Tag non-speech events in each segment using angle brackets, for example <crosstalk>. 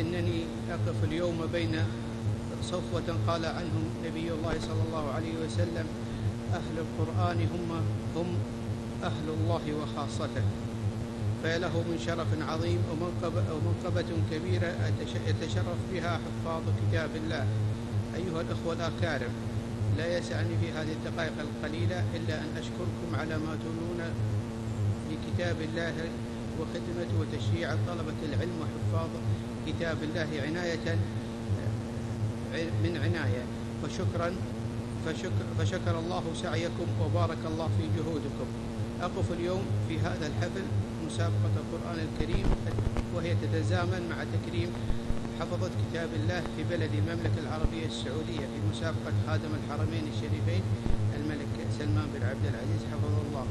إنني أقف اليوم بين صفوة قال عنهم نبي الله صلى الله عليه وسلم أهل القرآن هم هم أهل الله وخاصته فله من شرف عظيم ومنقبة, ومنقبة كبيرة يتشرف بها حفاظ كتاب الله أيها الأخوة الأكارم لا يسعني في هذه الدقائق القليلة إلا أن أشكركم على ما تولون لكتاب الله وخدمته وتشجيع طلبة العلم وحفاظ بكتاب الله عناية من عناية فشكرا فشكر, فشكر الله سعيكم وبارك الله في جهودكم أقف اليوم في هذا الحفل مسابقة القرآن الكريم وهي تتزامن مع تكريم حفظة كتاب الله في بلد المملكة العربية السعودية في مسابقة خادم الحرمين الشريفين الملك سلمان بن عبد العزيز حفظه الله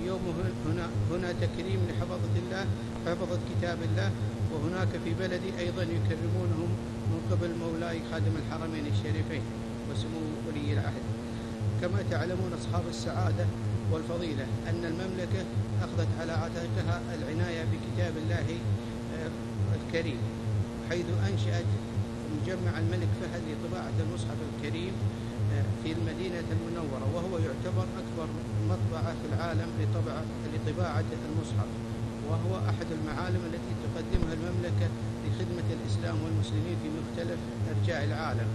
اليوم هنا هنا تكريم لحفظة الله حفظة كتاب الله وهناك في بلدي أيضا يكرمونهم من قبل مولاي خادم الحرمين الشريفين وسمو ولي العهد كما تعلمون أصحاب السعادة والفضيلة أن المملكة أخذت على عاتقها العناية بكتاب الله الكريم حيث أنشأت مجمع الملك فهد لطباعة المصحف الكريم في المدينة المنورة وهو يعتبر أكبر مطبعة في العالم لطبعة لطباعة المصحف وهو أحد المعالم التي تقدمها المملكة لخدمة الإسلام والمسلمين في مختلف أرجاء العالم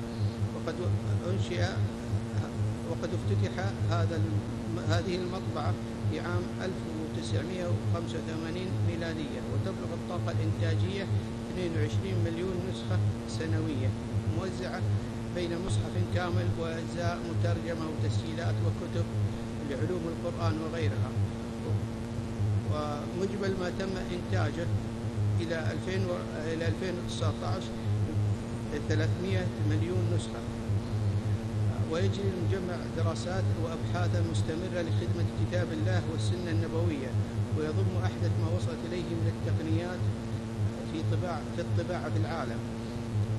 وقد أنشئ وقد افتتح هذا هذه المطبعة في عام 1985 ميلادية وتبلغ الطاقة الإنتاجية 22 مليون نسخة سنوية موزعة بين مصحف كامل وأجزاء مترجمة وتسجيلات وكتب لعلوم القرآن وغيرها ومجمل ما تم إنتاجه إلى 2000 و... إلى 2019 300 مليون نسخة ويجري المجمع دراسات وأبحاثا مستمرة لخدمة كتاب الله والسنة النبوية ويضم أحدث ما وصلت إليه من التقنيات في طباعة في الطباعة في العالم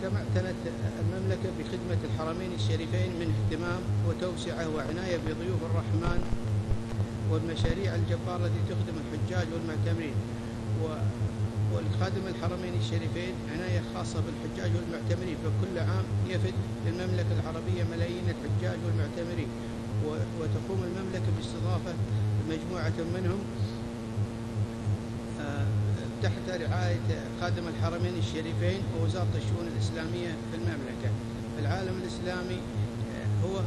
كما اعتنت المملكة بخدمة الحرمين الشريفين من اهتمام وتوسعة وعناية بضيوف الرحمن والمشاريع الجبارة التي تخدم الحجاج والمعتمرين و خادم الحرمين الشريفين عناية خاصة بالحجاج والمعتمرين فكل عام يفد للمملكة العربية ملايين الحجاج والمعتمرين وتقوم المملكة باستضافة مجموعة منهم تحت رعاية خادم الحرمين الشريفين ووزارة الشؤون الإسلامية في المملكة العالم الإسلامي هو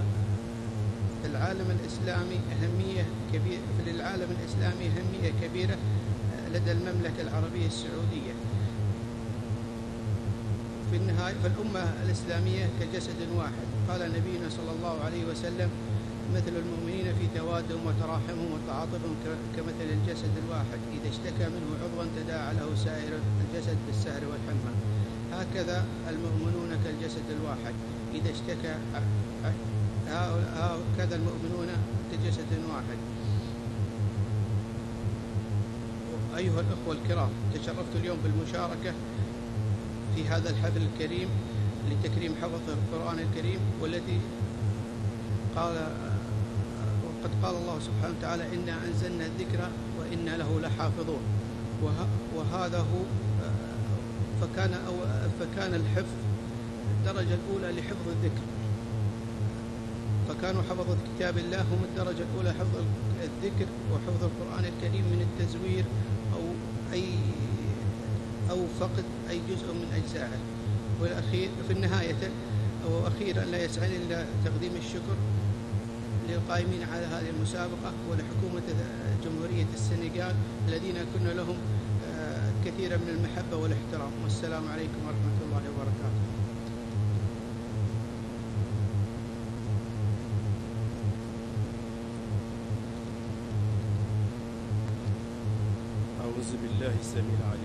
العالم الإسلامي أهمية كبيرة للعالم الإسلامي أهمية كبيرة لدى المملكة العربية السعودية في النهاية فالأمة الإسلامية كجسد واحد قال نبينا صلى الله عليه وسلم مثل المؤمنين في توادهم وتراحمهم وتعاطفهم كمثل الجسد الواحد إذا اشتكى منه عضوا تداعى له سائر الجسد بالسهر والحمى هكذا المؤمنون كالجسد الواحد إذا اشتكى هكذا المؤمنون كجسد واحد أيها الأخوة الكرام تشرفت اليوم بالمشاركة في هذا الحفل الكريم لتكريم حفظ القرآن الكريم والتي قال وقد قال الله سبحانه وتعالى إنا أنزلنا الذكر وإنا له لحافظون وهذا هو فكان أو فكان الحفظ الدرجة الأولى لحفظ الذكر فكانوا حفظة كتاب الله هم الدرجة الأولى حفظ الذكر وحفظ القرآن الكريم من التزوير فقد أي جزء من أجزائها والأخير في النهاية أو أخيرا لا يسعني إلا تقديم الشكر للقائمين على هذه المسابقة ولحكومة جمهورية السنغال الذين كنا لهم كثيرا من المحبة والاحترام والسلام عليكم ورحمة الله وبركاته أعوذ بالله السميع العليم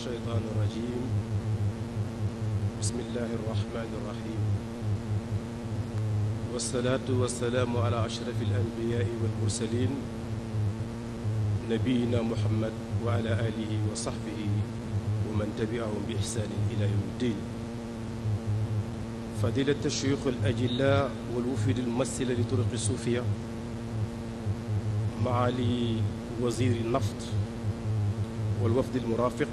الشيطان الرجيم بسم الله الرحمن الرحيم والصلاة والسلام على أشرف الأنبياء والمرسلين نبينا محمد وعلى آله وصحبه ومن تبعهم بإحسان إلى يوم الدين فضيلة الشيوخ الأجلاء والوفد الممثل لطرق الصوفية معالي وزير النفط والوفد المرافق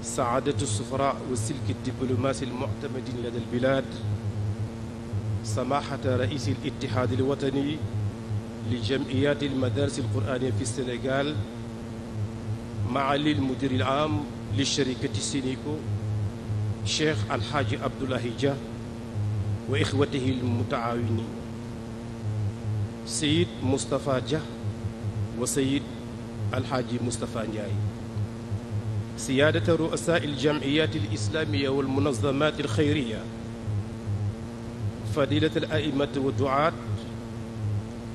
saadatu sufra wa silki diplomasi almuctamadin lada albilad samaxata raisi alitihad alwatani li jamiyat almadaris alquraniya fi sénégal maa lilmudir ilam lisharikati sinico cheikh alxaaji abdoulahi dia wa ixwatihi almutaawini sayid moustapha dia wa sayid alxaaji moustapha ndiaye سيادة رؤساء الجمعيات الإسلامية والمنظمات الخيرية فضيلة الأئمة والدعاة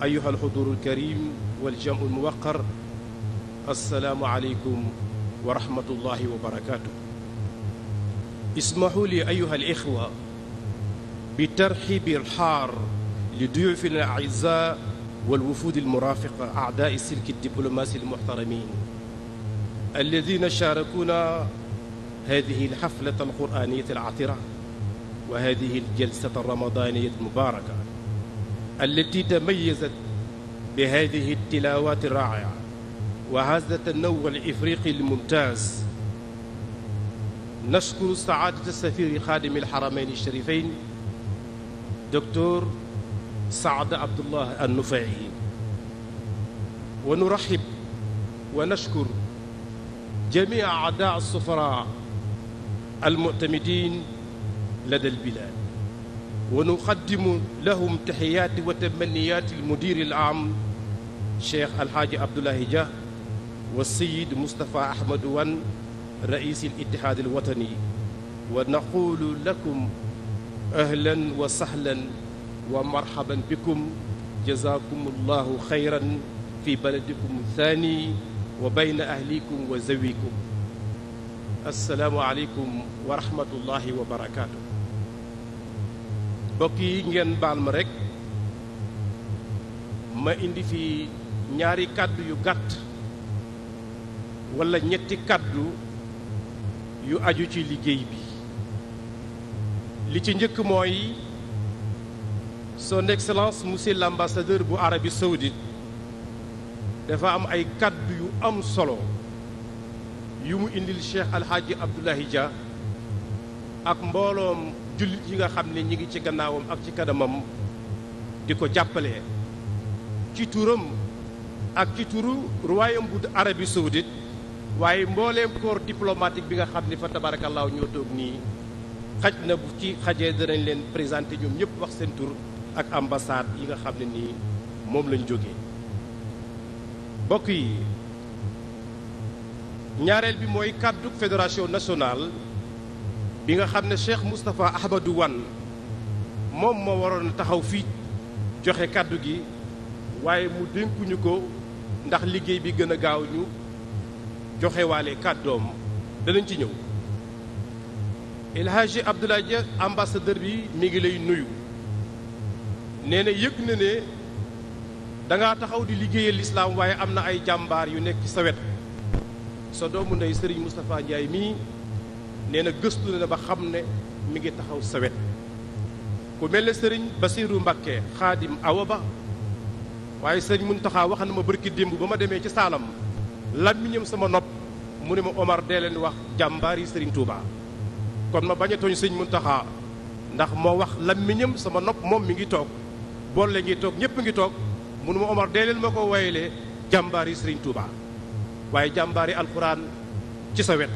أيها الحضور الكريم والجمع الموقر السلام عليكم ورحمة الله وبركاته اسمحوا لي أيها الإخوة بترحيب الحار لضيوفنا الأعزاء والوفود المرافقة أعداء السلك الدبلوماسي المحترمين الذين شاركونا هذه الحفلة القرآنية العطرة وهذه الجلسة الرمضانية المباركة التي تميزت بهذه التلاوات الرائعة وهذا التنوع الإفريقي الممتاز نشكر سعادة السفير خادم الحرمين الشريفين دكتور سعد عبد الله النفيعي ونرحب ونشكر جميع أعداء السفراء المعتمدين لدى البلاد ونقدم لهم تحيات وتمنيات المدير العام الشيخ الحاج عبد الله جاه والسيد مصطفى أحمد ون رئيس الاتحاد الوطني ونقول لكم أهلا وسهلا ومرحبا بكم جزاكم الله خيرا في بلدكم الثاني wa bayna ahlikum wa zawikum assalaamu aleykum wa rahmatullahi wa barakaatu mbokk yi ngeen baal ma rekk ma indi fi ñaari kàddu yu gàtt walla ñetti kàddu yu aju ci liggéey bi li ci njëkk mooy son excellence monsieur l'ambassadeur bu Arabie saoudite dafa am ay kàddu yu am solo yu mu indil Cheikh Alhaaji Abdoulaye Dia ak mbooloom jullit yi nga xam ne ñi ngi ci gannaawam ak ci kanamam di ko jàppale ci turam ak ci turu royaume bu Arabie Saoudite waaye mbooleem corps diplomatique bi nga xam ne fa tabaarakallaahu ñoo toog nii xaj na bu ci xajee danañ leen présenté ñoom ñëpp wax seen tur ak ambassade yi nga xam ne nii moom lañ jógee ñaareel bi mooy kàddu fédération nationale bi nga xam ne Cheikh Moustapha Ahmadou Wane moom moo waroon taxaw fii joxe kàddu gi waaye mu dénkuñu ko ndax liggéey bi gën a gaaw ñu joxe waale kàddoom danañ ci ñëw El Hadji Abdoulaye Dia ambassadeur bi mi ngi lay nuyu nee na yëg na ne dangaa taxaw di liggéeyal lislaam waaye am na ay jàmbaar yu nekk ci sa sa doomu sëriñ Serigne Moustapha Ndiaye mii nee na gëstu na ba xam ne mi ngi taxaw sa ku mel ne sëriñ Bassirou Mbacké xaadim awa ba waaye Serigne Mountakha wax na ma barki démb ba ma demee ci saalam làmmiñam sama nopp mu ne ma Omar dee leen wax jàmbaar yi sëriñ tuubaa kon ma bañ a tooñ Serigne taxaa ndax moo wax làmmiñam sama nopp moom mi ngi toog boole ngi toog ñëpp ngi toog mu ne ma Omar dee leen ma ko wayalee jàmbaar yi Serigne Touba. waaye jàmbaari alquran ci sa wet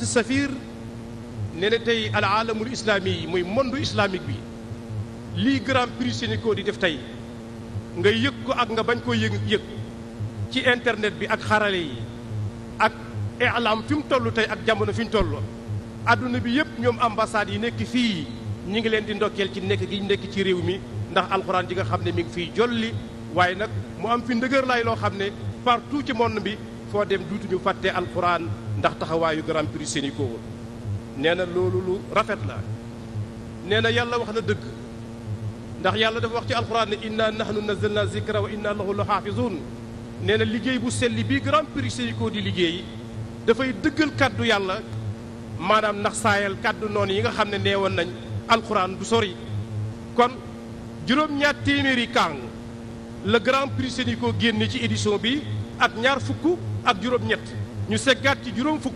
ci safir ne na tey alaalamul islaami yi muy monde islamique bi lii grand prix Sénégal di def tey nga yëg ko ak nga bañ koo yëg yëg ci internet bi ak xarale yi ak elam fi mu toll tey ak jamono fi mu toll adduna bi yëpp ñoom ambassade yi nekk fii ñu ngi leen di ndokkeel ci nekk gi nekk ci réew mi ndax alxuraan ji nga xam ne mi ngi fiy jolli waaye nag mu am fi ndëgër laay loo xam ne partout ci monde bi foo dem duutuñu fàtte alxuraan ndax taxawaayu grand prix Sénico nee na loolu lu rafet la nee na yàlla wax na dëgg ndax yàlla dafa wax ci alxuraan ne inna nahnu na zikra wa inna lahu la xaafizuun nee na liggéey bu selli bii grand prix Sénico di liggéey dafay dëggal kàddu yàlla maanaam ndax saayal kàddu noonu yi nga xam ne neewoon nañ alxuraan du sori kon juróom-ñaar téeméeri kàng le grand prix koo génne ci édition bi ak ñaar fukk ak juróom-ñett ñu seggaat ci juróom fukk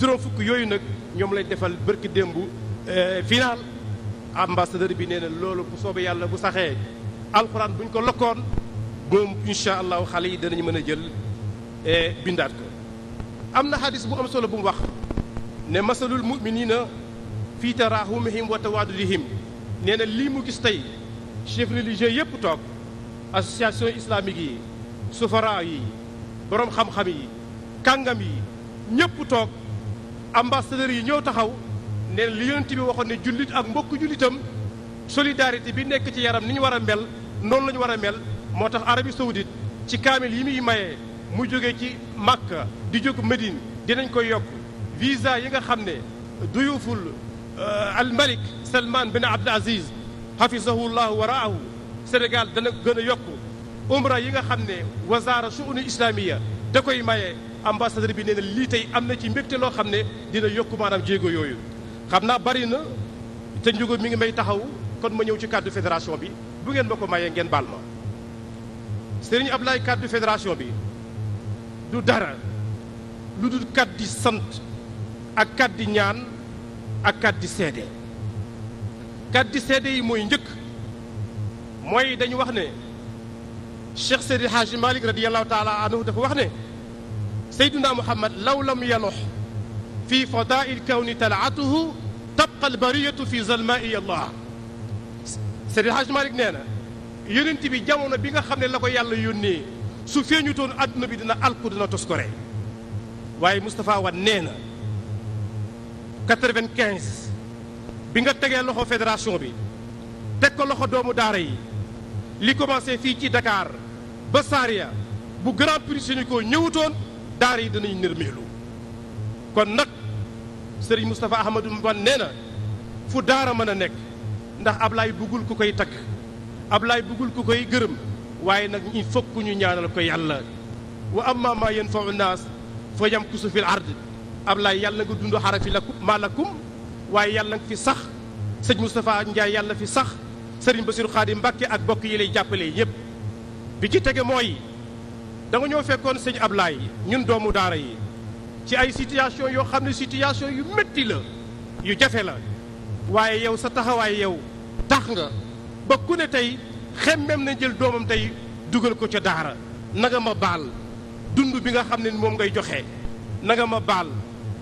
juróom fukk yooyu nag ñoom lay defal bërki démb euh, final ambassadeur bi nee na loolu bu soobee yàlla bu saxee alxuraan buñ ko lokkoon moom incha allah xale yi danañ mën a jël euh, bindaat ko. am na xadis bu am solo bu mu wax ne masalul muminina fii taraahumihim wa tawaadudihim nee na lii mu gis tey chef religieux yëpp toog. association islamique yi sufara yi boroom xam-xam yi kàngam yi ñëpp toog ambassadeurs yi ñëw taxaw ne li yonent bi waxoon ne jullit ak mbokk jullitam solidarité bi nekk ci yaram ni ñu war a mel noonu lañu war a mel moo tax Arabie saoudite ci kaamil yi muy mayee mu jóge ci Makka di jóg Médine dinañ koy yokk visa yi nga xam ne duyuful euh, al malik Salman bin Abdul Aziz xafisahu waraahu Sénégal dana gën a yokk umra yi nga xam ne wasaara suunu islamiya da koy maye ambassadeur bi nee lii tey am na ci mbégte loo xam ne dina yokk maanaam jéego yooyu. xam naa bari na te njugo mi ngi may taxaw kon ma ñëw ci cadre fédération bi bu ngeen ma ko mayee ngeen baal ma Serigne Ablaye cadre fédération bi du dara lu dul cadre sant ak cadre di ñaan ak cadre di seede cadre seede yi mooy njëkk. mooy dañu wax ne Cheikh wax ne Seydina Muhammad law lam yalux fi fadail kawni talaatuhu tabqa albariyatu fi zalmai allah Seydi Hadji nee na yonent bi jamono bi nga xam ne la ko yàlla yónnee su feeñutoon adduna bi dina alku dina toskore waaye Moustapha Wane nee na bi nga tegee loxo fédération bi teg ko loxo doomu daara yi li commencé fii ci dakaar ba Saaria bu Grand Prix ko ñëwutoon daara yi danañ nërmeelu kon nag sëriñ Moustapha Ahmadou Wane nee na fu daara mën a nekk ndax Ablaye bëggul ku koy takk Ablaye bëggul ku koy gërëm waaye nag il faut ñu ñaanal ko yàlla wa amma ma yanfa'u naas fa yamkusu fil ard Ablaye yàlla nga dund xarafi lakum malakum waaye yàlla nga fi sax sëñ Moustapha Ndiaye yàlla fi sax sëriñ Bassirou Khadim Mbacke ak bokk yi lay jàppale yépp bi ci tege mooy da nga ñoo fekkoon sëñ Ablaye ñun doomu daara yi ci ay situation yoo xam ne situation yu métti la yu jafe la waaye yow sa taxawaay yow tax nga ba ku ne tey xemmem na jël doomam tey dugal ko ca daara nanga ma baal dund bi nga xam ne moom ngay joxe nanga ma baal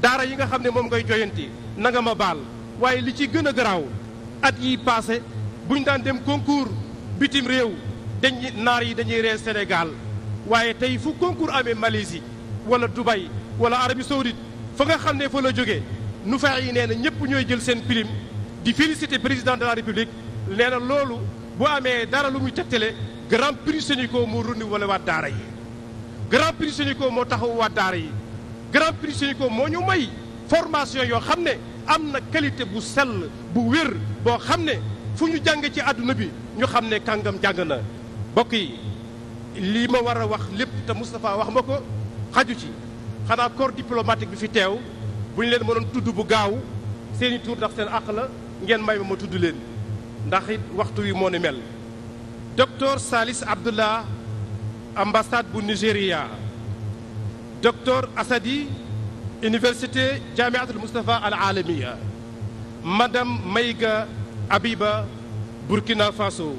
daara yi nga xam ne moom ngay joyanti nanga ma baal waaye li ci gën a garaaw at yi paase bu ñu daan dem concours bitim réew dañuy naar yi dañuy ree Sénégal waaye tey fu concours amee Malaisie wala Dubaï wala Arabie Saoudite fa nga xam ne fa la jógee nu fex yi nee na ñëpp ñooy jël seen prime di féliciter président de la république nee na loolu bu amee dara lu muy tegtale grand prix Sénico moo rundi wala waa daara yi grand prix Sénico moo taxaw waa daara yi grand prix Sénico moo ñu may formation yoo xam ne am na qualité bu sell bu wér boo xam ne fu ñu jàng ci àdduna bi ñu xam ne kàngam jàng na bokk yi lii ma war a wax lépp te Moustapha wax ma ko xaju ci xanaa corps diplomatique bi fi teew bu ñu leen mënoon tudd bu gaaw seeni i tur ndax seen àq la ngeen may ma ma tudd leen ndax it waxtu wi moo ni mel docteur Salis Abdullah ambassade bu Nigéria docteur Assadi université Jamiatul Moustapha al Alamiya madame Maïga Abiba Burkina Faso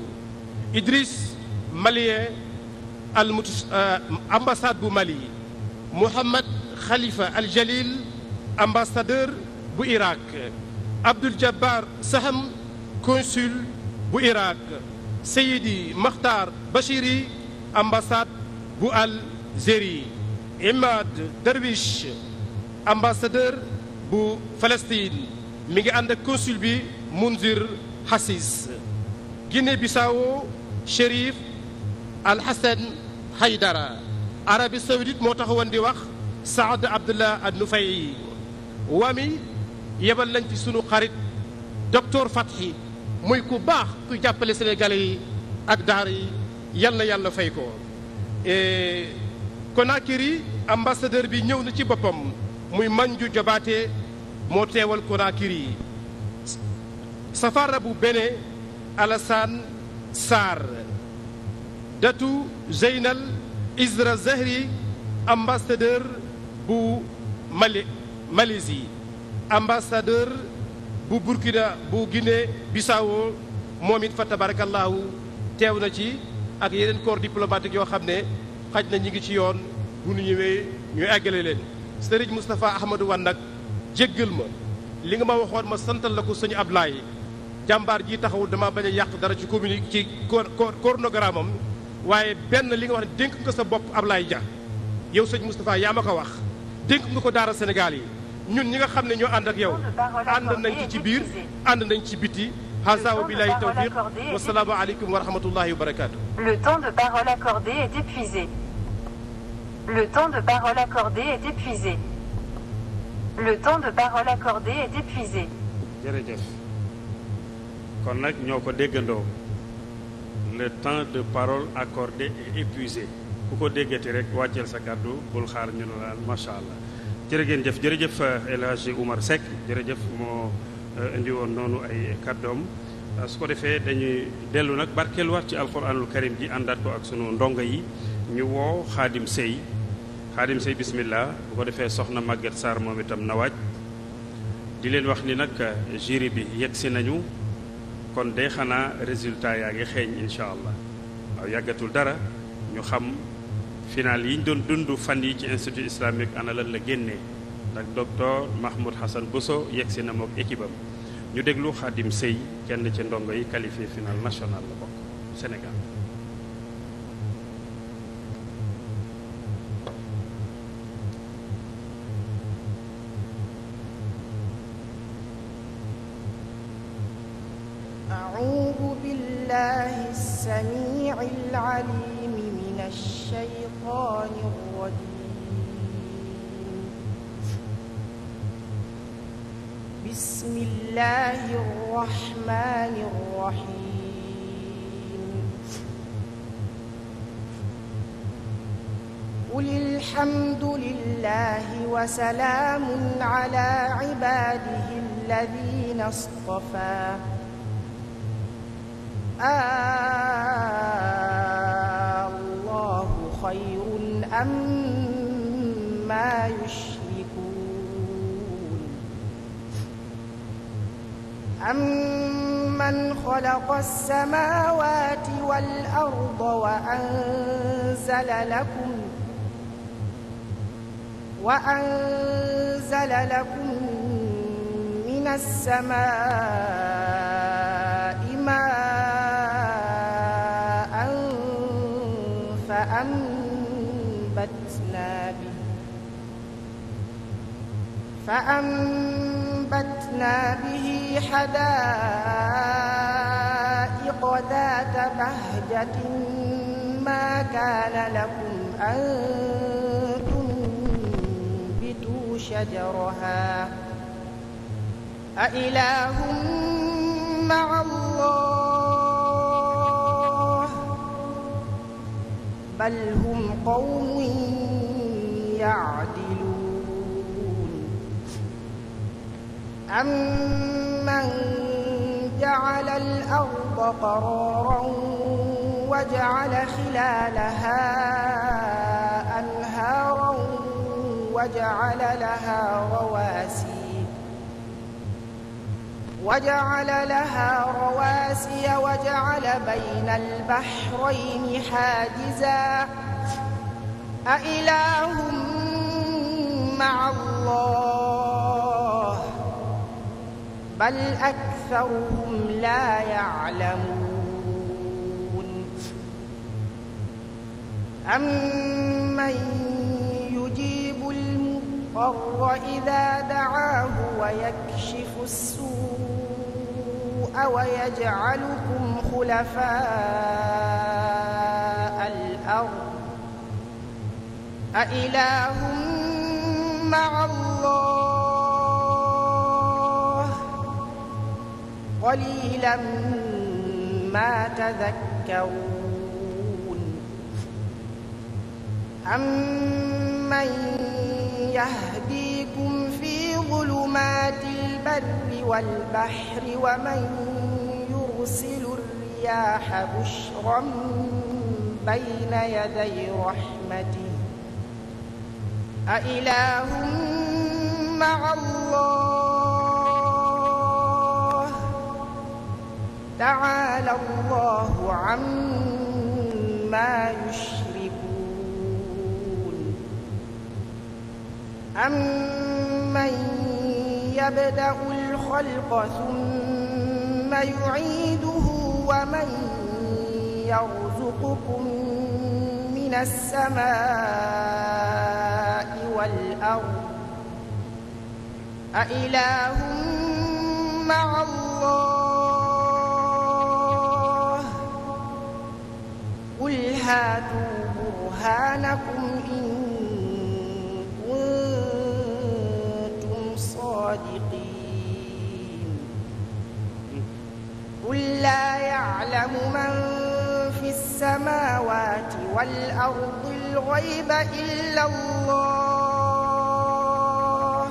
Idriss malien al euh, bu Mali Mouhamad Khalifa Al Jalil ambassadeur bu Irak Abdul Jabbar Saham consul bu Irak Seydi Makhtar Bachiri ambassade bu Algérie Imad Derwish ambassadeur bu Palestine mi ngi ànd ak consul bi. Munzir Hassis Guinée-Bissau Chérif Al Hassan Haydara Arabie Saoudite moo taxawoon di wax Saad Abdullah An-Nufay wami yebal nañ fi sunu xarit docteur Fathi muy ku baax ku jàppale sénégalais yi ak daara yi yal na yàlla fay ko e, Conakry ambassadeur bi ñëw na ci boppam muy Manju Jobaate moo teewal Conakry yi safarabu Bene Alassane Sarr datu Zeynal Isra Zahri ambassadeur bu Mali Malaisie ambassadeur bu Burkina bu Guinée Bissau moom it fa tabarakallahu teew na ci ak yeneen corps diplomatique yoo xam ne xaj na ñi ngi ci yoon bu nu ñëwee ñu àggale leen sëriñ Moustapha Ahmadou Wan nag jéggal ma li nga ma waxoon ma santal la ko ab Ablaye jàmbaar ji taxawul dama bañ a yàq dara ci commune ci cornogramme am waaye benn li nga wax ne dénk nga sa bopp Ablaye Dia yow sëñ Moustapha yaa ma ko wax dénk nga ko daara Sénégal yi ñun ñi nga xam ne ñoo ànd ak yow ànd nañ ci biir ànd nañ ci biti hasa bi billahi tawfiq wa salaamu aleykum wa rahmatullahi wa barakatuh le temps de parole accordé kon nag ñoo ko déggandoo le temps de parole accordé est épuisé ku ko déggati rek wàcceel sa kàddu bul xaar ñu ne laal macha allah jër jërëgéen jëf jërëjëf euh, El Hadji Oumar Seck jërëjëf moo euh, indi woon noonu ay kàddoom euh, su ko defee dañuy dellu nag barkeeluwaat ci alquranul karim ji àndaat ko ak sunu ndongo yi ñu woo xaadim sëy xaadim sëy bismillah bu ko defee soxna Maguette Sarr moom itam na waaj di leen wax ni nag jury bi yegg si nañu kon de xanaa résultat yaa ngi xeeñ incha allah waaw yàggatul dara ñu xam final yi ñu doon dund fan yi ci institut islamique ana lan la génnee ndax docteur Mahmoud Hassan Bousso yegsi na mook équipe ñu déglu Khadim sëy kenn ci ndongo yi qualifié final national la bokk Sénégal. بالله السميع العليم من الشيطان الرجيم بسم الله الرحمن الرحيم قل الحمد لله وسلام على عباده الذين اصطفى الله خير أم ما يشركون أمن خلق السماوات والأرض وأنزل لكم وأنزل لكم من السماء فأنبتنا به حدائق ذات بهجة ما كان لكم أن تنبتوا شجرها أإله مع الله بل هم قوم يعدلون أمن جعل الأرض قرارا وجعل خلالها أنهارا وجعل لها رواسي وجعل لها رواسي وجعل بين البحرين حاجزا أإله مع الله بل أكثرهم لا يعلمون أمن يجيب المضطر إذا دعاه ويكشف السوء ويجعلكم خلفاء الأرض أإله مع الله قليلا ما تذكرون أمن يهديكم في ظلمات البر والبحر ومن يرسل الرياح بشرا بين يدي رحمته أإله مع الله تعالى الله عما يشركون أمن يبدأ الخلق ثم يعيده ومن يرزقكم من السماء والأرض أإله مع الله قل هاتوا برهانكم إن كنتم صادقين قل لا يعلم من في السماوات والأرض الغيب إلا الله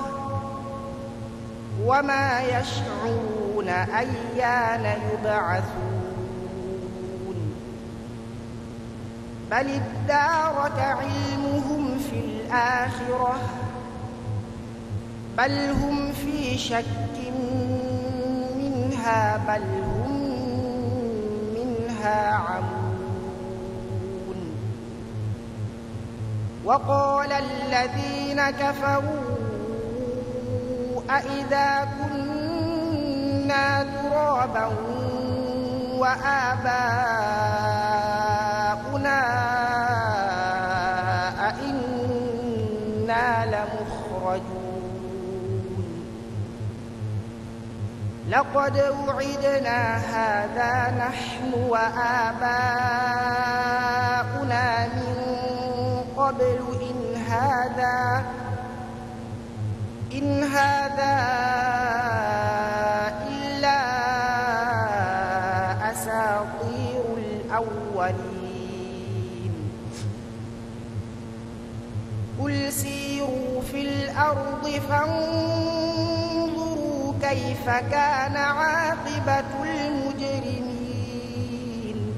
وما يشعرون أيان يبعثون بل ادارك علمهم في الآخرة بل هم في شك منها بل هم منها عمون وقال الذين كفروا أإذا كنا ترابا وآباؤنا لقد وعدنا هذا نحن وآباؤنا من قبل إن هذا إن هذا إلا أساطير الأولين قل سيروا في الأرض فانظروا كيف كان عاقبة المجرمين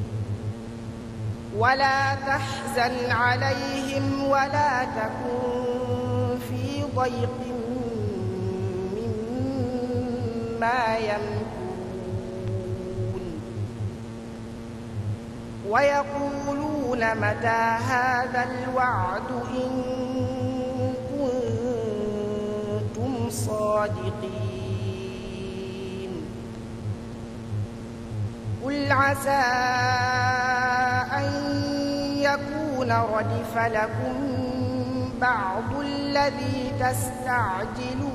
ولا تحزن عليهم ولا تكن في ضيق مما يمكرون ويقولون متى هذا الوعد إن صادقين قل عسى أن يكون ردف لكم بعض الذي تستعجلون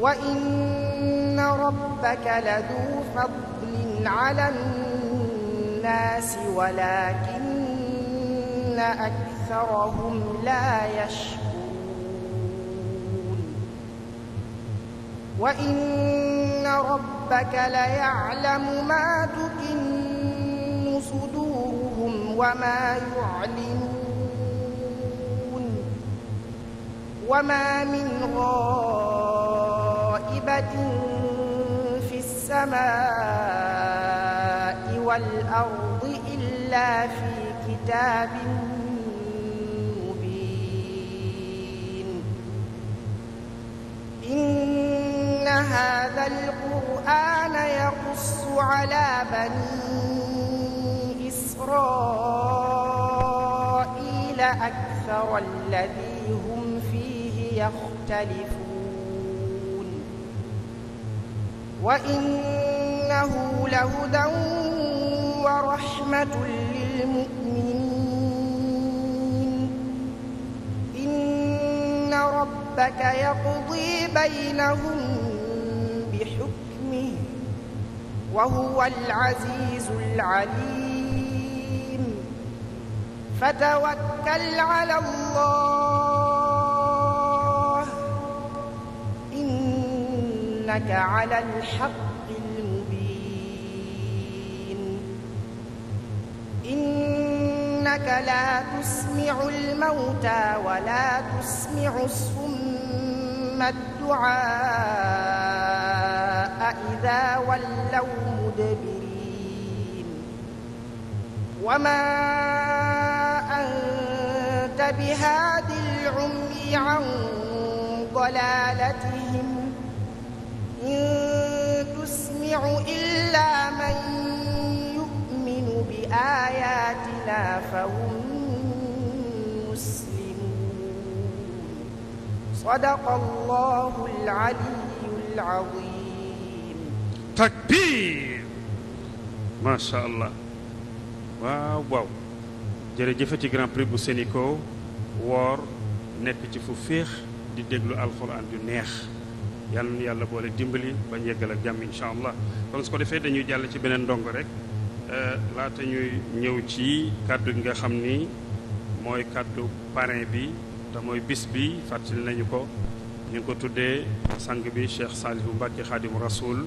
وإن ربك لذو فضل على الناس ولكن أكثرهم لا يشكرون وإن إن ربك ليعلم ما تكن صدورهم وما يعلنون وما من غائبة في السماء والأرض إلا في كتاب مبين إن هذا القرآن يقص على بني إسرائيل أكثر الذي هم فيه يختلفون وإنه لهدى ورحمة للمؤمنين إن ربك يقضي بينهم وهو العزيز العليم فتوكل على الله إنك على الحق المبين إنك لا تسمع الموتى ولا تسمع الصم الدعاء إذا ولوا مدبرين وما أنت بهادي العمي عن ضلالتهم إن تسمع إلا من يؤمن بآياتنا فهم مسلمون صدق الله العلي العظيم takbir macha allah waaw waaw ci grand prix bu Sénico woor nekk ci fu féex di déglu alxuraan yu neex yàlla yàlla boole dimbali bañ yeggal ak jàmm incha allah kon su ko defee dañuy jàll ci beneen ndongo rek euh, laata ñuy ñëw ci kàddu gi nga xam ni mooy kàddu parrain bi te mooy bis bi fàttali nañu ko ñu ko tuddee sang bi Cheikh Salihu Mbacke Xaadimu Rasul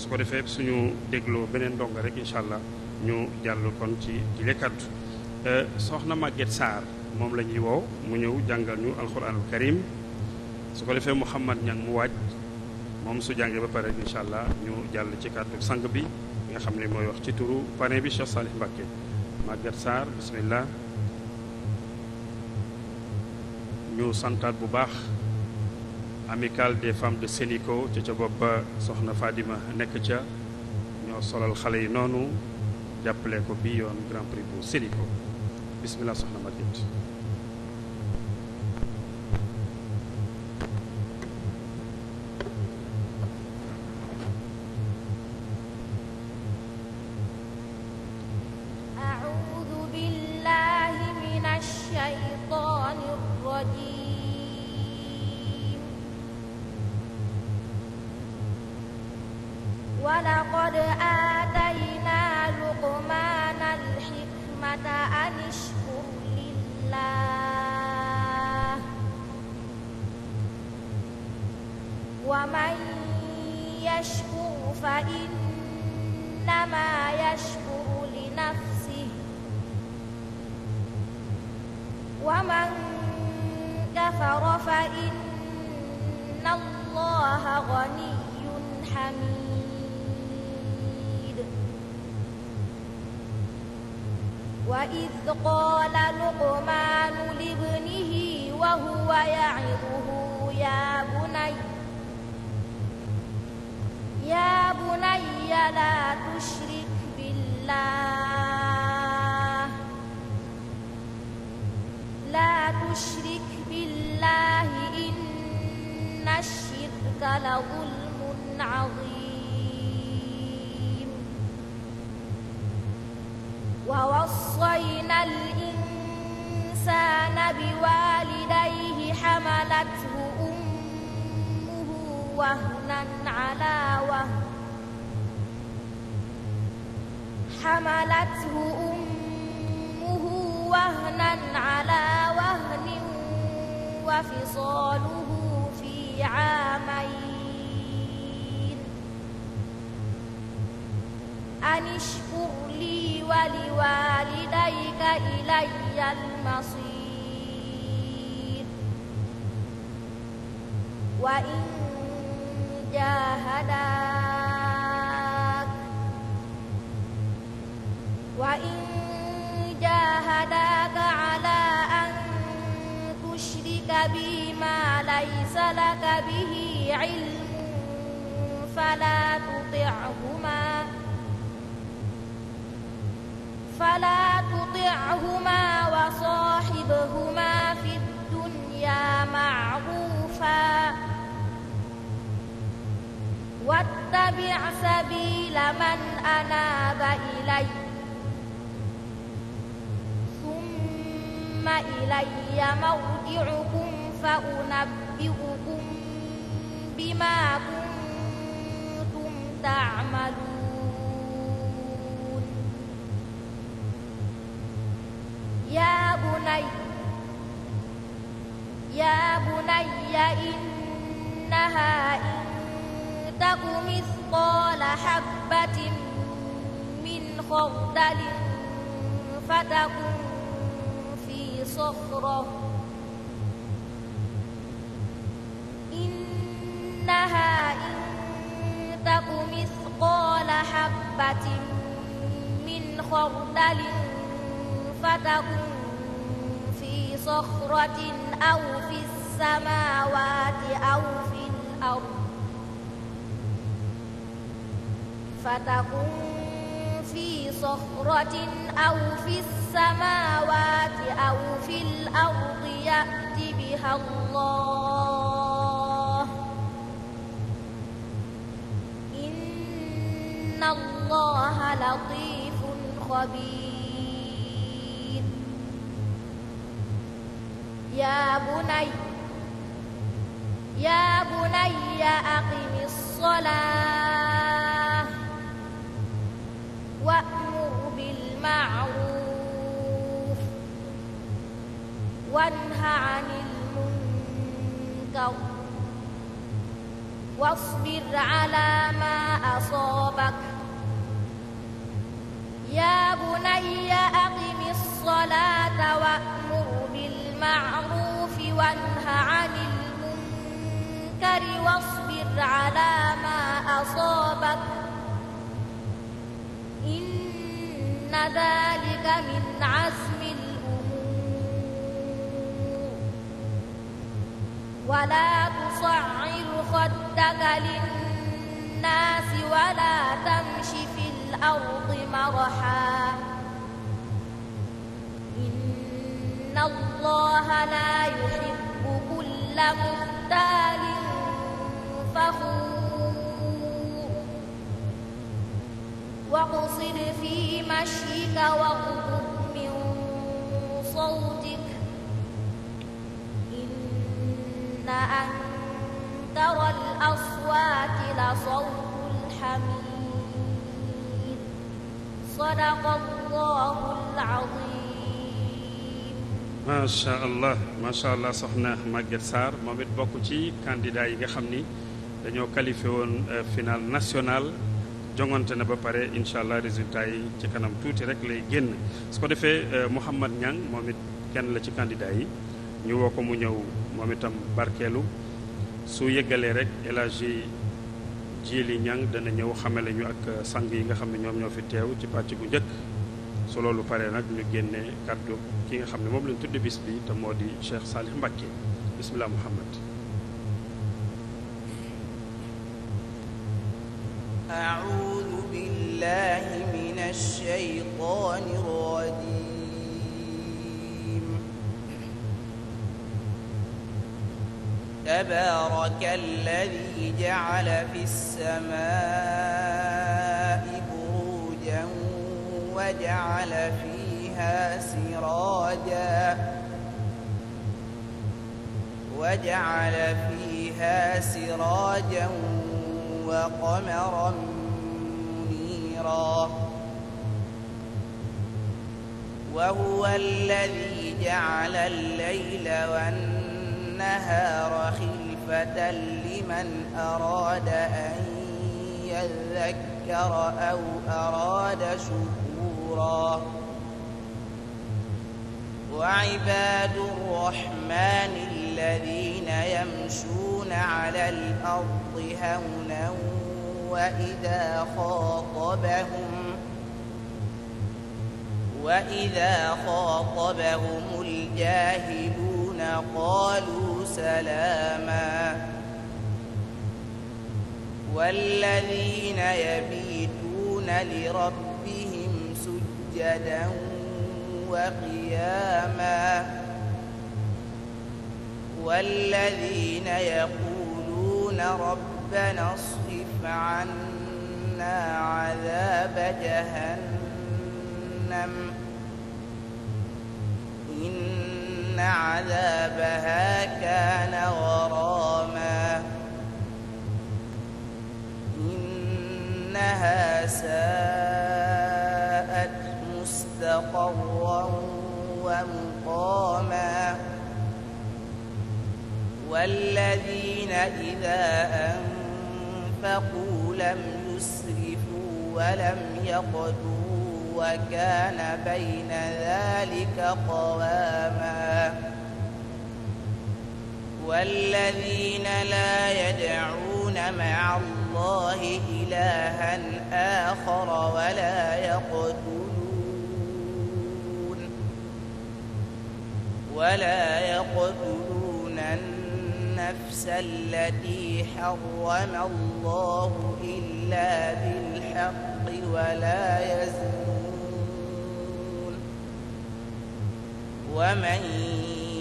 su ko defee suñu dégloo beneen ndongo rek incha allah ñu jàll kon ci jile kaddu euh, soxna Maguette Sarr moom la ñuy woow mu ñëw jàngal ñu alxuraanul karim su ko defee Mouhamad Niang mu waaj moom su jàngee ba pare incha allah ñu jàll ci kaddu sang bi nga xam ne mooy wax ci turu parrain bi Cheikh Salih Mbacké Maguette Sarr bismillah ñu santaat bu baax. amicale des femmes de Sénico ca ca bopp ba soxna Fadima nekk ca ñoo solal xale yi noonu jàppale ko bi yoon Grand Prix bu Sénico bismillah soxna Maguette الله إن الله لطيف خبير يا بني يا بني أقم الصلاة وأمر بالمعروف وانه عن تتقوا واصبر على ما أصابك يا بني أقم الصلاة وأمر بالمعروف وانه عن المنكر واصبر على ما أصابك إن ذلك من عزم ولا تصعر خدك للناس ولا تمش في الأرض مرحا إن الله لا يحب كل مختال فخور واقصد في مشيك واغضب من صوتك أنكر الأصوات macha allah soxna màgget saar moom it bokk ci candidat yi nga xam ni dañoo qualifié woon euh, finale nationale jongante na ba pare incha allah résultat yi ci kanam tuuti rek lay génn su ko defee euh, Mouhamad Niang moom it kenn la ci candidat yi. ñu woo ko mu ñëw moom itam barkeelu su yëggalee rek El Hadji Jili Ñang dana ñëw xamale ñu ak sang yi nga xam ne ñoom ñoo fi teew ci pàcc bu njëkk solo lu paree nag ñu génne kàddu ki nga xam ne moom lañ tudde bis bi te moo di Cheikh Salih Mbacke bismillah Muhammad أعوذ بالله من تبارك الذي جعل في السماء بروجا وجعل فيها سراجا وجعل فيها سراجا وقمرا منيرا وهو الذي جعل الليل والنهار والنهار خلفة لمن أراد أن يذكر أو أراد شكورا وعباد الرحمن الذين يمشون على الأرض هونا وإذا خاطبهم وإذا خاطبهم الجاهلون قالوا سلاما والذين يبيتون لربهم سجدا وقياما والذين يقولون ربنا اصرف عنا عذاب جهنم إن إن عذابها كان غراما إنها ساءت مستقرا ومقاما والذين إذا أنفقوا لم يسرفوا ولم يقتلوا وكان بين ذلك قواما والذين لا يدعون مع الله إلها آخر ولا يقتلون ولا يقتلون النفس التي حرم الله إلا بالحق ولا يزنون ومن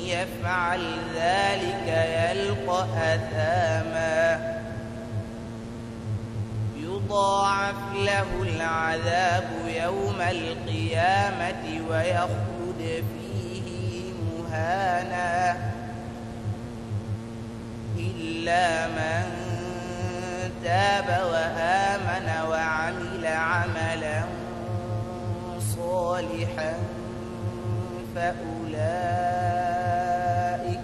يفعل ذلك يلقى أثاما يضاعف له العذاب يوم القيامة ويخلد فيه مهانا إلا من تاب وآمن وعمل عملا صالحا فأولئك فأولئك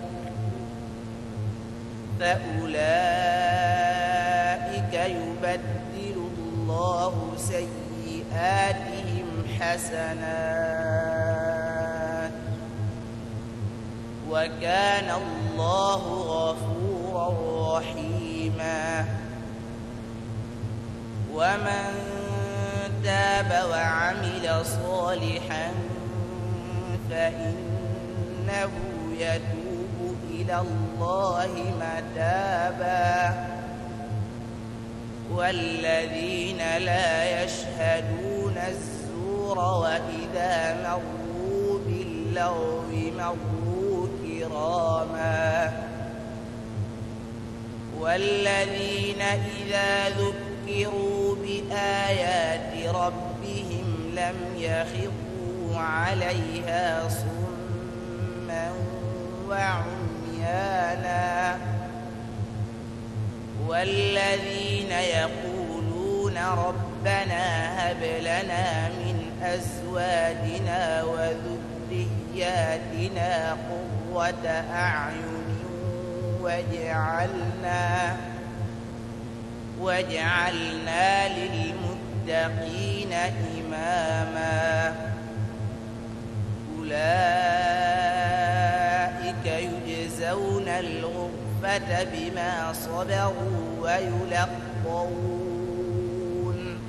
فأولئك يبدل الله سيئاتهم حسنات وكان الله غفورا رحيما ومن تاب وعمل صالحا فإن إنه يتوب إلى الله متابا والذين لا يشهدون الزور وإذا مروا باللغو مروا كراما والذين إذا ذكروا بآيات ربهم لم يخروا عليها صورا عُمًى وَعُمْيَانًا والذين يقولون ربنا هب لنا من أزواجنا وذرياتنا قرة أعين واجعلنا واجعلنا للمتقين إماماً أولئك يجزون الغرفة بما صبروا ويلقون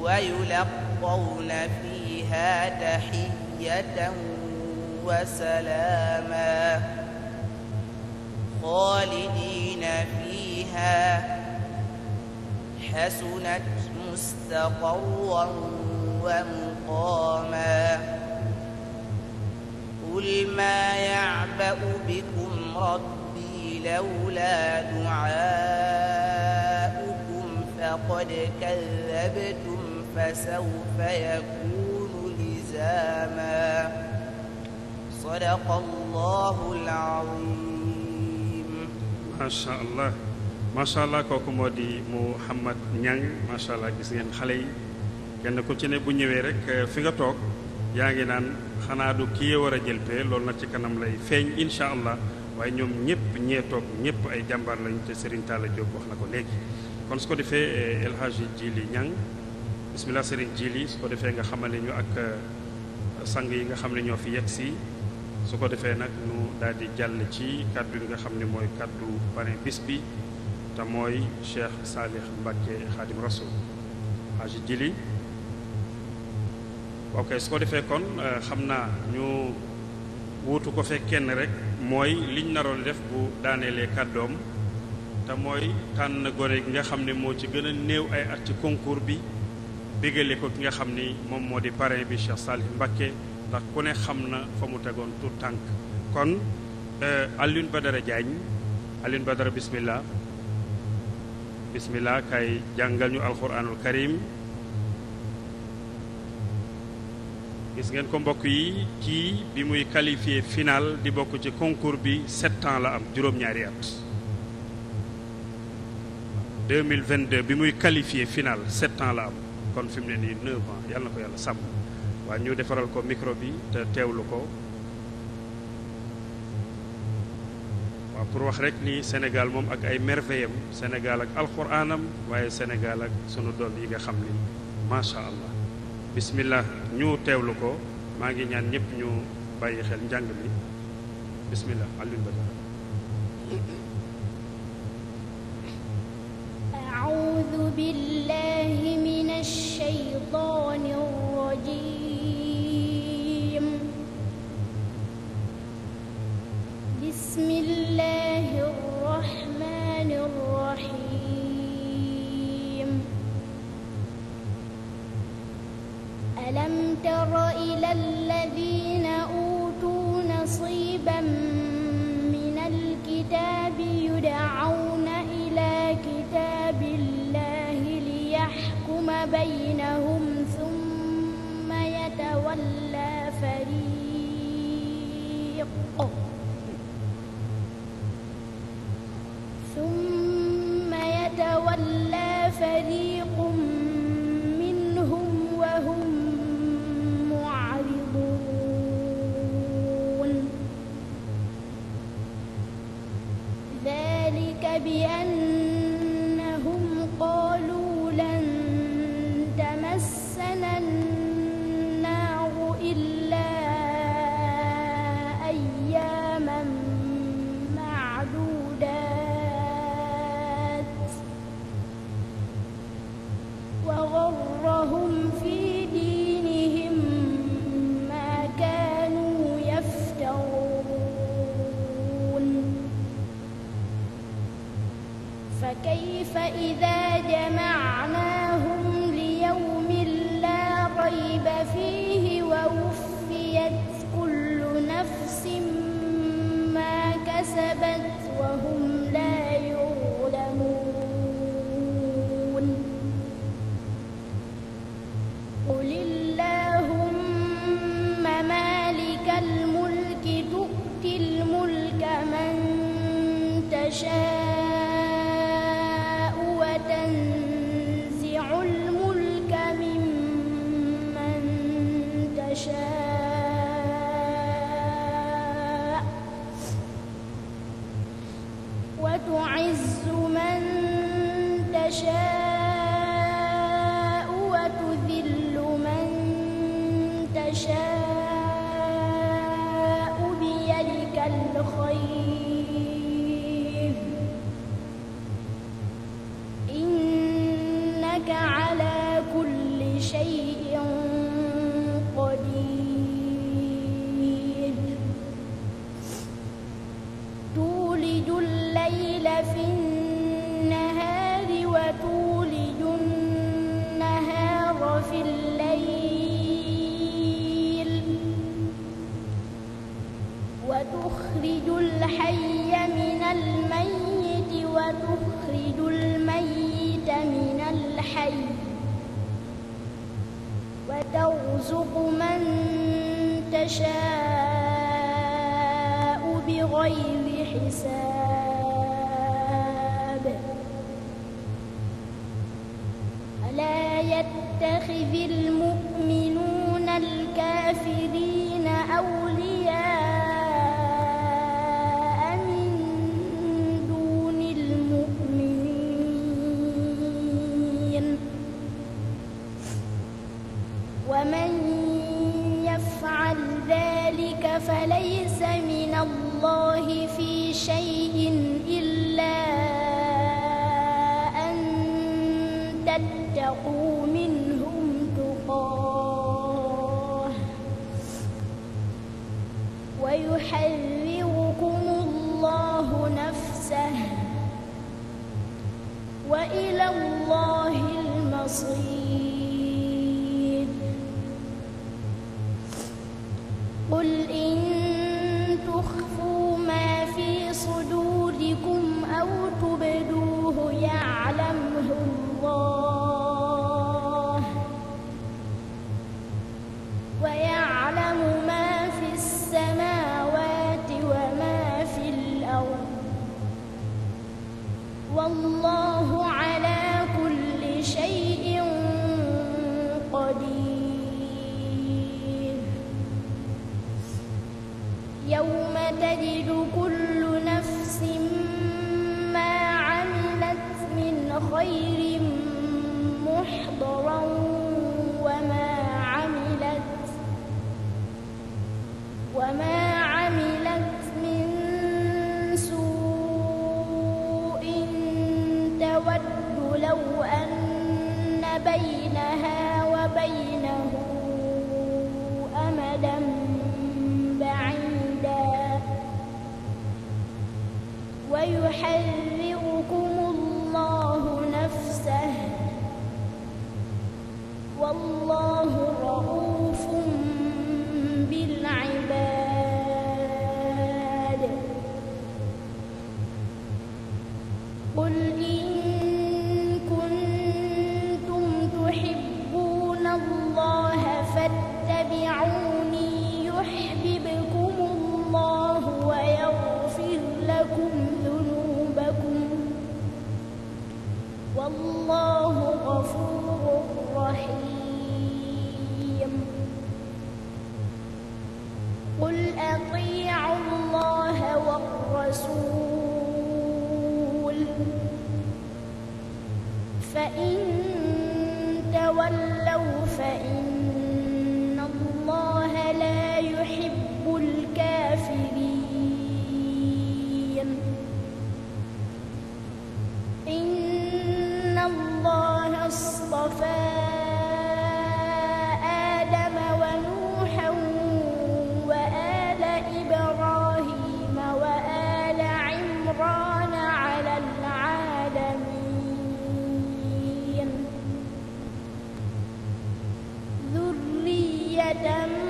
ويلقون فيها تحية وسلاما خالدين فيها حسنت مستقرا ومقاما قل ما يعبأ بكم ربي لولا دعاؤكم فقد كذبتم فسوف يكون لزاما صدق الله العظيم ما شاء الله macha allah kooku moo di Mouhamad Niang macha allah gis ngeen xale yi kenn ku ci ne bu ñëwee rek eh, fi nga toog yaa ngi naan xanaa du kii war a jël pee loolu nag ci kanam lay feeñ incha allah waaye ñoom ñëpp ñee toog ñëpp ay jàmbaar lañu te Serigne Talla Diop wax na ko léegi. kon su ko defee eh, El Hadji Djili Ñang bisimilah Serigne Djili su ko defee nga xamale ñu ak eh, sang yi nga xam ne ñoo fi yegg si su ko defee nag ñu daal di jàll ci kàddu yi nga xam ne mooy kàddu parrain bis bi te mooy Cheikh Salih Mbacke Khadim Rasoul Hadji Djili ok su ko defee kon euh, xam naa ñu wutu ko fekk kenn rek mooy liñ naroon def bu daaneelee kàddoom te mooy tànn gone ki nga xam ne moo ci gën a néew ay at ci concours bi bégale ko ki nga xam ni moom moo di parrain bi Cheikh Salih Mbacké ndax ku ne xam na fa mu tegoon tout tànk kon ba euh, Alioune Badara Diagne ba Badara bismillah bismillah kay jàngal ñu alquranul karim gis ngeen ko mbokk yi kii bi muy qualifié final di bokk ci concours bi sept ans la am juróom-ñaari at 2022 bi muy qualifié final sept ans la am kon fi ne nii neuf ans yàlla na ko yàlla sàmm waa ñu defaral ko micro bi te teewlu ko waaw pour wax rek ni Sénégal moom ak ay merveillam Sénégal ak alxuraanam waaye Sénégal ak sunu doom yi nga xam ni macha allah bismillah ñu teewlu ko maa ngi ñaan ñëpp ñu bàyyi xel njàng mi bismillah alin ba أعوذ دم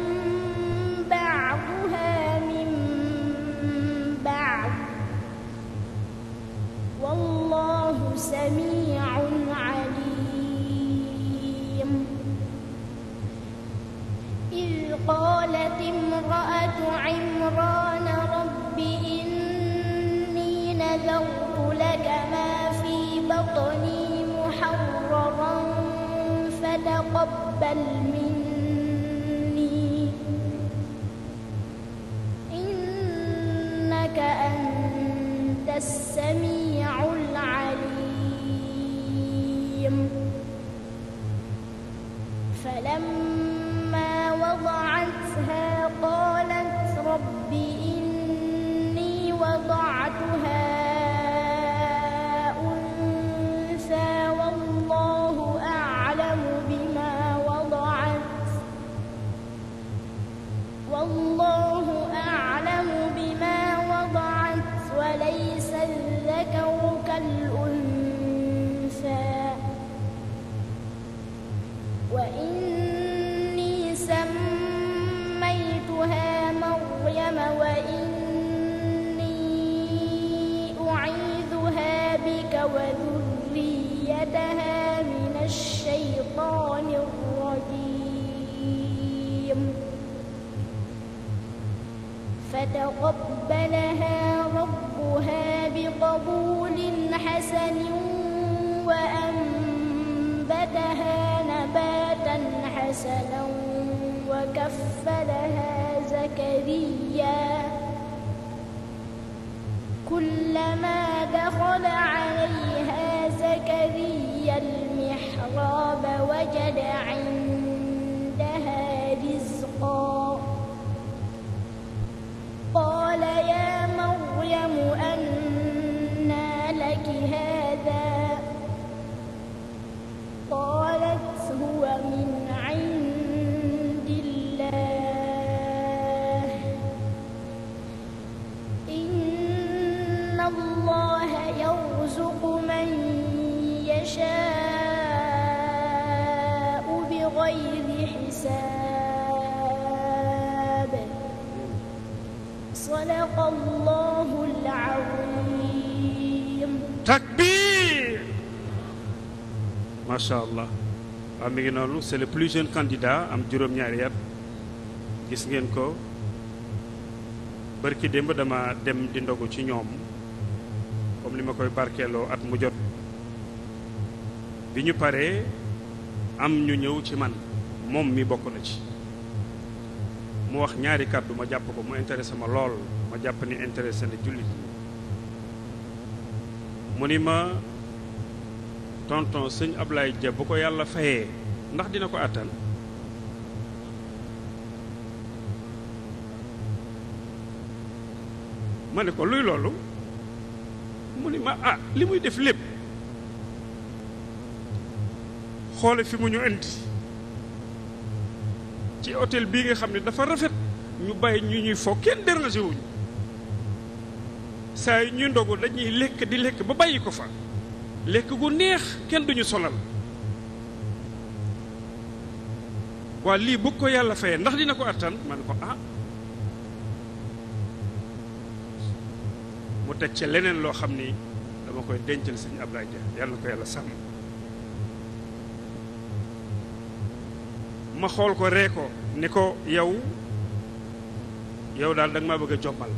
mi ngi noonu c'est le plus jeune candidat am juróom-ñaari at gis ngeen ko bërki démb dama dem di ndogu ci ñoom comme li ma koy barkeeloo at mu jot bi ñu paree am ñu ñëw ci man moom mi bokk na ci mu wax ñaari kàddu ma jàpp ko mu intéressé ma lool ma jàpp ni intéressé na jullit mu ni ma tonton sëñ Ablaye Dia bu ko yàlla fayee ndax dina ko àttan ma ne ko luy loolu mu ni ma ah li muy def lépp xoole fi mu ñu indi ci hôtel bii nga xam ne dafa rafet ñu bàyyi ñu ñuy foog kenn dérangé wuñu saa yi ñuy ndogu dañuy lekk di lekk ba bàyyi ko fa lekk gu neex kenn duñu solal waa lii bu ko yàlla fayee ndax dina ko attan man ko ah mu teg ca leneen loo xam ni dama koy dencal sëñ Ablaye Dia yàlla na ko yàlla sàmm ma xool ko ree ko ni ko yow yow daal da nga maa bëgg a jombal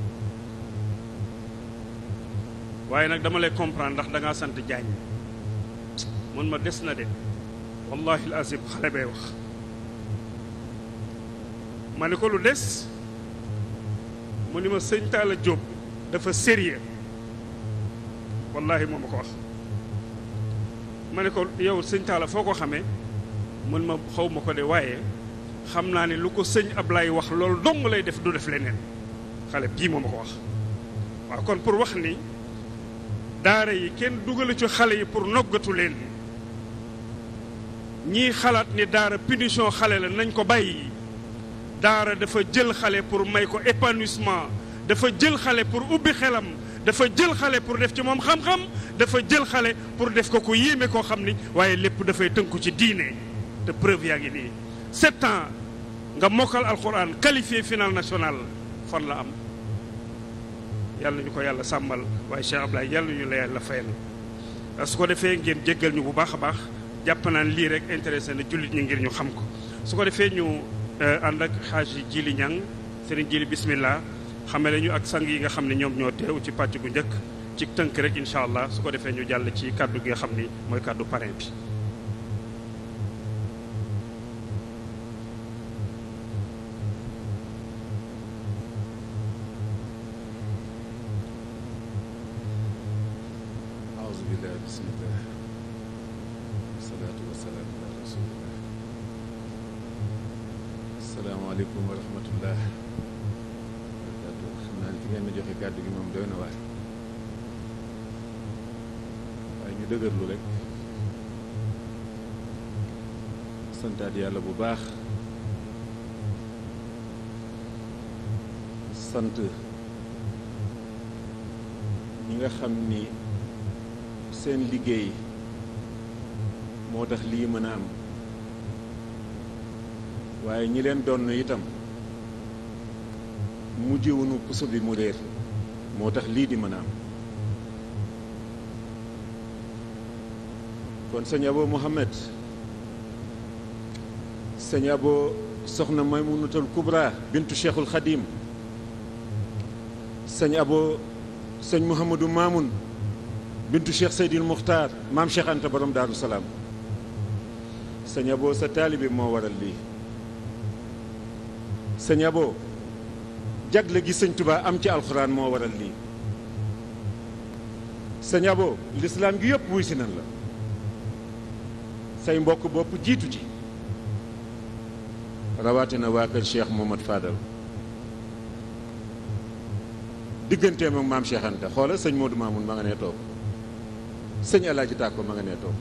waaye nag dama lay comprendre ndax da sant jaañ mun ma des na de wallahi azim xale bay wax ma ne ko lu des mu ni ma sëñtaala Talla dafa sérieux wallaahi moom ma ko wax ma ne ko yow sëñ Talla foo ko xamee mën ma xaw ko de waaye xam naa ne lu ko sëñ Ablaye wax loolu dong lay def du def leneen xale bii moom ma wax waaw kon pour wax ni daara yi kenn dugalu ci xale yi pour noggatu leen ñii xalaat ne daara punition xale la nañ ko bàyyi daara dafa jël xale pour may ko épanouissement dafa jël xale pour ubbi xelam dafa jël xale pour def ci moom xam-xam dafa jël xale pour def ko ku yéeme koo xam ni waaye lépp dafay tënku ci diine te preuve yaa ngi nii sept ans nga mokkal alquran qualifié final national fan la am yàlla ñu ko yàlla sàmbal waaye Cheikh Ablaye yàlla ñu la yàlla fayal su ko defee ngeen jéggal ñu bu baax a baax jàpp naan lii rek intéressé na jullit ñi ngir ñu xam ko Euh, ànd ak xaaji jili ñang sëriñ jili bismillah xamale ñu ak sang yi nga xam ne ñoom ñoo teew ci pàcc gu njëkk ci tënk rek incha allah su ko defee ñu jàll ci kàddu gi nga xam ni mooy kàddu parrain bi yàlla bu baax sant ñi nga xam ni seen liggéey moo tax lii mën a am waaye ñi leen doon itam mujjewunu puso bi mu réer moo tax lii di mën a am kon sëñ Abo Mouhamed sëñ Abo soxna Maymunatul Kubra bintu Cheikhul Khadim sëñ Abo sëñ Mouhamadou Mamoun bintu Cheikh Seydil Mukhtar maam Cheikh borom Daaru Salaam sëñ Abo sa taalibi moo waral lii sëñ Abo jagle gi sëñ Tuubaa am ci alxuraan moo waral lii sëñ Abo lislaam gi yëpp wuy si nan la say mbokk bopp jiitu ci rawatina waa kër Cheikh Mohamad Fadal digganteem ak maam Cheikh Anta xoola sëñ Modou Mamoun ma nga nee toog sëñ Alaaji Tàkko ma nga toog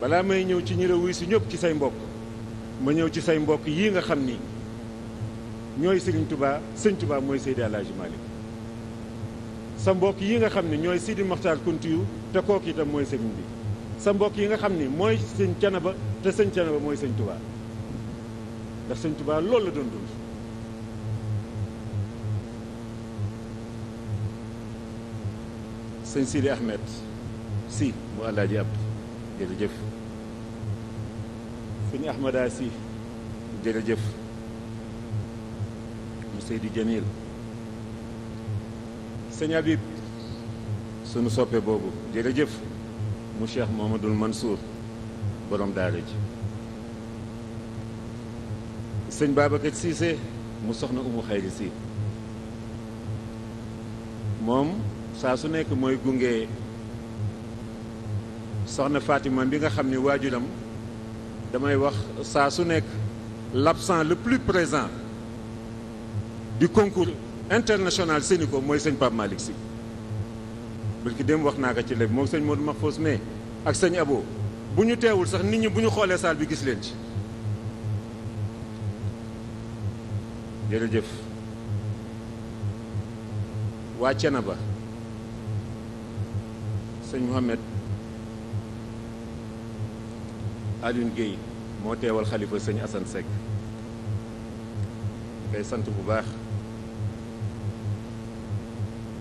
balaa may ñëw ci ñi la si ñëpp ci say mbokk ma ñëw ci say mbokk yii nga xam ni ñooy Sëriñ Tubaa sëñ Tubaa mooy Seydi Alaaji Malick sa mbokk yii nga xam ne ñooy Sidi Moxtaar Kuntiyu te kooku itam mooy sëriñ bi sa mbokk yi nga xam ni mooy sëñ Canaba te sëñ Thiénaba mooy sëñ Touba ndax sëñ Touba loolu la doon dund sëñ Sidi Ahmed si mu Alaaji Abdu jërëjëf sëñ Ahmada si jërëjëf mu Seydi Jamil sëñ Habib sunu soppe boobu jërëjëf mu Cheikh Mohamadul Mansour borom daara ji sëñ Babacar Cissé mu soxna umu xayri si moom saa su nekk mooy gunge soxna Fatima bi nga xam ni waajuram damay wax saa su nekk l'absent le plus présent di concours international ko mooy sëñ Pape Malick Sy bërki dem wax naa ko ci léegi moom sëñ Modou Mahfouz mais ak sëñ Abo bu ñu teewul sax nit ñi bu ñu xoolee saal bi gis leen ci jërëjëf waa Cenaba sëñ Mouhamed Alioune Guèye moo teewal xalifa sëñ Assane Seck kay sant bu baax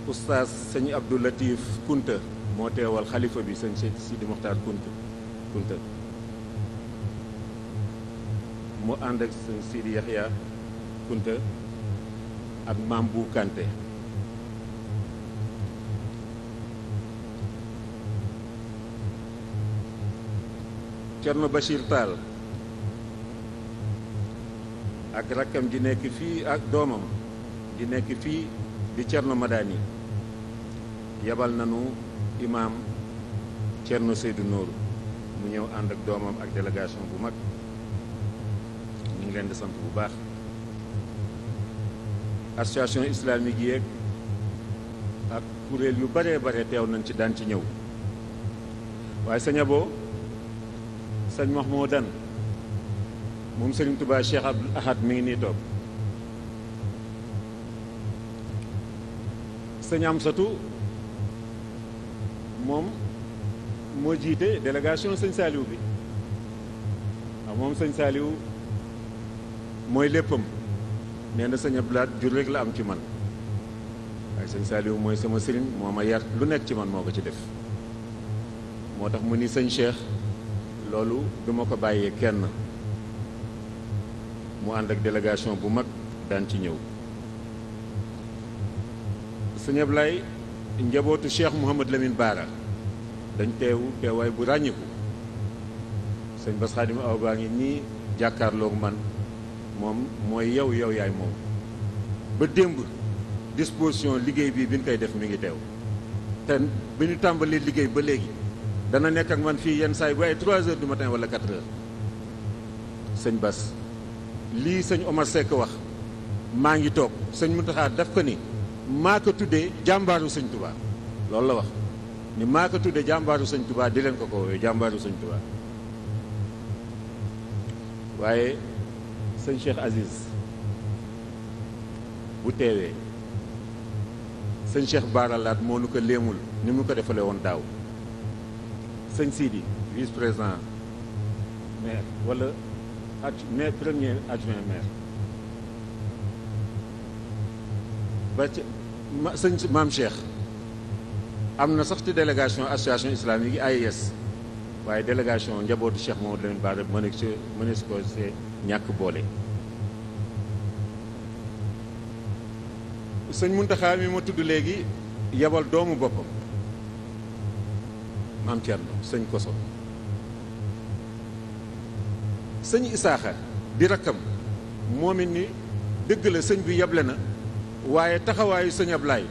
oustaz sëñ Abdou Latif Kunta moo teewal xalifa bi sëñ Sidi Mokhtar Kunta Kunta mu ànd ak sëñ Yaxya Kunta ak maam bu Kanté Cerno Bachir Tall ak rakkam di nekk fii ak doomam di nekk fii di Cerno Madani yabal nanu imaam Cerno Seydou Nourou mu ñëw ànd ak doomam ak délégation bu mag mu ngi leen di sant bu baax association islamique yeeg ak kuréel yu baree bare teew nañ ci daan ci ñëw waaye sëñ max sëñ Mahmoudan moom sëriñ Touba Cheikh Abdoul Ahad mi ngi nii toog sëñ Amsatu moom moo jiite délégation sëñ Saliou bi waaw ah, moom sëñ Saliou mooy léppam nee na sëñ jur rek la am ci man waaye sëñ Saliou mooy sama sëriñ moo ma yar lu nekk ci man moo ko ci def moo tax mu ni sëñ Cheikh loolu du ko bàyyee kenn mu ànd ak délégation bu mag daan ci ñëw sëñ njabootu Cheikh Mouhamad lamin Baara dañ teew teewaay bu ràññiku sëñ Bass Xaadim Awa baa ngi nii jàkkaarloog man moom mooy yow yow yaay moom ba démb disposition liggéey bii bi ñu koy def mi ngi teew te bi ñu tàmbalee liggéey ba léegi dana nekk ak man fii yenn saay yi bu ay heures du matin wala 4 heures sëñ bas lii sëñ Omar Seck wax maa ngi toog sëñ Mountakha daf ko ni maa ko tuddee jàmbaaru sëñ Touba loolu la wax ni maa ko tudde jàmbaaru sëñ Tuubaa di leen ko ko woowee jàmbaaru sëñ Tuubaa waaye sëñ Cheikh Aziz bu teewee sëñ Cheikh Baaralaat moo nu ko léemul ni mu ko defalee woon daaw sëñ Sidi vice président maire wala ad maire premier adjoint maire ba ca ma maam Cheikh. am na sax ci délégation association islamique yi AIS waaye délégation njabootu Cheikh Mamadou Lamine Bara mënees ko mënees ko see ñàkk boole. sëñ Muntaxa mi ma tudd léegi yebal doomu boppam maam Thierno sëñ Koso sëñ Isaaxa di rakkam moom ni dëgg la sëñ bi yeble na waaye taxawaayu sëñ Ablaay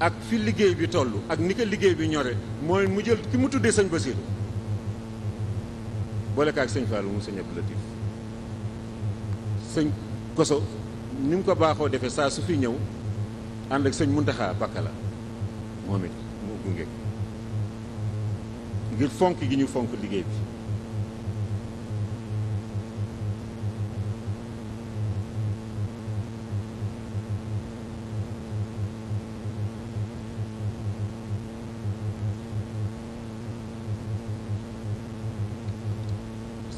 ak fi liggéey bi toll ak ni ko liggéey bi ñore mooy mu jël ki mu tuddee sañ Basiiru boole ko ak sëñ Fallou mu sëñ Abdou Latif sëñ Koso ni mu ko baaxoo defee saa su fi ñëw ànd ak sëñ Muntaxa Bakka la moom it mu gunge ngir fonk gi ñu fonk liggéey bi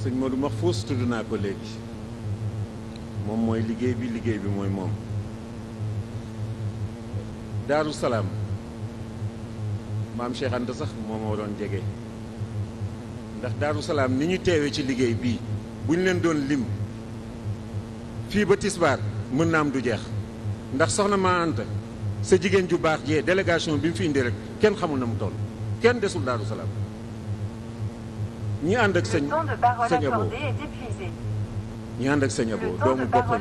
sëñ Modou Mahfous tudd naa ko léegi moom mooy liggéey bi liggéey bi mooy moom Daaru Salaam maam Cheikh sax moo ma doon jege ndax Daaru Salaam ni ñu teewe ci liggéey bi bu ñu leen doon lim fii ba tisbaar mën naa am du jeex ndax soxna maa Anta sa jigéen ju baax jee délégation bi mu fi indi rek kenn xamul na mu toll kenn desul Daaru Salaam ñi ànd ak sëñ sëñ Abo ñi ànd ak sëñ Abo doomu boppam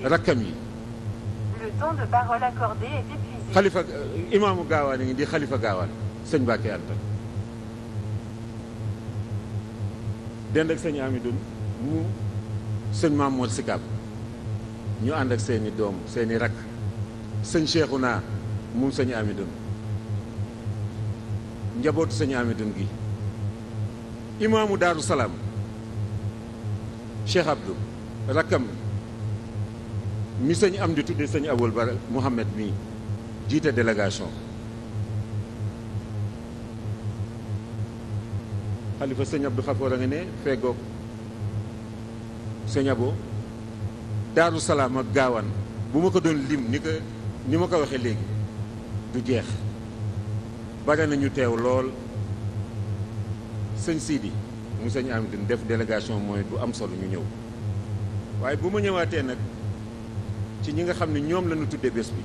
yi rakkam yi xalifa euh, imaamu gaawaan yi di xalifa gaawaan sëñ Mbàkke Anta dend ak sëñ Amidun mu sëñ Mamoor Sikaab ñu ànd ak seeni doom seeni rakk sëñ Seexuna moom sëñ Amidun njabootu sëñ Amidun gi imaamu daaru salaam Cheikh Abdou rakkam mi sëñ am di tudde sëñ Aboul Bara Mouhamed mi jiite délégation xalifa sëñab Abdou Xafoor a nga ne feggoog sëñ Abo ak gaawaan bu ma ko doon lim ni ko ni ma ko waxee léegi du jeex bare nañu teew lool sëñ Sidi mu sëñ Amidou def délégation mooy bu am solo ñu ñëw waaye bu ma ñëwaatee nag ci ñi nga xam ne ñoom la ñu tuddee bés bi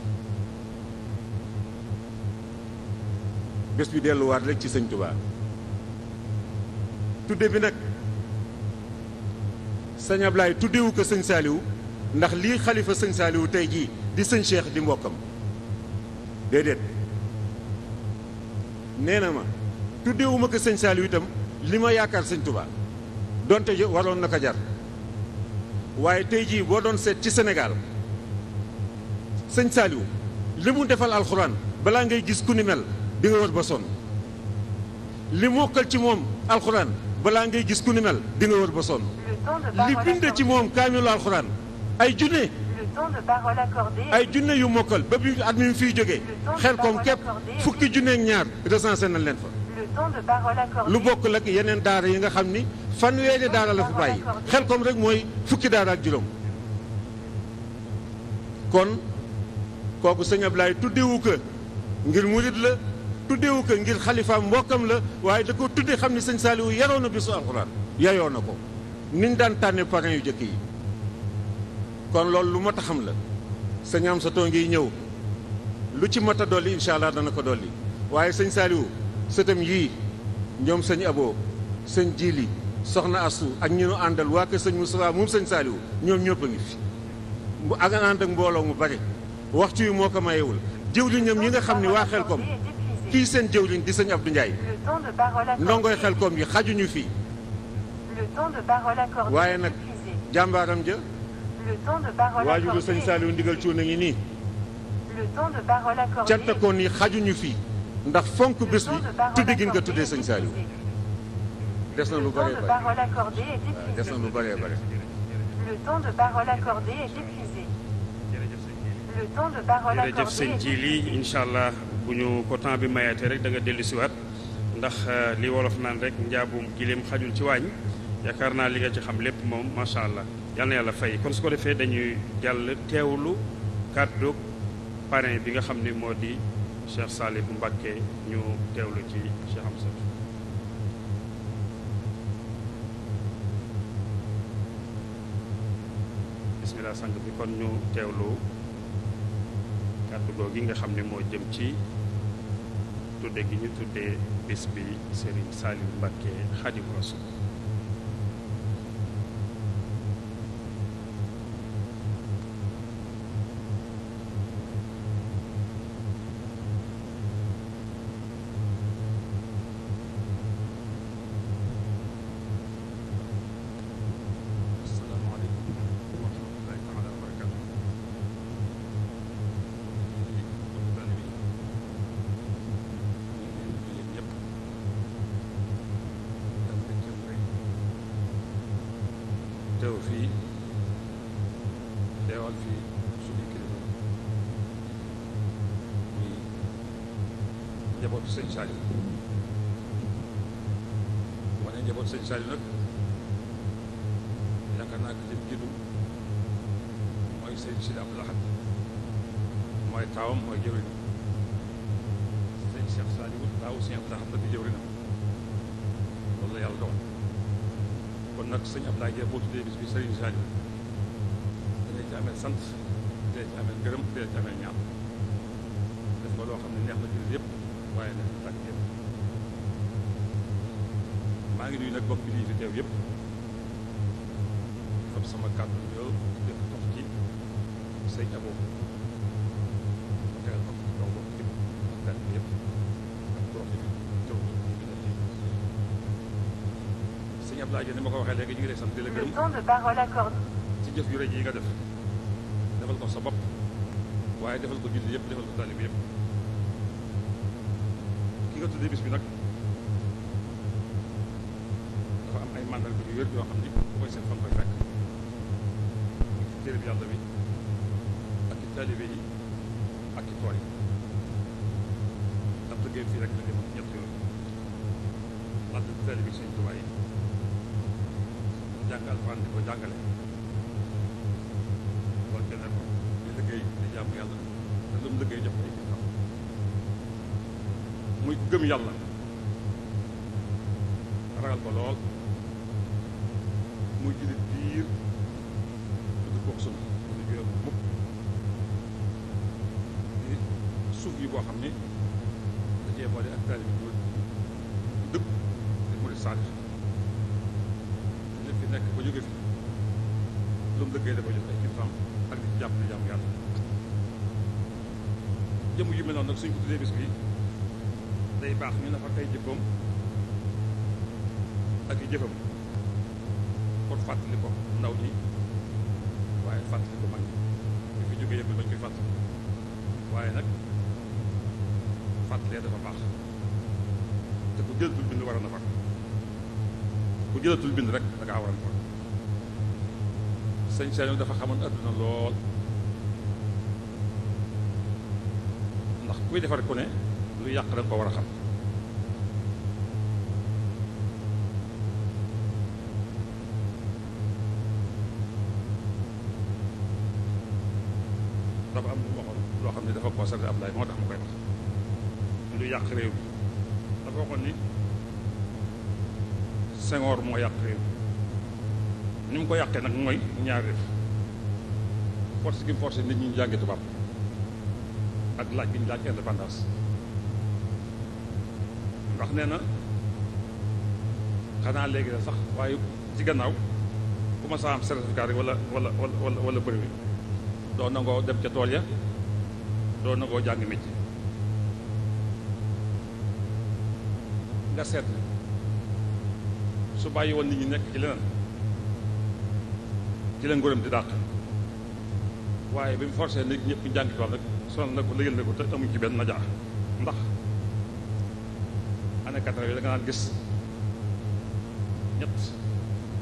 bés bi delluwaat rek ci sëñ Touba tudde bi nag sëñ tuddewu ko sëñ Saliou ndax lii xalifa sëñ saaliwu tey jii di sëñ Cheikh di mbokkam déedéet nee na ma tuddewuma ko sëñ Saliou itam li ma yaakaar sëñ Touba donte waroon na ko jar waaye tey jii boo doon seet ci Sénégal sëñ Saliou li mu defal alxuraan balaa ngay gis ku ni mel di nga wër ba sonn li mokkal ci moom alxuraan balaa ngay gis ku ni mel di wër ba sonn li bind ci moom kaamilu alxuraan ay junne ay junne yu mokkal ba bi at mi mu fiy jógee xel koom képp fukki junneeg ñaar recensé nañ leen fa lu bokkul ak yeneen daara yi nga xam ni fanweeri daara la fi bàyyi xel kom rek mooy fukki daara ak juróom kon kooku sëñ Ablaye tuddewu ko ngir murit la tuddewu ko ngir xalifaam mbokkam la waaye da ko tudde xam ne sëñ Saliou yaroon na bisu alxuraan yayoo a ko niñ daan tànne parrain yu jëkk yi kon loolu lu mat a xam la sëñ am sa too ngi ñëw lu ci mat a dolli incha allah dana ko dolli waaye sëñ Saliou sëtam yii ñoom sëñ Abo sëñ Jili soxna Assou ak ñu nu àndal waa kër sëñ Moustapha moom sëñ Saliou ñoom ñëpp a ngi fi. bu ak ànd mbooloo mu bari ci wi moo ko mayewul jëwriñ ñoom ñi nga xam ne waa Xelkom kii seen jëwriñ di sëñ Abdou Ndiaye ndongoy Xelkom yi xajuñu fi waaye nag jàmbaaram ja waajuru sëñ Saliou ndigal cuuna ngi nii cantakoon yi xajuñu fi ndax fonk bés bi tuddi gi nga tuddee sëñ Saliou des des na lu bëree ah, bëri. le temps de parole accordé est épuisé. le temps de parole accordé est ji lii incha allah bu ñu ko temps bi mayaatee rek da nga dellu siwaat ndax euh, li wolof naan rek njaabum gileem xajul ci waañ yaakaar naa li nga ci xam lépp moom macha allah yal na yàlla fay kon su ko defee dañuy jàll teewlu kàddu parrain bi nga xam ni moo di. Cheikh Salih bu Mbàkke ñu teewlu ci Cheikh Amsatu bismillah sang kon ñu teewlu kàddu googu nga xam ni moo jëm ci tudde gi ñu tuddee bis bi Serigne Salih bu Mbàkke Xaadimu Rasuul sëñ Saliou wane njaboot sëñ Saliou nag yaakaar naa ki ci jiitu mooy sëñ Sidi Abdou Lahad mooy taawam mooy jëwriñam sëñ Cheikh Saliou taawu sëñ Abdou Lahad la di jëwriñam loolu la yàlla doon kon nag sëñ Abdoulaye Dieng boo tuddee bis bi sëriñ Saliou dana ci amee sant dana ci amee gërëm dana ci amee ñaan def nga loo xam ne neex na jullit yëpp waaye nag tàkk yëpp maa ngi nuyu nag bokk yi fi teew yëpp sama kàddu yoo dëkk tox ci sëñ Abo tegal ko ci kaw bokk yëpp ma ko waxee léegi ñu ngi lay sant di la gërëm ci jëf yu yi nga def defal ko sa bopp waaye defal ko julli yëpp defal ko taalibi yëpp doon tuddee bis bi nag dafa am ay màndarga yu wér yoo xam ni mooy seen fan koy fekk ci téere bi yàlla bi ak ci taalibe yi ak ci tool yi ndax tëggee fii rek la dem ñett yooyu ndax taalibe yi seen tubaay yi jàngal fan di ko jàngale wala kenn ko di liggéey di jàmm yàlla te lu mu liggéey jox ko muy gëm yàlla ragal ko muy jullit biir du dëppook sunna du juyoon mukk di yi boo xam ne da cee boole ak taalibi bu dëpp di murit saadix fi nekk ba jóge fi lu mu lëggee ay kilifaam ak di jàpp di jàmm yàlla jëmm yu mel noonu nag suñ ko day baax ñu nafar ay jëfam ak i jëfam kon fàttali ko ndaw ñi waaye fàttali ko mag ñi fi jógee yëpp dañ koy fàttali waaye nag fàttalee dafa baax te ku jëlatul bind war a nafar ku jëlatul bind rek da ngaa war a nafar sëñ Saliou dafa xamoon adduna lool ndax kuy defar ku ne lu yàq da ko war a xam dafa am loo xam ne dafa concerné Abdoulaye moo tax ma koy wax lu yàq réew mi dafa waxoon ni Senghor moo yàq réew mi ni mu ko yàqee nag mooy ñaar def force gi force nit ñi ñu jàngi tubaab ak laaj gi ñu laaj indépendance ndax nee na xanaa léegi la sax waaye ci gannaaw ku ma saa am certificat rek wala wala wala wala brevet doo nangoo dem ca tool ya doo nangoo jàng métier nga seet su bàyyi woon nit ñi nekk ci leneen ci la nguuram di dàq waaye bi mu forcé nit ñëpp ñu jàng ci wàll rek sonal na ko ko te amuñ ci benn najaax ndax années quatre-vingt da nga naan gis ñett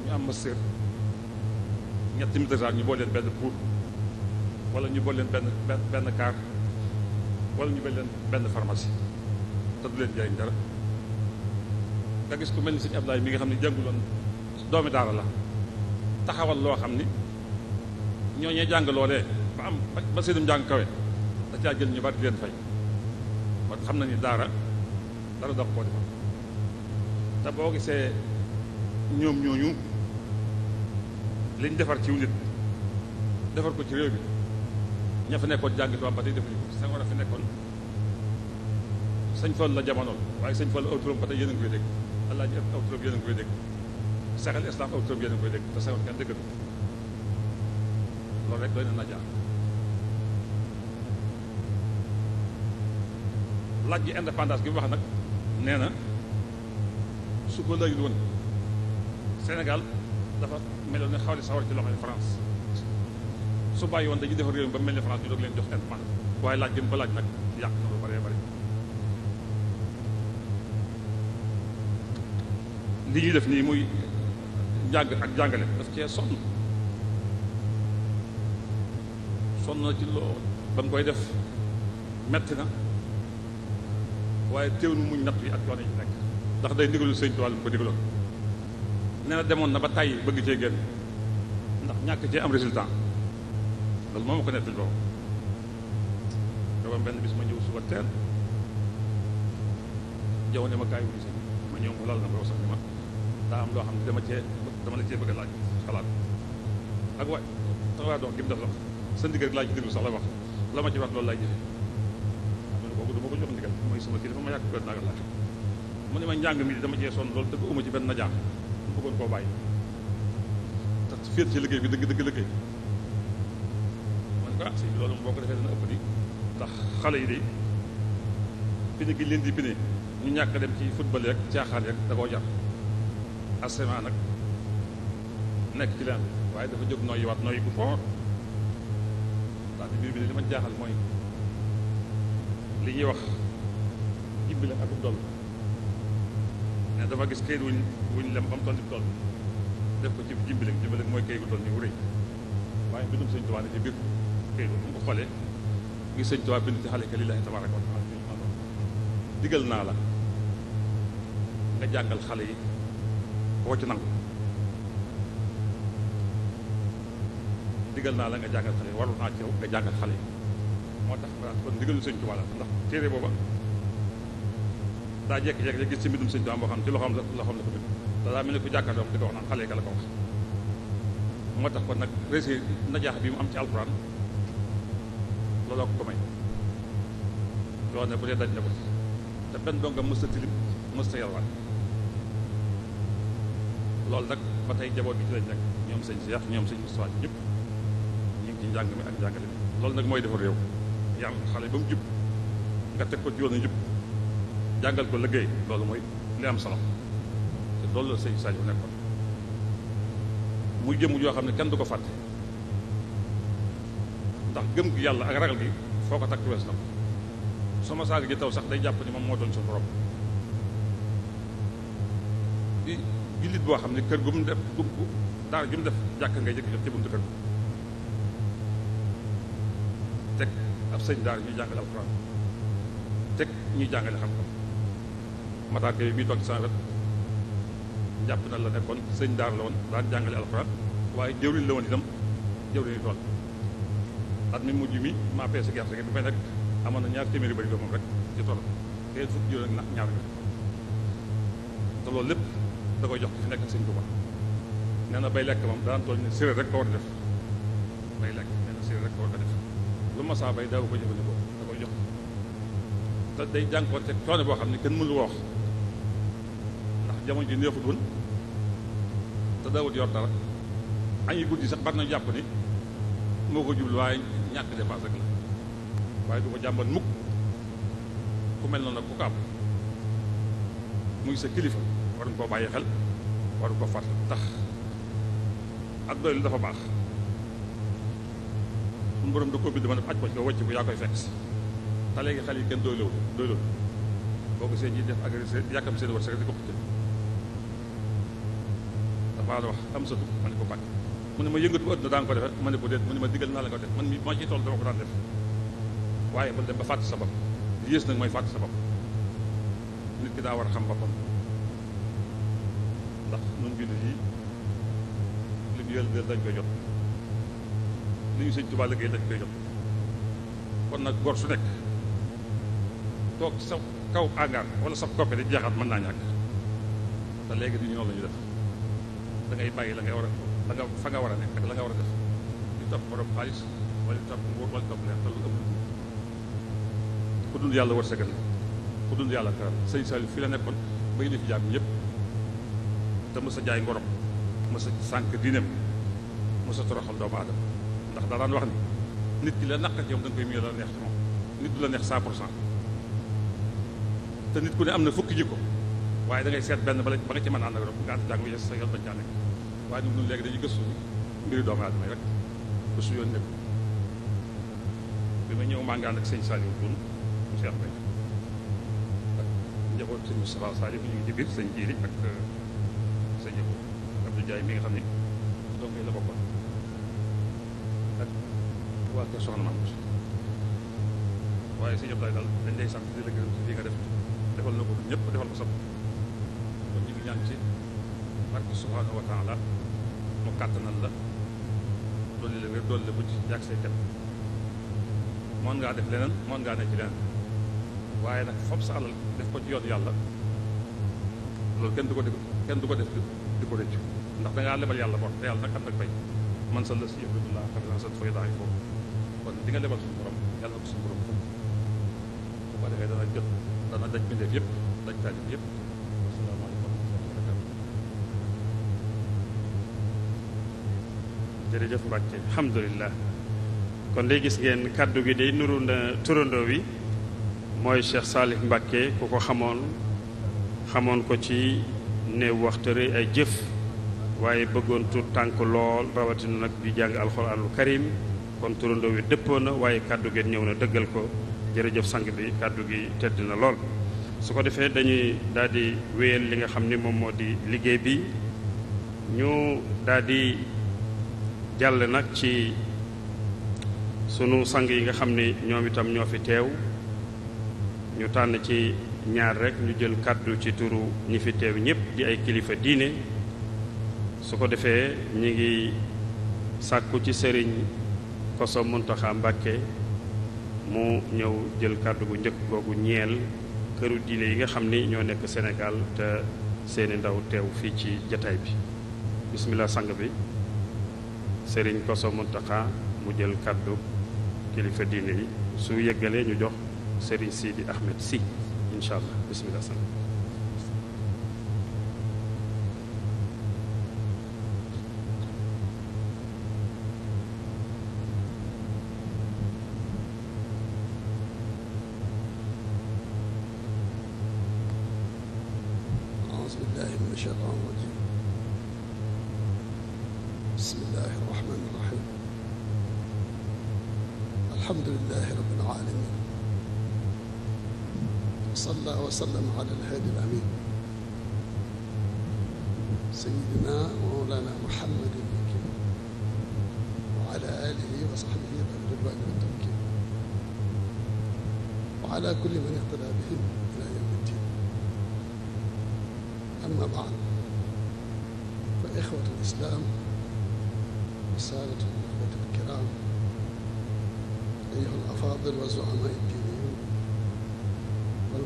ñu am master ñetti maîtrise ñu boole leen benn pour wala ñu boole leen benn benn car wala ñu boole leen benn pharmacie te du leen jëriñ dara nga gis ku mel ni sëñ Abdoulaye mi nga xam ne jànguloon doomi daara la taxawal loo xam ni ñooñee jàng loolee ba am ba seenum jàng kawe da jël ñu bari di leen fay kon xam na ni daara dara dox te boo gisee ñoom ñooñu liñ defar ci nit defar ko ci réew bi ña fa nekkoon jàngi tubaab ba tey defuñu ko Senghor a fi nekkoon sëñ Fall la jamonoon waaye sëñ Fall aw turam ba tey yéen a ngi koy dégg allah ji aw turam yéen dégg saxal islam aw turam yéen dégg te Senghor kenn déggatu loolu rek doy na na laaj gi indépendance gi wax nag nee na su ko senegal dafa meloon ne xaw a sawar ci loxo yi France su bàyyi woon dañuy defar réew ba mel ne France ñu doog leen jox waaye laaj bi mu laaj nag yàq na lu bëree bëri. li def nii muy jàng ak jàngale daf cee sonn ci loo ba koy def metti na. waaye teewlu muñ natt yi ak coono yi nekk ndax day ndigalu sëñ Tuubaa lu ko digaloon nee na demoon na ba tàyyi bëgg cee génn ndax ñàkk cee am résultat loolu moom ma ko nettali boobu dafa benn bis ma ñëw suba teel jaww ne ma kaay ma ñëw mu lal na boo sax ni ma daa am loo xam ne dama cee dama la cee bëgg a laaj xalaat ak waay taxawaa dox gi mu def la sa ndigal laaj ci déglu sax la wax la ma ci wax loolu laay jëfee jox ndigal mooy mu ne ma njàng mi dama cee sonn loolu te ko uma ci benn najaax mu bëggoon koo bàyyi ci liggéey bi dëgg dëgg liggéey ma ne ko ah ndax xale yi de pine gi leen di pine ñu ñàkk dem ci football rek caaxaan rek da koo jar asement nag nekk ci leen waaye dafa jóg nooyi waat nooyi bu foor daal di mbir bi li ma jaaxal mooy li ñuy wax ibbi la akub toll ne dafa gis këyit wuñ wuñ lem ba mu toll ci def ko ci jimbileg mooy këyit gu toll ni wu rëy waaye bindum sëñ Tuubaa ne ci biir këyit bu ko xoolee ngir sëñ Tuubaa bind ci xale ka lillaahi tabaaraka wa taala digal naa la nga jàngal xale yi koo ci nangu digal naa la nga jàngal xale yi warul naa ci nga jàngal xale yi moo tax ma kon ndigalu sëñ Tuubaa ndax téere booba daa jékki-jékki rek gis ci mbindum sëñ Tuubaa boo xam ci loxoom la loxoom la ko bind te daa mel ne ku jàkkaarloo di nag najaax bi mu am ci alxuraan looloo ko ko may loolu ne bu dee daj na ko te benn donga loolu nag ba tey jaboot bi ci lañ ñoom sëñ Seex ñoom sëñ Mustafaa ñu ngi ci njàng mi ak njàngale loolu nag mooy defar réew yar xale ba mu jub nga teg ko ci yoonu jub jàngal ko liggéey loolu mooy li am solo te loolu la sëñ Sadio nekkoon muy jëmm joo xam ne kenn du ko fàtte ndax gëm gi yàlla ak ragal gi foo ko takk wees na ko sama saaga ji taw sax day jàpp ni moom moo doon suñu borom di jullit boo xam ne kër gu mu def dugg daara ju mu def jàkk ngay jëkk jot ci buntu kër sëñ daara ñuy jàngale alxuraan teg ñuy jàngale xam-xam Matar Gueye bi toog ci sama wet na la nekkoon sëñ daara la woon daan jàngale alxuraan waaye jëwriñ la woon itam jëwriñu tool at mi mujj mi maa peese gerte gi bi fay nekk amoon na ñaar téeméeri bëri moom rek ci tool lépp da koy jox ci fi nekk sëñ Tuuba nee na bay lekk moom daan tool ne séeréer rek ko war a def bay lekk nee na rek ko war a def lu ma saa bay ko jëfandikoo da koy jox te day jànkuwante coono boo xam ne kenn mënu wax ndax jamono ji neexut woon te daawut yor dara añuy guddi sax bari na jàpp ni moo ko jublu waaye ñàkk dépense rek la waaye du ko jàmbat mukk ku mel noonu nag ku ko am muy sa kilifa war nga koo bàyyi xel war nga koo fàttali tax ak doylu dafa baax suñu borom da koo bind man aj ko ci wàcc ko yaa koy fekk si te léegi yi kenn doyloo doyloo boo ko seen ñi def agressé yàkkam seen war sa di ko xëcc dafa la wax am sa ma ne ko bàkk ne ma yëngatu ba àdduna daan ko defe ma ne ko déet mu ne ma digal naa la ko def man mi ma ciy toll dama ko daan def waaye bul dem ba fàtte sa bopp yées nag mooy fàtt sa bopp nit ki daa war a xam boppam ndax nun bind yi li ñu yël dañ koy jot li ñu sëñ Tuubaa liggéey lañ koy kon nag góor su nekk toog sa kaw wala sa koppe di jeexaat mën naa ñàkk te ñu noonu la ñu def da bàyyi la ngay war a la nga fa nga war a nekk ak la nga war a def di topp borom xaalis wala di topp nguur wala topp leer lu ëpp ku dund yàlla war sagal ku dund yàlla karam sëñ Saliou fii la nekkoon bay di fi jaam ñëpp te mës a jaay ngorom mës a sànq diineem mës a toroxal doomu aadama ndax daa daan wax ni nit ki la naq ci yow da nga koy miir la neex ci te nit ku ne am na fukki jikko waaye da seet benn ba nga ci mën a ànd ak nga ànd jàng bi sa yoon bañ caa nekk waaye ñun ñun léegi dañuy gëstu mbiru doomu aadama rek gëstu yoon nekk bi ma ñëw maa ngi ànd ak sëñ Saliou Thioune mu seet rek ak njaboot sëñ ngi ci biir sëñ Jiiri ak euh, sëñ Abdou mi nga xam ne waa kër soxna Maam waaye sëñ Abdoulaye daal dañ lay sant di la gërëm ci lii nga def defal na ko ñëpp defal ko sab kon ñu ngi ñaan ci barke subhanahu wa taala mu kàttanal la dolli ci yàgg say tem mën ngaa def leneen mën ngaa ne ci leneen waaye nag fab sax alal def ko ci yoon yàlla loolu kenn du ko def kenn ko def di ko ndax da ngaa lebal yàlla bor te yàlla nag am nag fay man sa la si yëpp laa xam naa sa fay daa ngi foofu di nga lebal suñu borom yàlla yëpp daj taalib yëpp wasalaamaaleykum Mbàkke alhamdulilah kon léegi gis ngeen kàddu gi day nuru na turandoo wi mooy Cheikh Salif Mbàkke ku ko xamoon xamoon ko ci ne waxtare ay jëf waaye bëggoon tur tànk lool rawatina nag di jàng alxuraanul karim kon turandoo wi dëppoo na waaye kàddu gi ñëw na dëggal ko jërëjëf sang bi kàddu gi tedd na lool su ko defee dañuy daal di wéyal li nga xam ni moom moo di liggéey bi ñu daldi di jàll nag ci sunu sang yi nga xam ni ñoom itam ñoo fi teew ñu tànn ci ñaar rek ñu jël kàddu ci turu ñi fi teew ñépp di ay kilifa diine su ko defee ñu ngi sàkku ci sëriñ koso Muntaxa Mbàkke mu ñëw jël kàddu gu njëkk googu ñeel këru diine yi nga xam ni ñoo nekk senegal te seeni ndaw teew fii ci jataay bi bismillah sang bi sëriñ koso Muntaxa mu jël kàddu kilifa diine yi su yeggalee ñu jox sëriñ Sidi Ahmed si incha allah bismillah sang وسلم على الهادي الأمين سيدنا ومولانا محمد المكين وعلى آله وصحبه ذوي الرضوان والتمكين وعلى كل من اقتدى بهم إلى يوم الدين أما بعد فإخوة الإسلام رسالة الإخوة الكرام أيها الأفاضل وزعماء الدين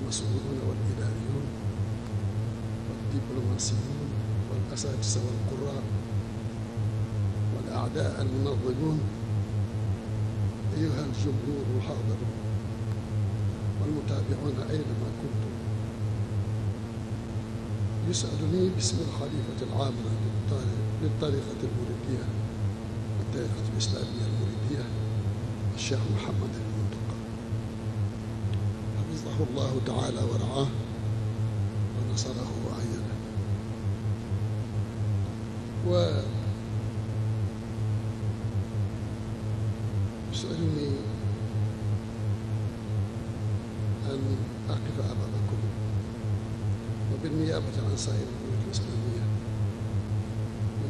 والمسؤولون والإداريون والدبلوماسيون والأساتذة والقراء والأعداء المنظمون أيها الجمهور الحاضرون والمتابعون أينما كنتم يسألني باسم الخليفة العامة للطريقة المريدية الدائرة الإسلامية المريدية الشيخ محمد حفظه الله تعالى ورعاه ونصره وأيده و يسألني أن أقف أمامكم وبالنيابة عن سائر الملوك الإسلامية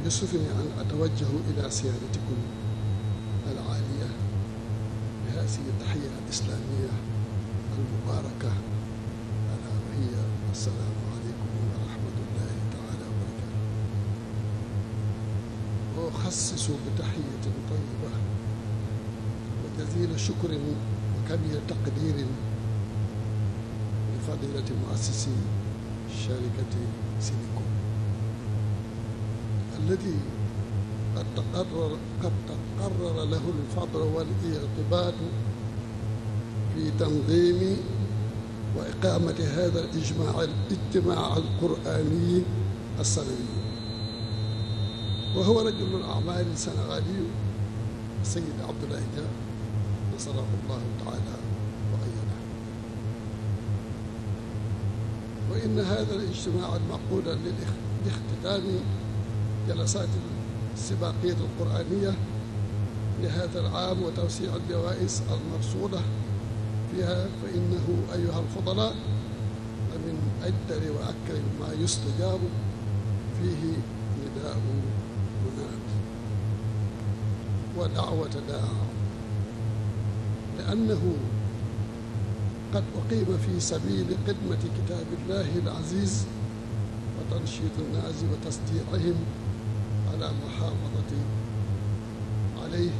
ويسرني أن أتوجه إلى سيادتكم العالية بهذه التحية الإسلامية mubaaraka ala wa iyyaakum assalaamu aleykum wa rahmatullaahi taala wa barakaatuh uxassisu bi taxiyatin tayyiba wa jaziila shukrin wa kabiira taqdiirin li fadiilati muassisi sharikati Silicom allati qad taqarrara له الفضل والاعتبار في تنظيم وإقامة هذا الإجماع الاجتماع القرآني السنوي وهو رجل الأعمال السنغالي السيد عبد الله جاب نصره الله تعالى وأيده وإن هذا الاجتماع المعقول لاختتام جلسات السباقية القرآنية لهذا العام وتوسيع الجوائز المرصودة فيها فإنه أيها الفضلاء لمن أجدر وأكرم ما يستجاب فيه نداء مناد ودعوة داع لأنه قد أقيم في سبيل خدمة كتاب الله العزيز وتنشيط الناس وتسطيعهم على المحافظة عليه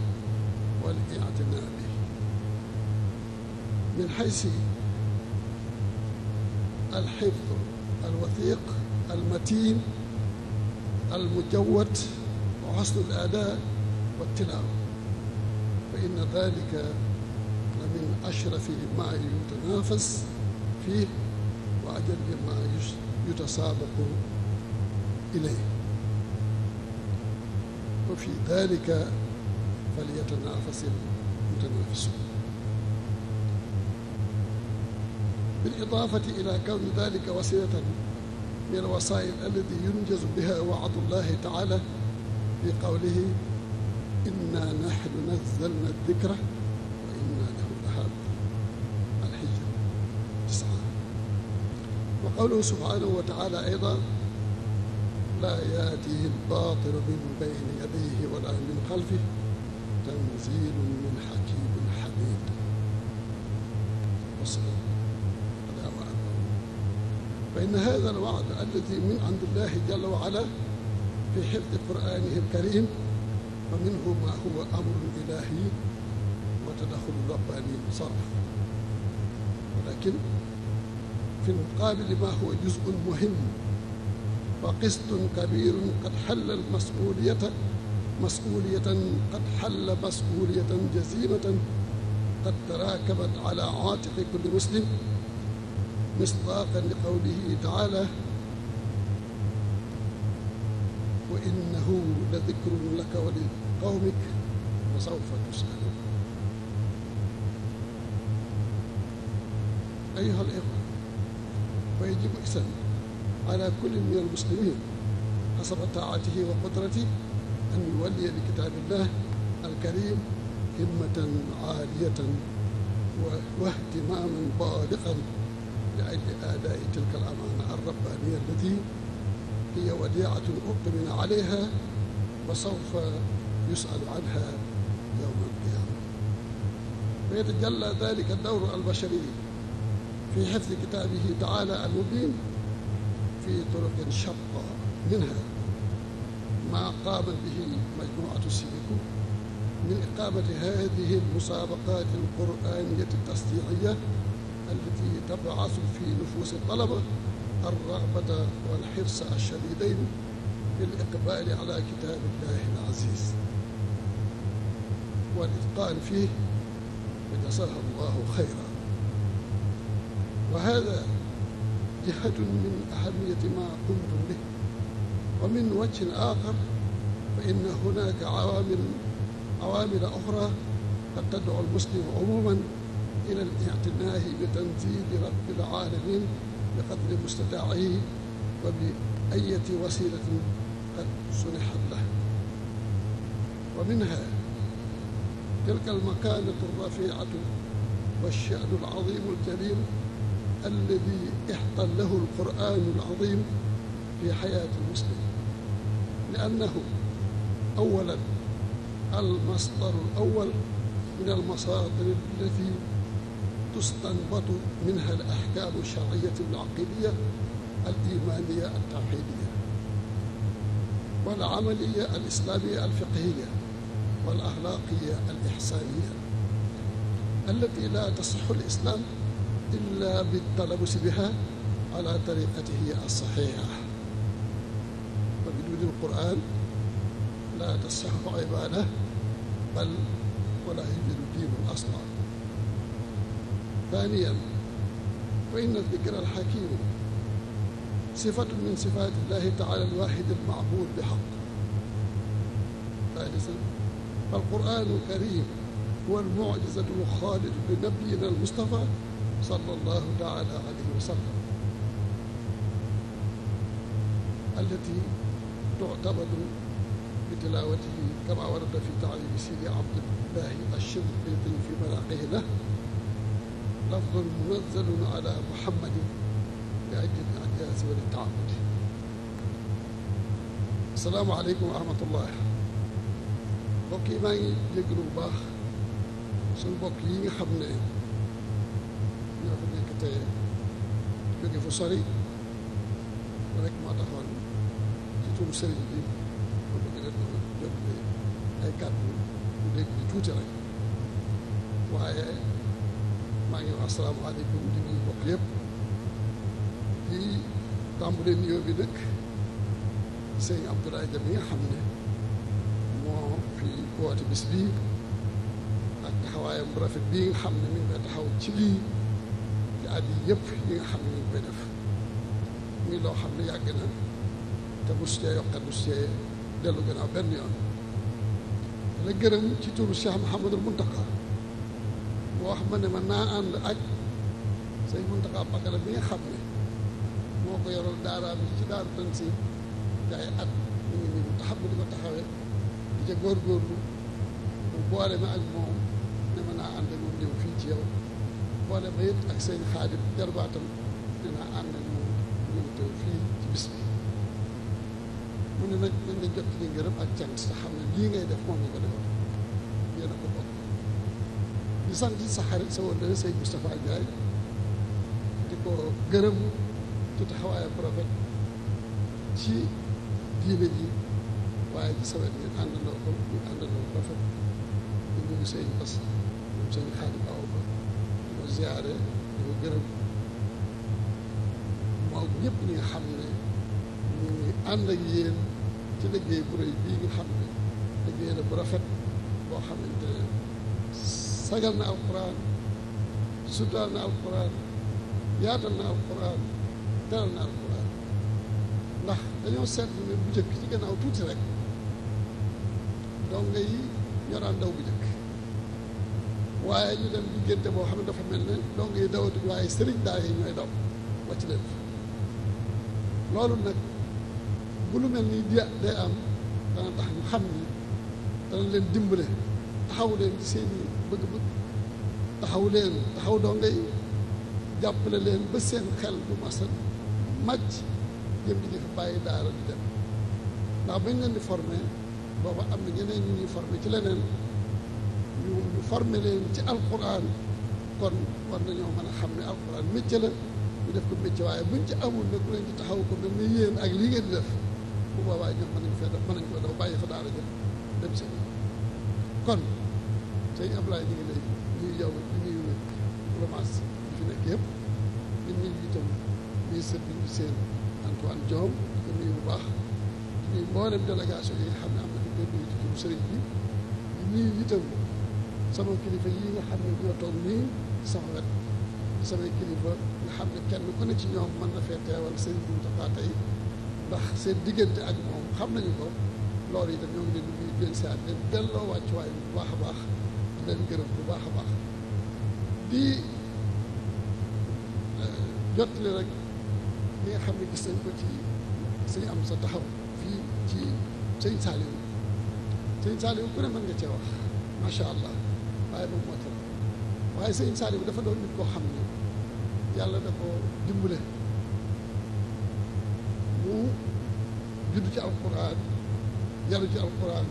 والاعتناء من حيث الحفظ الوثيق المتين المجود وحسن الأداء والتلاوة فإن ذلك لمن أشرف ما يتنافس فيه وأجل ما يتسابق إليه وفي ذلك فليتنافس المتنافسون بالإضافة إلى كون ذلك وسيلة من الوسائل التي ينجز بها وعد الله تعالى في قوله إنا نحن نزلنا الذكر وإنا له لحافظ الحجة تسعة وقوله سبحانه وتعالى أيضا لا يأتيه الباطل من بين يديه ولا من خلفه تنزيل من حكيم حميد والسلام فإن هذا الوعد الذي من عند الله جل وعلا في حفظ قرآنه الكريم ومنه ما هو أمر إلهي وتدخل رباني صرف ولكن في المقابل ما هو جزء مهم وقسط كبير قد حل المسؤولية مسؤولية قد حل مسؤولية جزيمة قد تراكبت على عاتق كل مسلم مصداقا لقوله تعالى وإنه لذكر لك ولقومك وسوف تسألون أيها الإخوة ويجب إذن على كل من المسلمين حسب طاعته وقدرته أن يولي لكتاب الله الكريم همة عالية واهتماما بالغا لأجل أداء تلك الأمانة الربانية التي هي وديعة أقمن عليها وسوف يسأل عنها يوم القيامة ويتجلى ذلك الدور البشري في حفظ كتابه تعالى المبين في طرق شقة منها ما قام به مجموعة السيكو من إقامة هذه المسابقات القرآنية التصديعية التي تبعث في نفوس الطلبة الرغبة والحرص الشديدين بالإقبال على كتاب الله العزيز والإتقان فيه وجزاه الله خيرا وهذا جهة من أهمية ما قمتم به ومن وجه آخر فإن هناك عوامل عوامل أخرى قد تدعو المسلم عموما إلى الاعتناء بتنفيذ رب العالمين بقدر مستطاعه وبأية وسيلة قد سنحت له ومنها تلك المكانة الرفيعة والشأن العظيم الجليل الذي احتل له القرآن العظيم في حياة المسلم لأنه أولا المصدر الأول من المصادر التي تستنبط منها الأحكام الشرعية العقيدية الإيمانية التوحيدية والعملية الإسلامية الفقهية والأخلاقية الإحسانية التي لا تصح الإسلام إلا بالتلبس بها على طريقته الصحيحة وبدون القرآن لا تصح عبادة بل ولا يوجد دين أصلاً ثانيا فإن الذكر الحكيم صفة من صفات الله تعالى الواحد المعبود بحق ثالثا القرآن الكريم هو المعجزة الخالد لنبينا المصطفى صلى الله تعالى عليه وسلم التي تعتمد بتلاوته كما ورد في تعليم سيدي عبد الله الشنقيطي في ملاقيه له الأفضل منزل على محمد لأجل الإعجاز والتعامل السلام عليكم ورحمة الله mbokk yi maa ngi jégalu bu baax suñu mbokk yi nga xam ne ñoo fi nekk te jóge fu sori rek moo taxoon ci tuum sëriñ bi ma bëgg leen ay kàddu bu dégg tuuti rek maa ngi wax asalaamaaleykum di nuyu mbokk yëpp di tàmbalee nuyoo bi nag sëñ Abdoulaye Dia mi nga xam ne moo fi woote bis bii ak taxawaayam bu rafet bii nga xam ne mi ngi koy taxaw ci lii ci at yi yëpp yi nga xam ne ñu ngi koy def muy loo xam ne yàgg na te bu su cee yokk bu su cee dellu gannaaw benn yoon la gërëm ci turu Cheikh Mouhamadul Mountakha ma ne ma naa ànd ak sëñ Muntaxa Pakala bi nga xam ne moo ko yoral daaraam bi ci daaru Tanzil ci at mu ngi nii mu taxawee di ca góorgóorlu mu boole ma ak moom ne ma naa ànd ak ñëw fii ci yow boole ma it ak sëñ Xaadim jarbaatam ne naa ànd ak moom ñëw teew fii ci bis bi mu ne nag nañ la jot li ngërëm ak cant te xam ne lii ngay def moom la ko defal di sant sa xarit sa wóllare sëñ Moustapha Ndiaye di ko gërëm ci taxawaayu prophète ci diine ji waaye ci sawet ñu àndandoo ko ñu àndandoo prophète ñu nuyu sëñ Bas ñoom sëñ Xaadim Awa Ba di ko ziyaare di ko gërëm moom ñëpp ñi nga xam ne ñu ngi ànd ak yéen ci liggéey bu rëy bii nga xam ne liggéey la bu rafet boo xamante ne sagal na alquran sutaal na alquran yaatal na alquran teral na alquran ndax dañoo seetlu ne bu njëkk ci gannaaw tuuti rek donga yi ñoo daan daw bu njëkk waaye ñu dem diggante boo xam ne dafa mel ne donga yi dawatuñ waaye sëriñ daara yi ñooy daw wàcc leen fa loolu nag bu lu mel nii di day am dana tax ñu xam ni dana leen dimbale taxaw leen ci seen i bëgg-bëgg taxaw leen taxaw donga yi jàppale leen ba seen xel bu masal màcc jëm di fi bàyyi daara di dem ndax bañ leen di formé booba am na ñeneen ñu ñuy formé ci leneen ñu ñu leen ci alquran kon war nañoo mën a xam ne alquran métier la ñu def ko métier waaye buñ ci amul ne ku leen ci taxaw ko mel ni yéen ak lii ngeen di def bu boobaa ñoom mën nañ fee def mën nañ ko daw bàyyi fa daara jëm dem seen kon sëñ Ablaye ñu ngi lay ñuy yow ñu ñuy romanc ñu fi nekk yëpp ñu ngi itam ministre bi ñu seen Antoine Diome ko nuyu bu baax ñuy mboolem délégation yi nga xam ne am nañu benn ci turu ñu sama kilifa yi nga xam ne toog nii sama wet samay kilifa nga xam ne kenn ku ci ñoom mën na fee teewal sëñ bi Moustapha tey ndax seen diggante ak moom xam nañu ko loolu itam ñoo ngi leen di nuyu benn saa leen delloo wàccuwaay bu baax a baax leen gërëm bu baax a baax di euh, jottali rek li nga xam ne gis nañ ko ci sëñ am sa taxaw fii ci sëñ Saliou sëñ Saliou ku ne mën nga cee wax macha allah waaye moom moo ci waaye sëñ Saliou dafa doon nit koo xam ne yàlla da ko dimbale mu judd ci alquran yaru ci alquran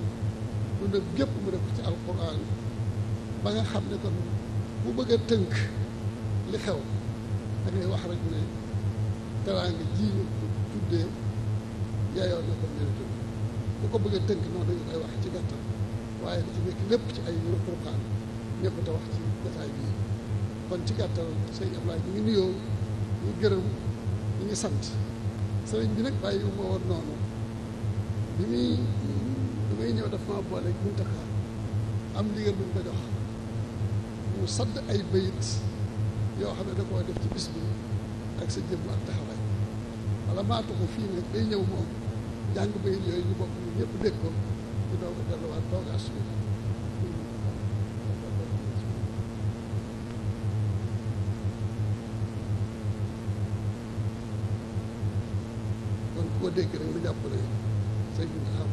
dundam gépp mu def ko ci alquran ba nga xam ne kon bu bëgg tënk li xew da wax rek ne teraanga ji ñu tuddee yaayoon na ko mérite bu ko bëgg a tënk noonu dañu koy wax ci gàttal waaye da nekk lépp ci ay ruqruqaan ñëpp te wax ci jotaay bii kon ngi nuyoo ñu gërëm ñu ngi sant sëriñ bi nag bàyyi wu ma woon noonu bi muy bi ñëw daf maa boole ak Muntaxa am ndigal bu ñu ko jox mu sant ay bayit yoo xam ne da koo def ci bis ak sa jëmm ak taxawaay wala maatu ko fii nag day ñëw moom jàng bayit yooyu ñu bokk ñu ñëpp dégg ko ñu doog a delluwaat toogaas bi dégg rek mu jàpp ne sëñ bi nga xam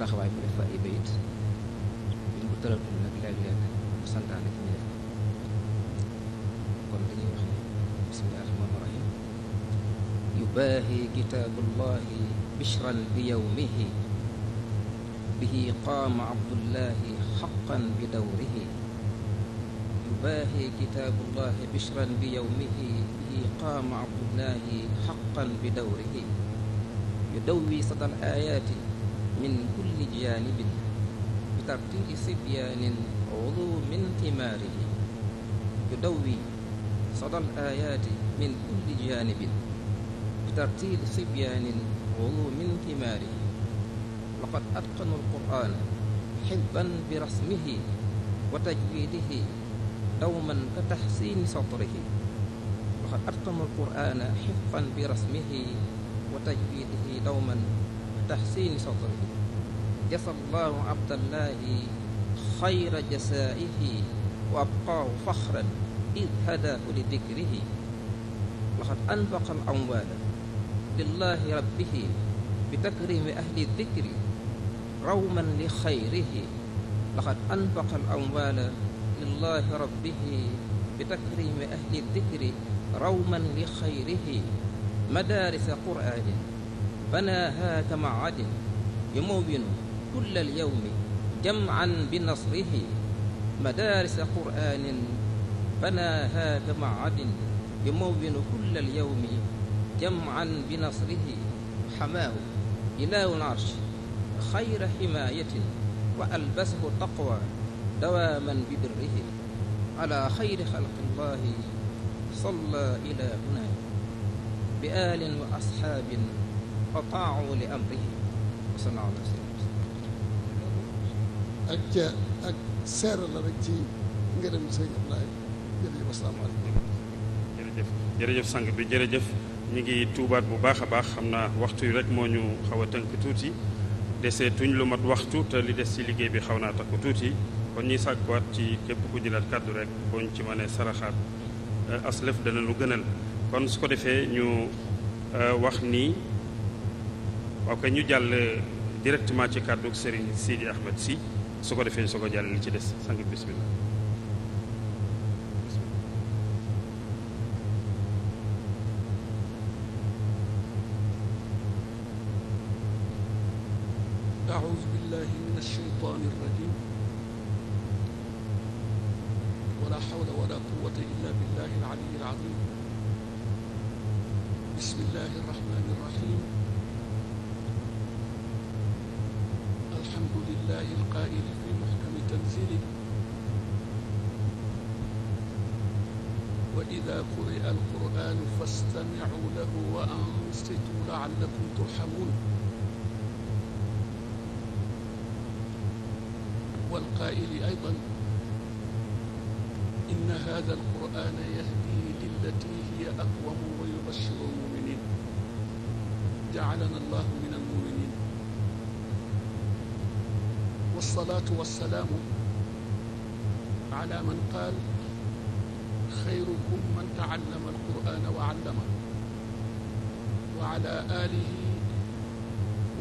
taxawaay mu def fa ay bayit ñu ko tëratul nag léeg-léeg mu santaane ci ñu def kon dañuy wax ne bismillahi rahmaani rahim yubaahi kitaabullahi bishran bi yawmihi bihi qaama abdullahi xaqan bi dawrihi يباهي كتاب الله بشرا بيومه به قام عبد الله حقا بدوره يدوي صدى الآيات من الرجال بترتيل صبيان عضو من ثماره يدوي صدى الآيات من كل جانب بترتيل صبيان عضو من ثماره لقد أتقنوا القرآن حبا برسمه وتجويده دوما كتحسين سطره لقد أتقنوا القرآن حفظا برسمه وتجويده دوما كتحسين سطره jasa allahu abdallahi xayra jasaihi wa abqaahu faxran id hadaahu li dikrihi laqad anfaqa al amwaala lillahi rabbihi bi takrimi ahli dikri rawman li xayrihi laqad anfaqa al amwaala lillahi rabbihi bi takrimi ahli dikri rawman li xayrihi madaarisa qur'aanin banaahaa kama adin yumawwinu كل اليوم جمعا بنصره مدارس قرآن بناها كمعد يمون كل اليوم جمعا بنصره حماه إله العرش خير حماية وألبسه التقوى دواما ببره على خير خلق الله صلى إلهنا بآل وأصحاب أطاعوا لأمره وصلى الله عليه وسلم ak ca ak la rek ci ngërëm sëñ Ablaye jërëjëf asalaamaaleykum jërëjëf sang bi jërëjëf ñu ngi tuubaat bu baax a baax xam naa waxtu yi rek moo ñu xaw a tënk tuuti desee tuñ lu mat waxtu te li des ci liggéey bi xaw naa takku tuuti kon ñuy sàkkuwaat ci képp ku jëlaat kàddu rek boo ñu ci mënee saraxaat eh, aslëf dana lu gënal kon su ko defee ñu eh, wax ni waaw ñu jàll eh, directement ci kàddu Serigne Sidi Ahmed Sy su ko defee su ko jàll li ci des sang bismillah أعوذ بالله من الشيطان الرجيم ولا حول ولا قوة إلا بالله العلي العظيم بسم الله الرحمن الرحيم ابتداء القائل في محكم تنزيله وإذا قرئ القرآن فاستمعوا له وأنصتوا لعلكم ترحمون والقائل أيضا إن هذا القرآن يهدي للتي هي أقوم ويبشر المؤمنين جعلنا الله من والصلاة والسلام على من قال خيركم من تعلم القرآن وعلمه وعلى آله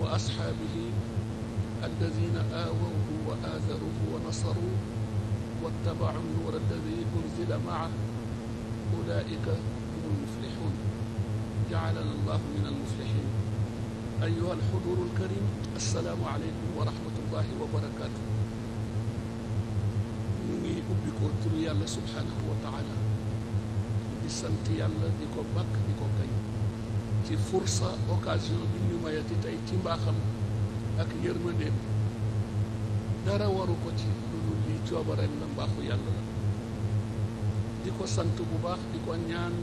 وأصحابه الذين آووه وآذروه ونصروه واتبعوا النور الذي أنزل معه أولئك هم المفلحون جعلنا الله من المفلحين أيها الحضور الكريم السلام عليكم ورحمة الله وبركاته ñu ngi ubbi ko tur yàlla subhaanahu wa taala di sant yàlla di ko bàkk di ko kañ ci fursa occasion bi ñu mayati tey ci mbaaxam ak yërmandeem dara waru ko ci loolu lii coobareem la mbaaxu yàlla di ko sant bu baax di ko ñaan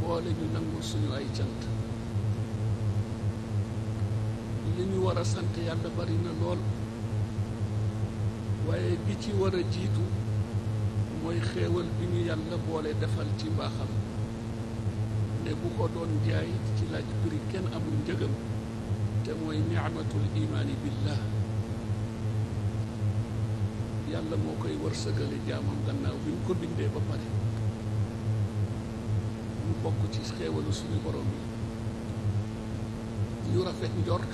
boole ñu nangul suñu ay cant li ñu war a sant yàlla bari na lool waaye bi ci war a jiitu mooy xewal bi ñu yàlla boole defal ci mbaaxam ne bu ko doon jaay ci laaj prix kenn amul njëgam te mooy ni'matul imaani billah yàlla moo koy war sëggale jaamam gannaaw bi ñu ko bindee ba pare ñu bokk ci xéewalu suñu borom yi ñu rafet njort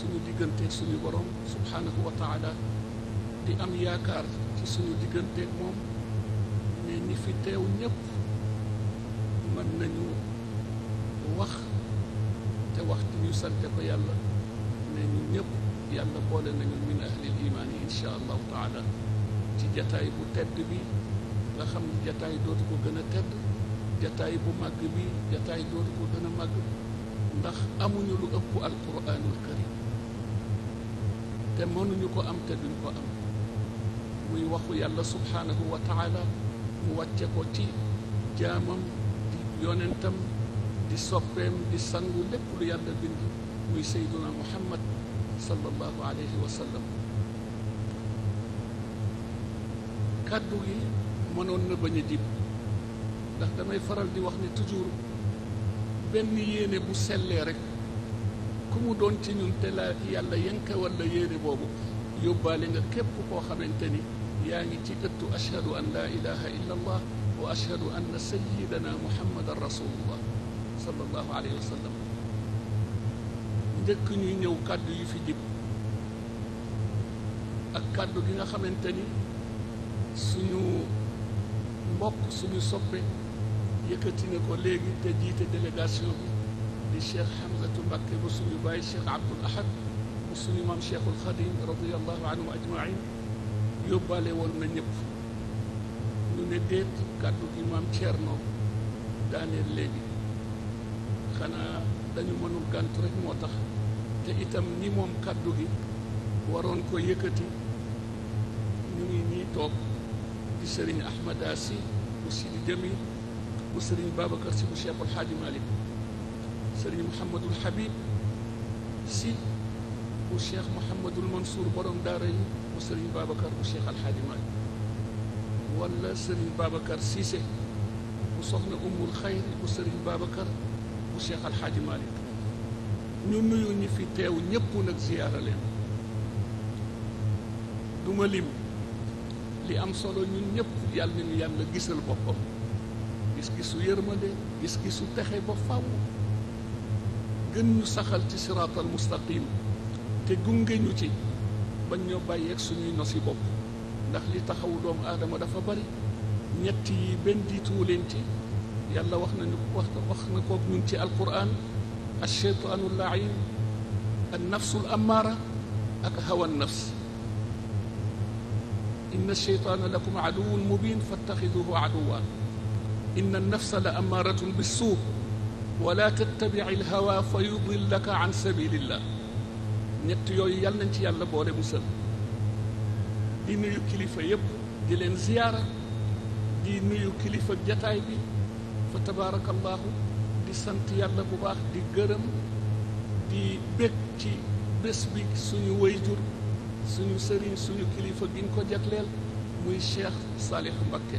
suñu diggante suñu borom subhaanahu wa taala di am yaakaar ci suñu digganteeg moom ne ñi fi teew ñëpp mën nañu wax te wax di ñu sante ko yàlla ne ñu ñëpp yàlla boole nañu min ahlil imaan yi insha allahu taala ci jataay bu tedd bi nga xam ne jataay dootu ko gën a tedd jataay bu màgg bi jataay dootu ko gën màgg ndax amuñu lu ëpp alquranul karim te mënuñu ko am te duñ ko am muy waxu yàlla subhaanahu wa taala mu wàcce ko ci jaamam di yonentam di soppeem di sangu lépp lu yàlla bind muy sayduna muhammad sallallahu alayhi wa sallam kàddu gi mënoon na bañ a jib ndax damay faral di wax ne toujours benn yéene bu sellee rek mu doon ci ñun te la yàlla yanka wala yéene boobu yóbbaale nga képp koo xamante ni yaa ngi ci ëttu ashhadu an laa ilaha illa allah wa ashhadu anna sayidana muhammadan rasulullah sallallahu alayhi wa sallam njëkk ñuy ñëw kàddu yi fi jib ak kàddu gi nga xamante ni suñu mbokk suñu soppe yëkkati na ko léegi te jiite délégation bi di cheikh Hamzatu Mbakke bu suñu bàyyi cheikh Abdul Ahad bu suñu maam cheikhul Xadim radiallahu anhu ajmain yóbbaale woon na ñëpp ñu ne déet kàddu gi maam Thierno daaneel léegi xanaa dañu mënul gànt moo tax te itam ñi moom kàddu gi waroon ko yëkkati ñu ngi nii toog di sëriñ Ahmada si bu Sidi Jamil bu sëriñ Babacar si bu Cheikhul Xaaji Malik sëriñ Mouhamadul Habib si bu cheikh Mouhamadul Mansour borom daara yi bu sëriñ Babacar bu cheikh Alxaaji Maalik wala sëriñ Babacar Cissé bu soxna Umul Xayr bu sëriñ Babacar bu cheikh Alxaaji Maalik ñu nuyu ñi fi teew ñëpp nag ziyaara leen du li am solo ñun ñëpp yàlla nañu yàlla gisal boppam gis-gisu yërmande gis-gisu texe ba fàww gën ñu saxal ci siraatal mustaqim te gunge ñu ci bañ ñoo bàyyeeg suñuy nos bopp ndax li taxawu doomu aadama dafa bari ñett yi benn diituwu leen ci yàlla wax nañu wax wax na kook ñun ci alquran alcheytaanu llain an nafsu l amaara ak hawa nafs inna alcheytaana lakum aduwun mubin fattaxiduhu aduwan inna nafsa la amaaratun bi suu wala tattabici alhawa fa yudillaka an sabilillah ñett yooyu yàlla nañ ci yàlla boole musal di nuyu kilifa yépp di leen ziyaara di nuyu kilifa jataay bi fa tabaarakallaahu di sant yàlla bu di gërëm di bég ci bés bi suñu wayjur suñu sëriñ suñu kilifa giñ ko jagleel muy cheikh Saalih Mbakke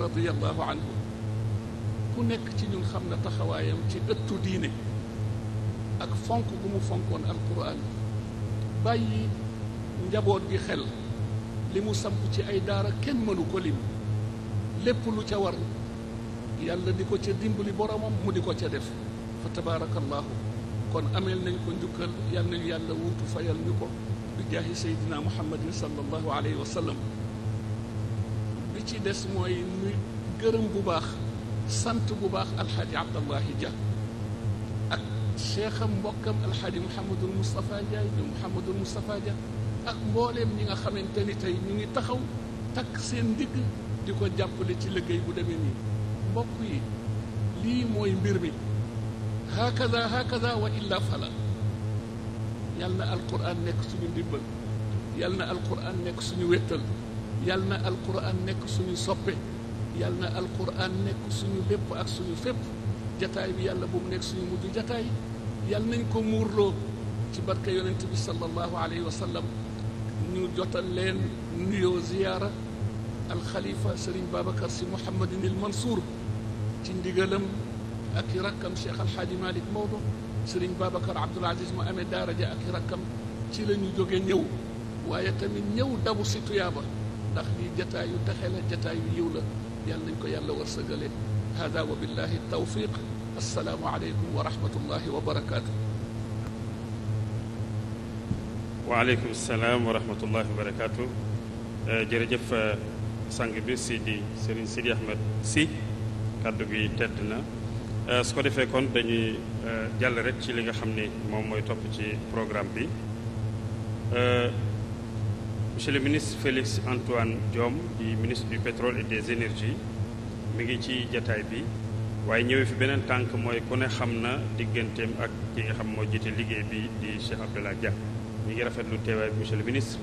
radiyallaahu anhu ku nekk ci ñun xam na taxawaayam ci ëttu diine ak fonk bu mu fonkoon alquran bàyyi njaboot gi xel li mu samp ci ay daara kenn mënu ko lim lépp lu ca war yàlla di ko ca dimbali boromam mu di ko ca def fa tabaarakallaahu kon ameel nañ ko njukkal yal nañu yàlla wuutu fayal ñu ko bi jaahi sayyidina muhammadin sallallahu alayhi wa sallam ci des mooy ñu gërëm bu baax sant bu baax alxaaji abdallahi dia ak cheikham mbokkam alxaaji mouhamadul moustapha ndiaye di mouhamadul moustapha dia ak mbooleem ñi nga xamante ni tey ñu ngi taxaw takk seen ndigg di ko jàppale ci liggéey bu demee nii mbokk yi lii mooy mbir mi hakada hakada wa illa fala yal na alquran nekk suñu ndimbal yal na alquran nekk suñu wéttal yal na alquran nekk suñu soppe yàlla na alquran nekk suñu lépp ak suñu fépp jataay bi yàlla bu mu nekk suñu mujj jataay yàlla nañ ko muurloo ci barke yonent bi sallallahu alayhi wa sallam ñu jotal leen nuyoo ziyaara alxalifa sëriñ babacar si mouhamadin il mansour ci ndigalam ak i rakkam cheikh alhaaji malik maodo sëriñ babacar abdul aziz mu amee daaraja ak i rakkam ci la ñu jóge ñëw waaye tamit ñëw dabu si tuyaaba ndax lii jataayu texe la jataayu yiw la yàlla nañ ko yàlla wërsëgale hada wa billahi tawfiq assalaamu aleykum wa rahmatullahi wa barakaatu waaleykum salaam wa rahmatullahi wa barakaatu jërëjëf sang bi si di Serigne Sidi Ahmed si kàddu gi tedd na su ko defee kon dañuy jàll rek ci li nga xam ni moom mooy topp ci programme bi monsieur le ministre Félix Antoine Diome di ministre du pétrole et des énergies mi ngi ci jataay bi waaye ñëwee fi beneen tànk mooy ku ne xam na digganteem ak ki nga xam moo jiite liggéey bi di Cheikh Abdoulaye Dia ñu ngi rafetlu teewaay bi monsieur le ministre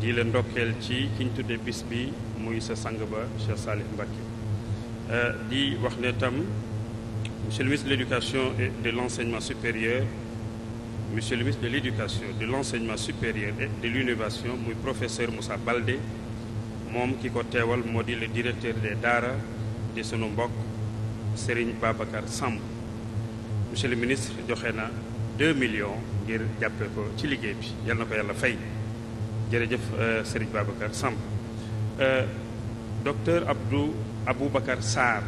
di la ndokkeel ci ki ñu tuddee bis bi muy sa sang ba Cheikh Salif Mbacké euh, di wax ne tam monsieur le ministre de l'éducation et de l'enseignement supérieur monsieur le ministre de l'éducation de l'enseignement supérieur et de l'innovation muy professeur Moussa Baldé moom ki ko teewal moo di le directeur de daara di sunu mbokk Serigne Babacar Samb monsieur le ministre joxe na 2 millions ngir jàppee ko ci liggéey bi yal na ko yàlla fay jërëjëf euh, Serigne Babacar Samb euh, docteur Abdou Aboubacar Sarr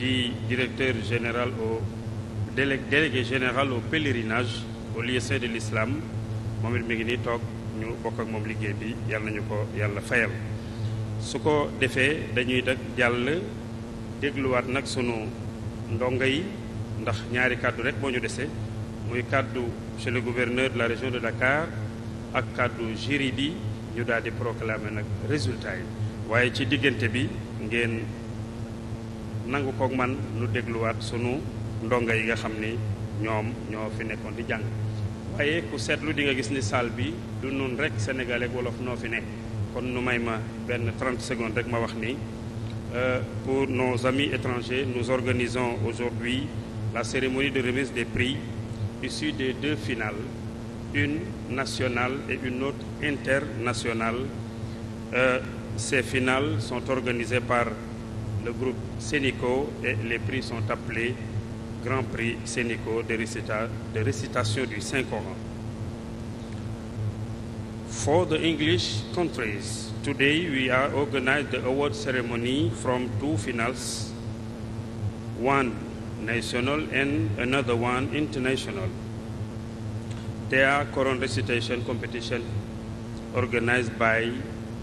di directeur général au délégué général au pèlerinage au lycée de l'islam moom mi ngi nii toog ñu bokk ak moom liggéey bi yàlla nañu ko yàlla fayal su ko defee dañuy dag jàll dégluwaat nag sunu ndongo yi ndax ñaari kàddu rek moo ñu desee muy kàddu monsieur le la région de Dakar ak kàddu jury bi ñu daal di proclamer nag résultat yi waaye ci diggante bi ngeen nangu koog man nu dégluwaat sunu ndongo yi nga xam ni ñoom ñoo fi nekkoon di jàng waaye ku seetlu di nga gis ni salle bi du nun rek sénégalais wolof noo fi nekk kon nu may ma benn 30 secondes rek ma wax ni euh, pour nos amis étrangers nous organisons aujourd'hui la cérémonie de remise des prix issus des deux finales une nationale et une autre internationale euh, ces finales sont organisées par le groupe Sénico et les prix sont appelés Grand Prix Sénico de, recita de récitation du Saint-Coran. For the English countries, today we are organized the award ceremony from two finals, one national and another one international. There are Quran competition organized by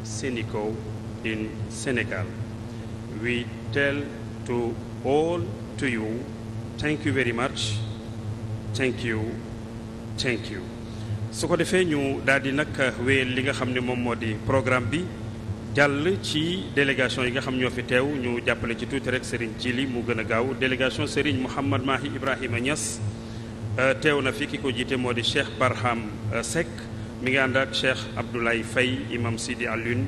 Sénico in Senegal. We tell to all to you thank you very much thank su ko defee ñu daal di nag eh, wéyal li nga xam ne moom moo di programme bi jàll ci délégation yi nga xam ñoo fi teew ñu jàppale ci tuuti rek Serigne Djili mu gën a gaaw délégation Serigne Mouhamad Mahi Ibrahima Niass eh, teew na fi ki ko jiite moo di Cheikh Barham eh, Seck mi ngi ànd ak Cheikh Abdoulaye Faye imam Sidi Alioune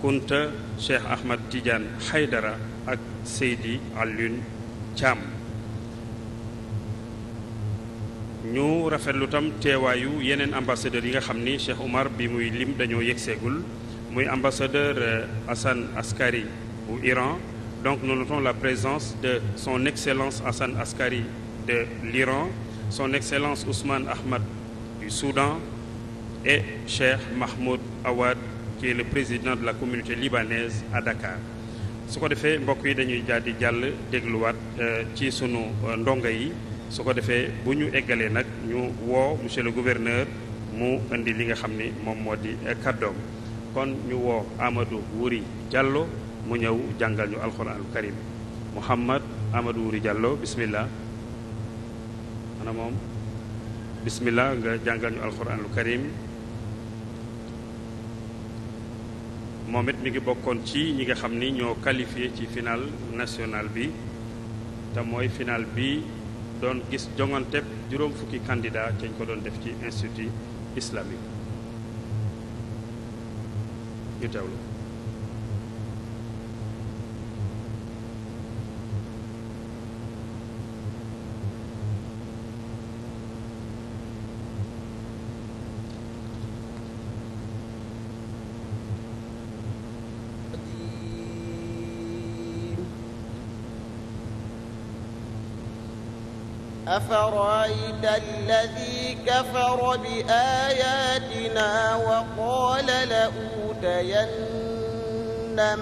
Kunta Cheikh Ahmad Tidiane Haydara ak Seydi Alioune Thiam ñu rafetlu tam teewaayu yeneen ambassadeur yi nga xam ni Cheikh Oumar bi muy lim dañoo yegseegul muy ambassadeur euh, Hassan Askari bu Iran donc nous notons la présence de son excellence Hassan Askari de l'Iran son excellence Ousmane Ahmad du Soudan et Cheikh Mahmoud Awad qui est le président de la communauté libanaise à Dakar su ko defee mbokk yi dañuy jàddi jàll dégluwaat euh, ci sunu euh, ndongo yi su ko defee bu ñu eggalee nag ñu woo monsieur le gouverneur mu indi li nga xam ni moom moo di kàddoom kon ñu woo Amadou Wuri Diallo mu ñëw jàngal ñu alxuraanul karim Mouhamad Amadou Wuri Diallo moom bismillah jàngal ñu alxuraanul karim moom it mi ngi bokkoon ci ñi nga xam ni ñoo qualifié ci final national bi te mooy final bi doon gis jongante juróom fukki candidat cañ ko doon def ci institut islamique ñu teewlu أفرأيت الذي كفر بآياتنا وقال لأوتين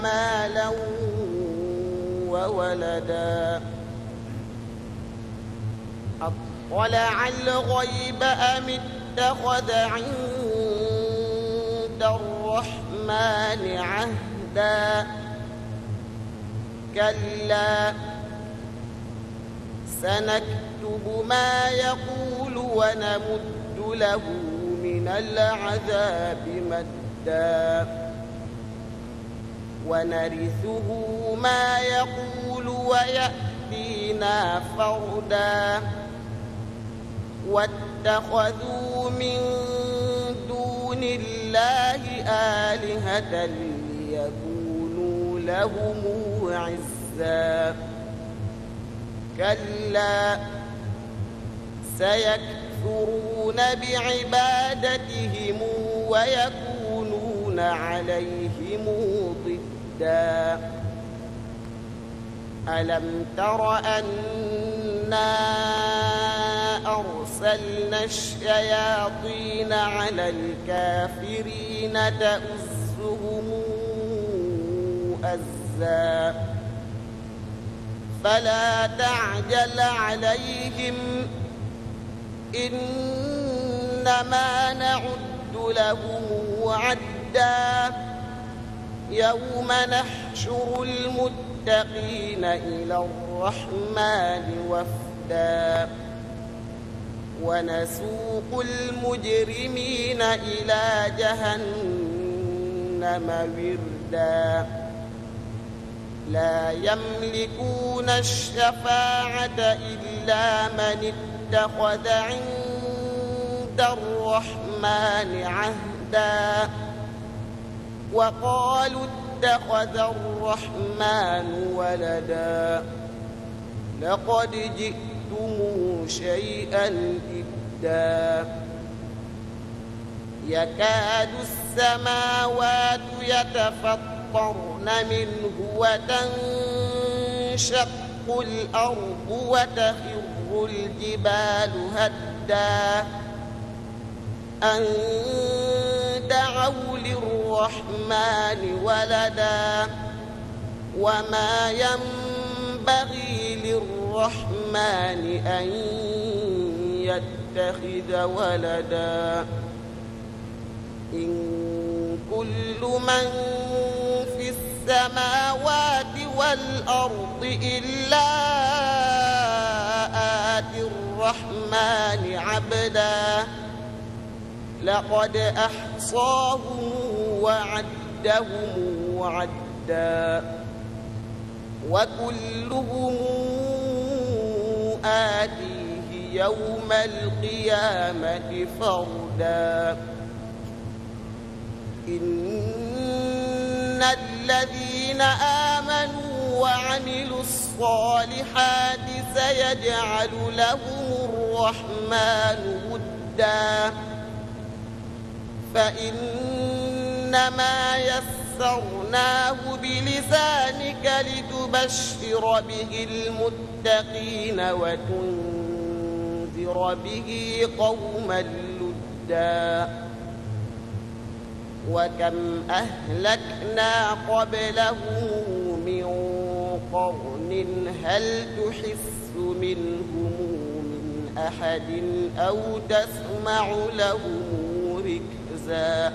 مالا وولدا أطلع الغيب أم اتخذ عند الرحمن عهدا كلا سنكتب ونكتب ما يقول ونمد له من العذاب مدا ونرثه ما يقول ويأتينا فردا واتخذوا من دون الله آلهة ليكونوا لهم عزا كلا سيكفرون بعبادتهم ويكونون عليهم ضدا ألم تر أنا أرسلنا الشياطين على الكافرين تؤزهم أزا فلا تعجل عليهم إنما نعد له عدا يوم نحشر المتقين إلى الرحمن وفدا ونسوق المجرمين إلى جهنم وردا لا يملكون الشفاعة إلا من اتقى اتخذ عند الرحمن عهدا وقالوا اتخذ الرحمن ولدا لقد جئتموا شيئا إدا يكاد السماوات يتفطرن منه وتنشق الأرض وتخر تخر الجبال هدا أن دعوا للرحمن ولدا وما ينبغي للرحمن أن يتخذ ولدا إن كل من في السماوات والأرض إلا الرحمن عبدا لقد أحصاهم وعدهم عدا وكلهم آتيه يوم القيامة فردا إن الذين آمنوا وعملوا الصالحات سيجعل لهم الرحمن ودا فإنما يسرناه بلسانك لتبشر به المتقين وتنذر به قوما لدا وكم أهلكنا قبلهم من قرن هل تحس منهم من أحد أو تسمع لهم ركزا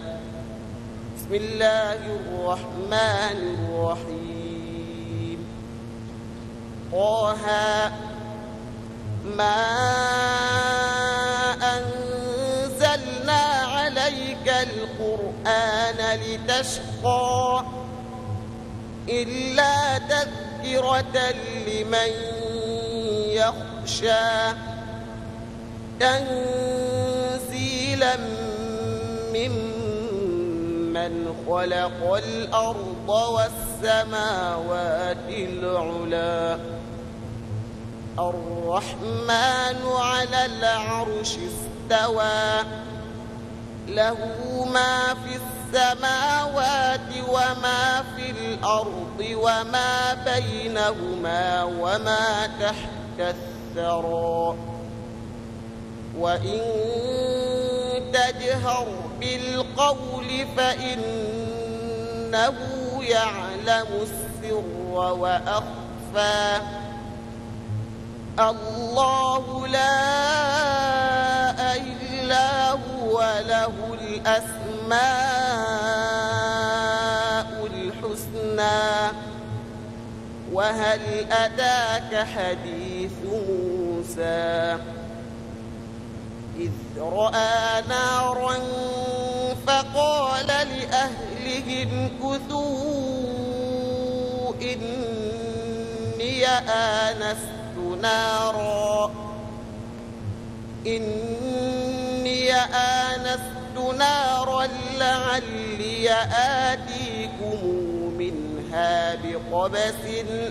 بسم الله الرحمن الرحيم طه ما أنزلنا عليك القرآن لتشقى إلا تذكر تذكرة لمن يخشى تنزيلا ممن خلق الأرض والسماوات العلا الرحمن على العرش استوى له ما في السماوات السماوات وما في الأرض وما بينهما وما تحت الثرى وإن تجهر بالقول فإنه يعلم السر وأخفى الله لا أله إلا هو له الأسماء الحسنى وهل أتاك حديث موسى إذ رأى نارا فقال لأهلهم كثوا إني آنست نارا إني لعلي آنست نارا لعلي آتيكم منها بقبس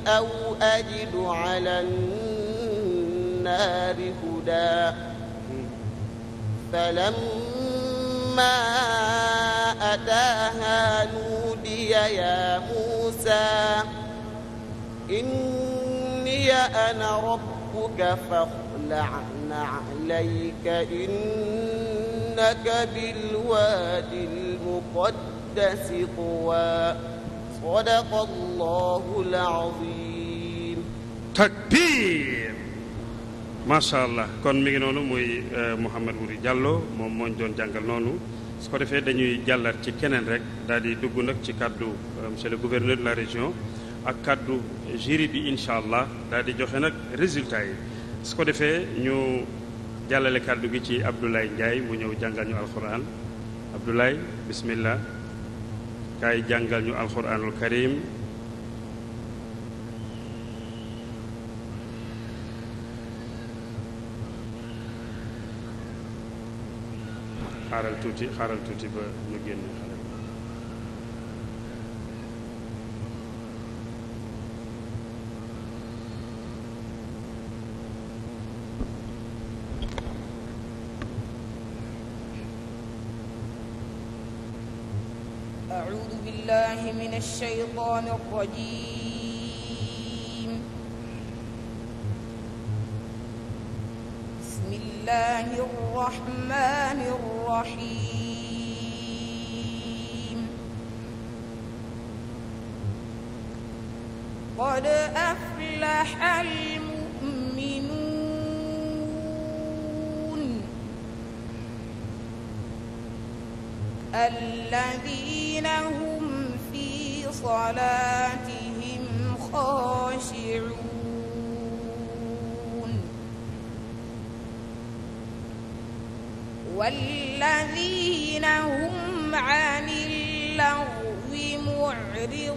أو أجد على النار هدى فلما أتاها نودي يا موسى إني أنا ربك فاخبر لعن عليك إنك بالواد المقدس طوى صدق الله العظيم تكبير macha allah kon mi ngi noonu muy Mouhamed Wuri Diallo moom mooñ doon jàngal noonu su ko defee dañuy jàllar ci keneen rek daal di dugg nag ci kàddu euh, monsieur le gouverneur de la région ak kàddu jury bi incha allah dal di joxe nag résultat yi su ko defee ñu jàllale kàddu gi ci Abdoulaye njaay mu ñëw jàngal ñu alxuraan Abdoulaye bismillah kaay jàngal ñu alxuraanul karim xaaral tuuti xaaral tuuti ba ñu génn بالله من الشيطان الرجيم بسم الله الرحمن الرحيم قد أفلح المؤمنون الذين هم صلاتهم خاشعون والذين هم عن اللغو معرضون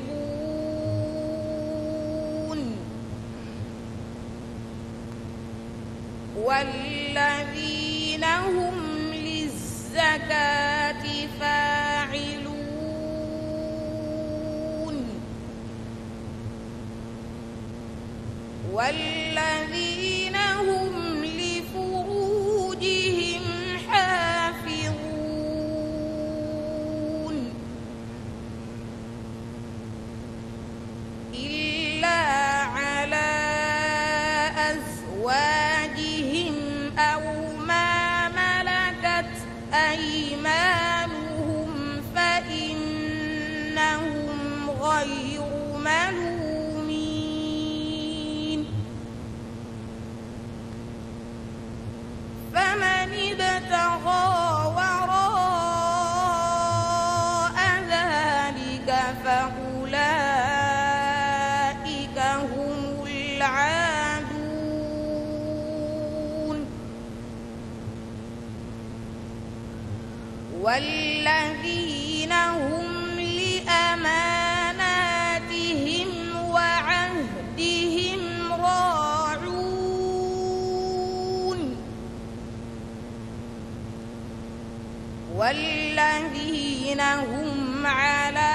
والذين هم للزكاة فاعلون والذين هم ومعالي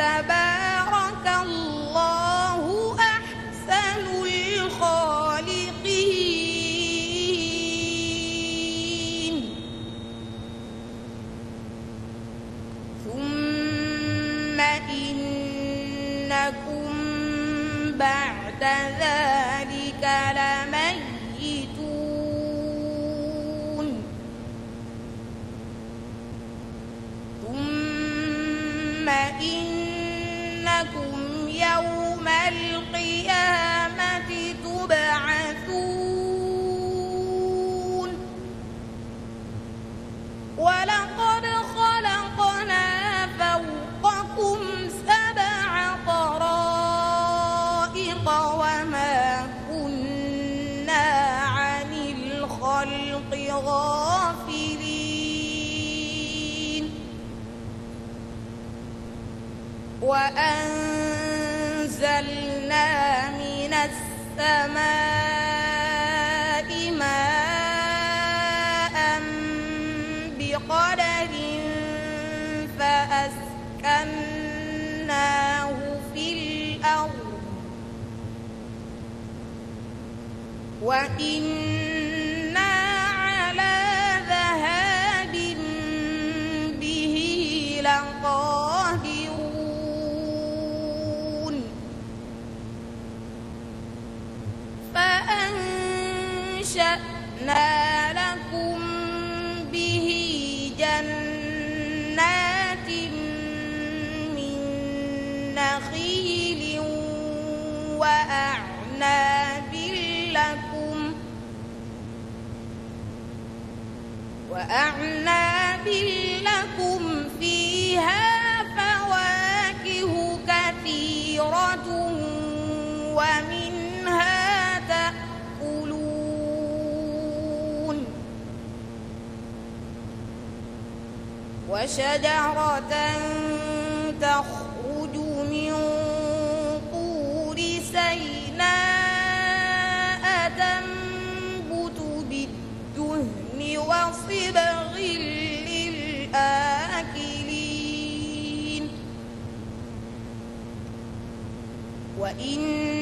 عذابا وشجرة تخرج من طور سيناء تنبت بالدهن وصبغ للآكلين وإن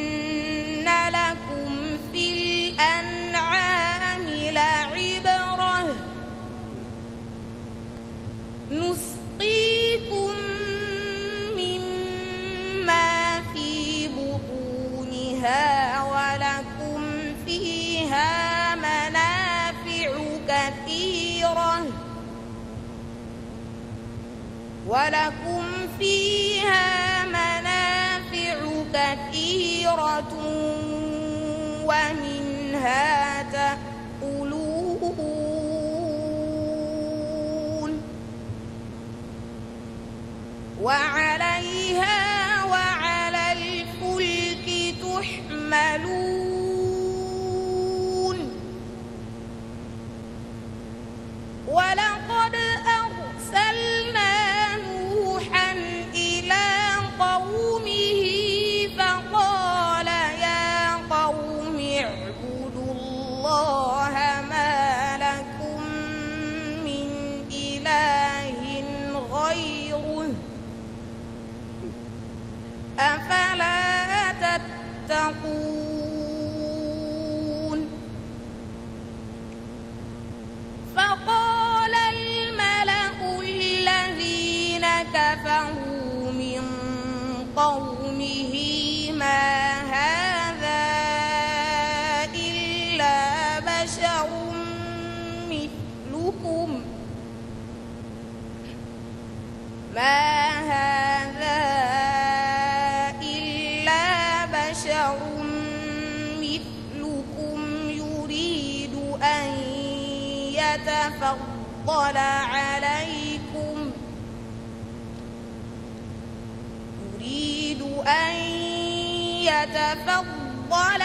ولكم فيها منافع كثيرة ومنها ما هذا إلا بشر مثلكم يريد أن يتفضل عليكم يريد أن يتفضل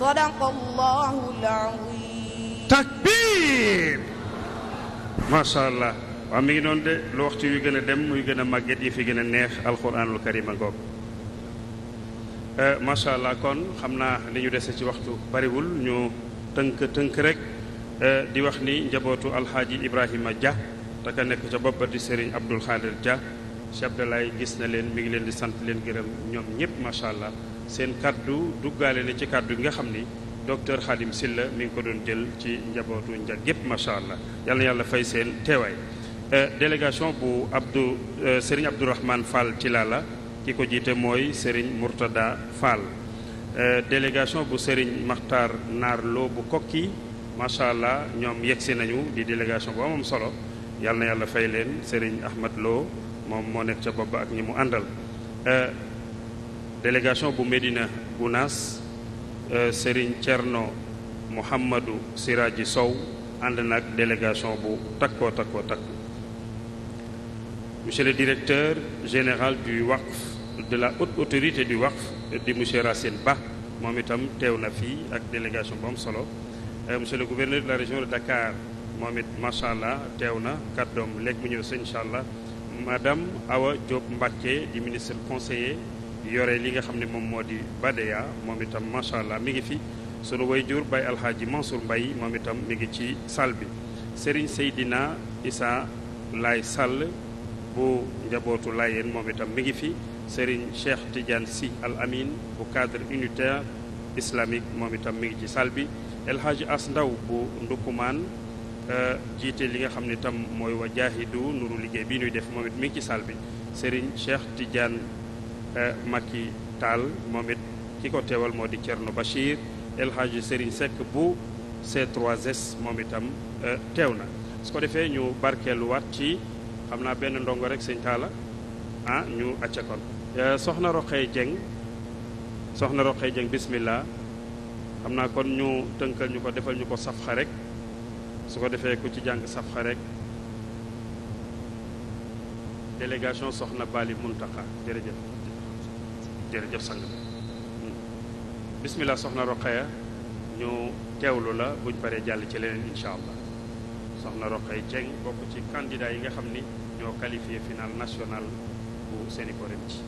sadaqallahul azim allah waaw mi ngi noonu de lu waxtu yu gën a dem muy gën a màgget yi fi gën a neex alquranul karima ngoog eh, macha allah kon xam naa li ñu dese ci waxtu bariwul ñu tënk tënk rek eh, di wax ni njabootu alxaaji ibrahima dia te ka nekk ca bopp di sëriñ abdul xaadir dia Cheikh Abdoulaye gis na leen mi ngi leen di sant leen gërëm ñoom ñëpp macha allah seen kàddu duggaale na ci kàddu yi nga xam ni docteur Khadim Silla mi ngi ko doon jël ci njabootu nja yépp macha allah yal yàlla fay seen teewaay euh, délégation bu Abdou euh, Serigne Abdourahmane Fall Tilala ki ko jiite mooy Serigne Mourtada Fall euh, délégation bu Serigne Makhtar Naar Lo bu kokki macha allah ñoom yegsi nañu di délégation bu amam solo yal na yàlla fay leen Serigne Ahmad Lo moom moo nekk ca bopp ak ñi mu àndal délégation bu Médina Gounass euh, Serigne Thierno Mouhamadou Siraji Sow ànd nag délégation bu takkoo takkoo takk monsieur le directeur général du WAQF de la haute autorité du WAQF di monsieur Racine Ba moom itam teew na fii ak délégation bu am solo euh, monsieur le gouverneur de la région de Dakar moom it macha allah teew na kàddoom léegi mu ñëw si incha allah madame Awa Diop Mbacké di ministre conseiller. yore li nga xam ne moom moo di Badeya moom itam macha allah mi ngi fi sunu wayjur Baye Alxaaji Mansour mbay moom itam mi ngi ci salle bi Serigne Seydina Issa Laye Sall bu njabootu Layeen moom itam mi ngi fi Serigne Cheikh Tidiane Sy Al Amin bu cadre unitaire islamique moom itam mi ngi ci salle bi El As Ndaw bu Ndukumaan euh, jiite li nga xam ne itam mooy wa jaahidu nuru liggéey bi ñuy def moom it mi ngi ci salle bi sëriñ Cheikh Tidiane Eh, makki taal moom it ki ko teewal moo di Thierno Bachir El Hadji Serigne Seck bu c moom itam eh, teew na su ko defee ñu barkeeluwaat ci xam naa benn ndongo rek sëñ Talla ah ñu acca kon eh, soxna Roqee Dieng soxna Roqee Dieng bismillah xam naa kon ñu tënkal ñu ko defal ñu ko safxa rek su ko defee ku ci jàng safxa rek délégation soxna Bali Muntaka jërëjëf jërëjëf sang bi bismillah soxna Roqaya ñu teewlu la buñ paree jàll ci leneen incha allah soxna Roqaya Dieng bokk ci candidat yi nga xam ni ñoo qualifié final national bu Sénégal ci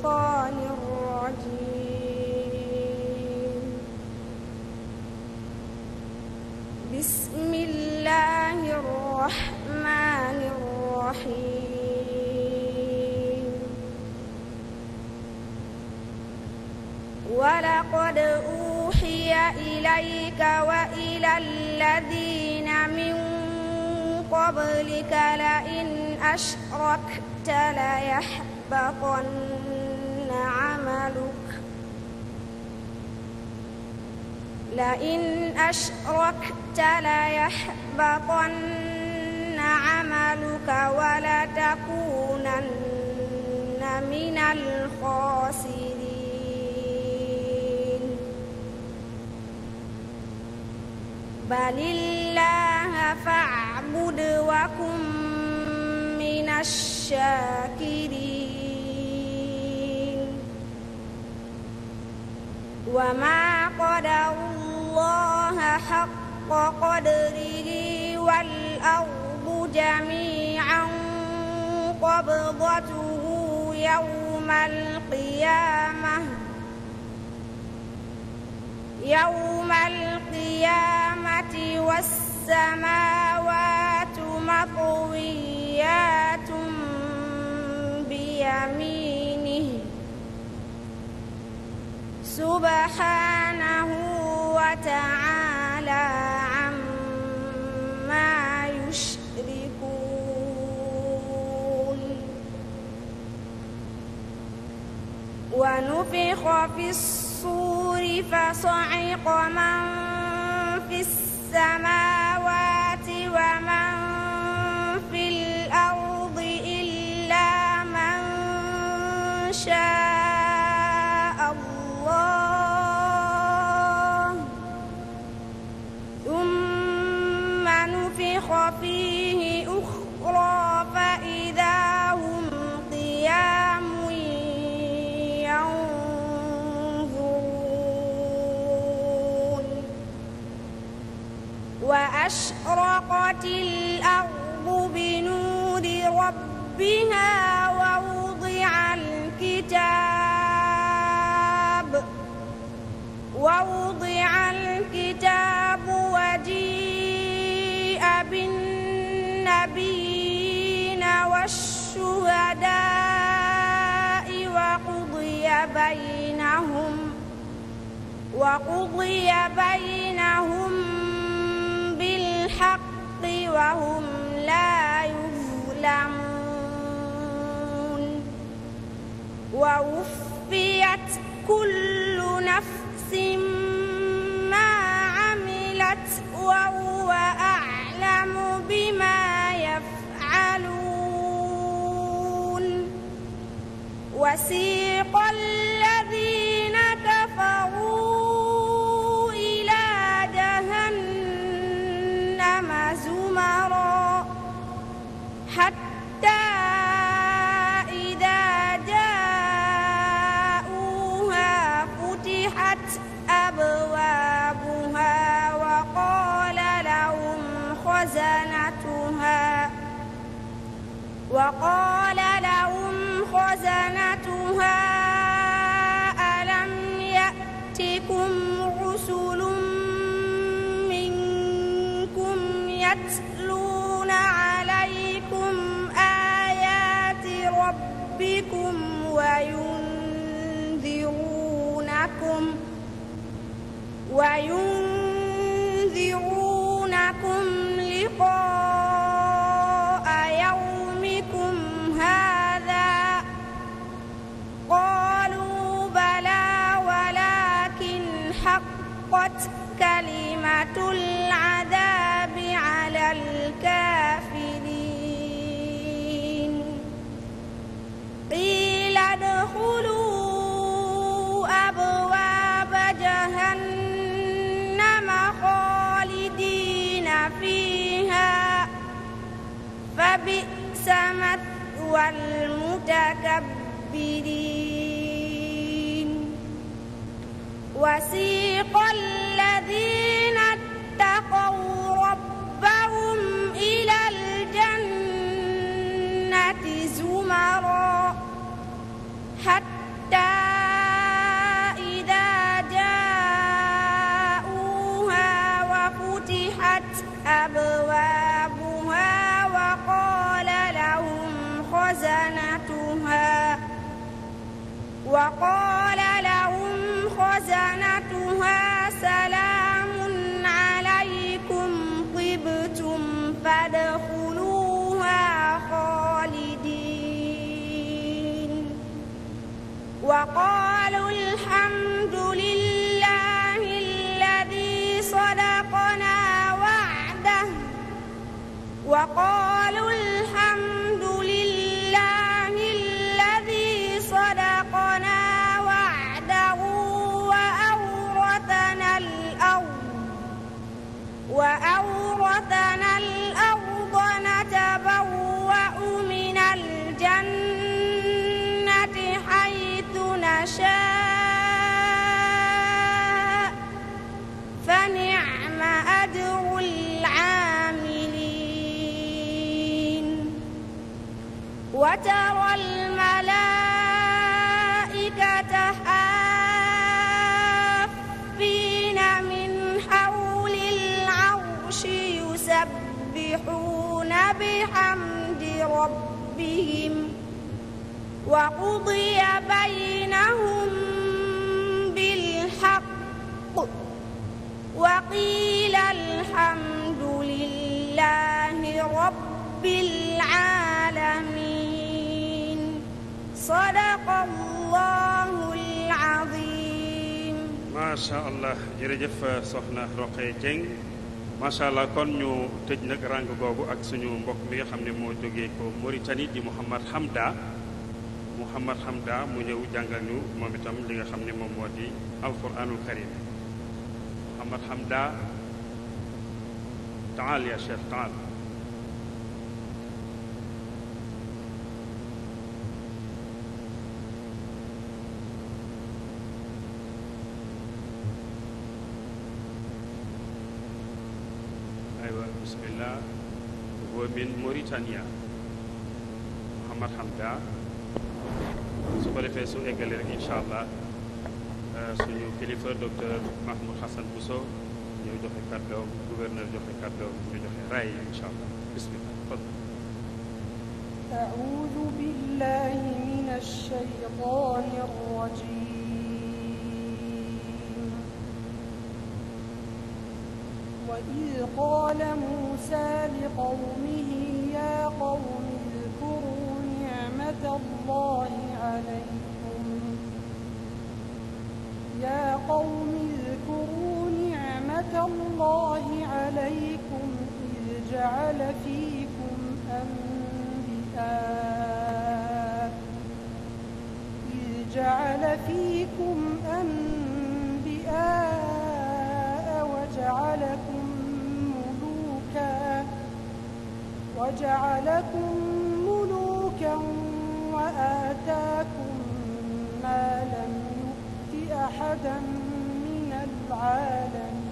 الشيطان الرجيم بسم الله الرحمن الرحيم ولقد أوحي إليك وإلى الذين من قبلك لئن أشركت ليحبطن حبطن عملك لئن أشركت ليحبطن عملك ولتكونن من الخاسرين بل الله فاعبد وكن من الشاكرين وما قدروا الله حق قدره والأرض جميعا قبضته يوم القيامة يوم القيامة والسماوات مطويات بيمين سبحانه وتعالى عما يشركون ونفخ في الصور فصعق من في السماء وأشرقت الأرض بنور ربها ووضع الكتاب ووضع الكتاب وجيء بالنبيين والشهداء وقضي بينهم وقضي بينهم وهم لا يظلمون ووفيت كل نفس ما عملت وهو أعلم بما يفعلون وسيق الذي وقال لهم خزنتها ألم يأتكم رسل منكم يتلون عليكم آيات ربكم وينذرونكم وينذرونكم العذاب على الكافرين قيل ادخلوا أبواب جهنم خالدين فيها فبئس مثوى المتكبرين وسيق الذين اتقوا ربهم إلى الجنة زمرا حتى إذا جاءوها وفتحت أبوابها وقال لهم خزنتها وقال لهم خزنتها سلام وقالوا الحمد لله الذي صدقنا وعده وقالوا الحمد لله الذي صدقنا وعده وأورثنا الأرض وأورثنا الأرض يشاء فنعم أجر العاملين وترى الملائكة حافين من حول العرش يسبحون بحمد ربهم وقضي بينهم بالحق وقيل الحمد لله رب العالمين صدق الله العظيم macha allah jërëjëf soxna Roqee Dieng macha allah kon ñu tëj nag ràng googu ak suñu mbokk mi nga xam ne moo jógee ko Mauritanie di Mouhamad Hamda Mouhamad Hamda mu ñëw jàngal ñu moom itam li nga xam ne moom moo di alquranul karim Mouhamad Hamda taal ya cheikh taal aywa bismillah wa min Mauritania Mouhamad Hamda su ko defee su eggalee rek incha allah euh, suñu kilifa docteur Mahmoud Hassan Bousso ñëw joxe kàddoom gouverneur joxe kàddoom ñu joxe raay yi incha allah bismillah أعوذ بالله من الشيطان الرجيم وإذ قال موسى لقومه يا قوم اذكروا نعمة الله عليكم يا قوم اذكروا نعمة الله عليكم إذ جعل فيكم أنبياء إذ جعل فيكم أنبياء وجعلكم ملوكا وجعلكم آتاكم ما لم يؤت أحدا من العالمين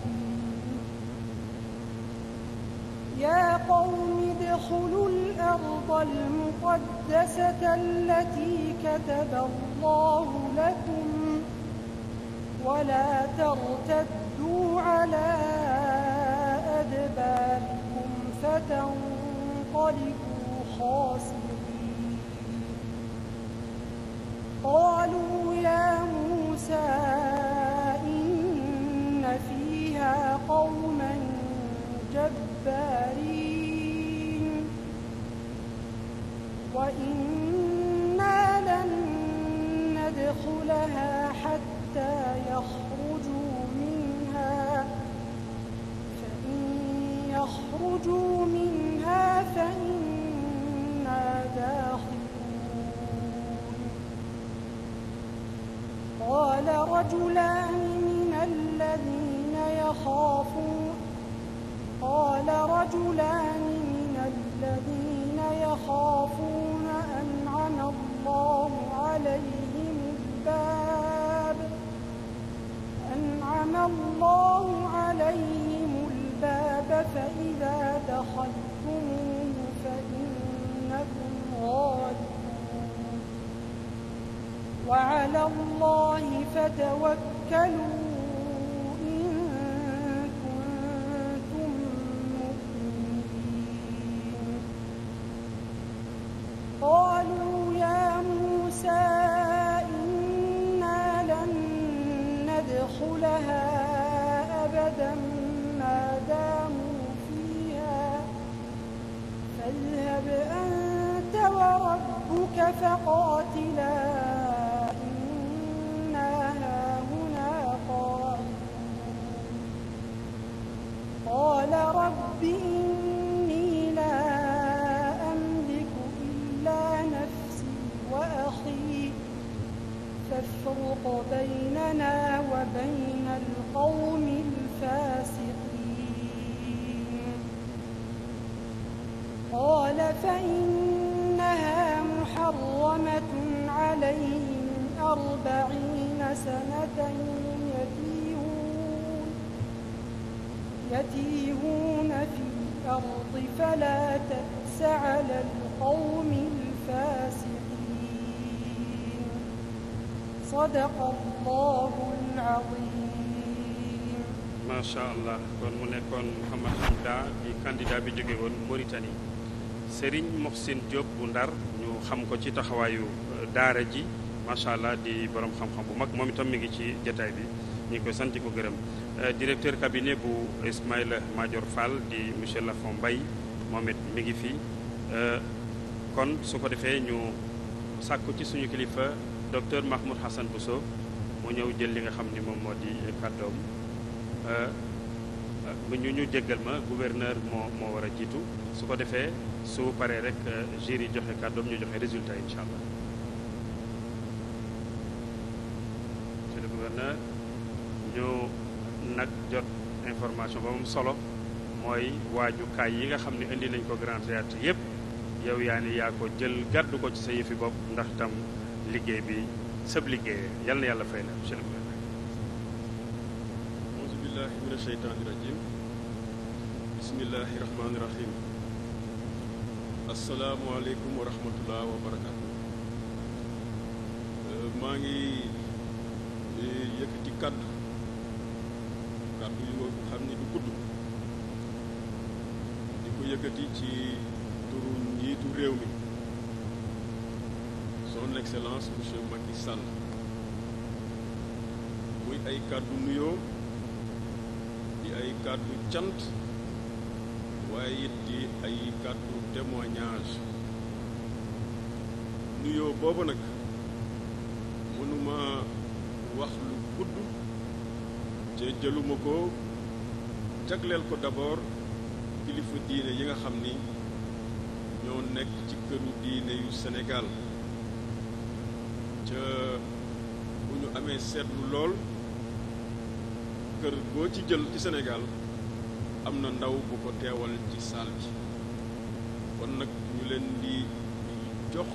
يا قوم ادخلوا الأرض المقدسة التي كتب الله لكم ولا ترتدوا على أدباركم فتنقلبوا خاسرين قالوا يا موسى إن فيها قوما جبارين وإنا لن ندخلها رجلان من الذين يخافون قال رجلان من الذين يخافون أنعم الله عليهم الباب أنعم الله عليهم الباب فإذا دخلتموه فإنكم غالبون وعلى الله فتوكلوا Sine Diop bu Ndar ñu xam ko ci taxawaayu euh, daara ji macha allah di borom xam-xam bu mag moom itam mi ngi ci jataay bi ñu ngi koy sant ko gërëm euh, directeur cabinet bu Ismaïla Madior Fall di monsieur Lafon mbay moom it mi ngi fi euh, kon su ko defee ñu sàkku ci suñu kilifa dokteur Mahmoud Hassan Bousso mu ñëw jël li nga xam ni moom moo di kàddoom mu ñu ñu jéggal ma gouverneur moo moo war a jiitu su ko defee su paree rek euh, jury yi joxe kàddoom ñu joxe résultat incha allah. monsieur le ñu nag jot information ba mu solo mooy waajukaay yi nga xam ne indi nañ ko Grand Théâtre yëpp yow yaa ni yaa ko jël gàddu ko ci sa yëfi bopp ndax tam liggéey bi sëb liggéey yal na yàlla fay na monsieur le gouverneur. auzu billaahi mina asalaamualeykum wa rahmatullah wa barakaatu euh, maa ngi yëkkati kàddu kàddu yu xam ni du gudd di ko yëkkati ci turu njiitu réew mi son excellence monsieur Macky Sall muy ay kàddu nuyoo di ay kàddu cant waaye it di ay kàddu témoignage nuyoo boobu nag mënuma wax lu gudd te jëluma ko jagleel ko d'abord kilifa diine yi nga xam ni ñoo nekk ci këru diine yu Sénégal ca bu ñu amee seetlu lool kër boo ci jël ci senegal am na ndaw bu ko teewal ci saal bi kon nag ñu leen di jox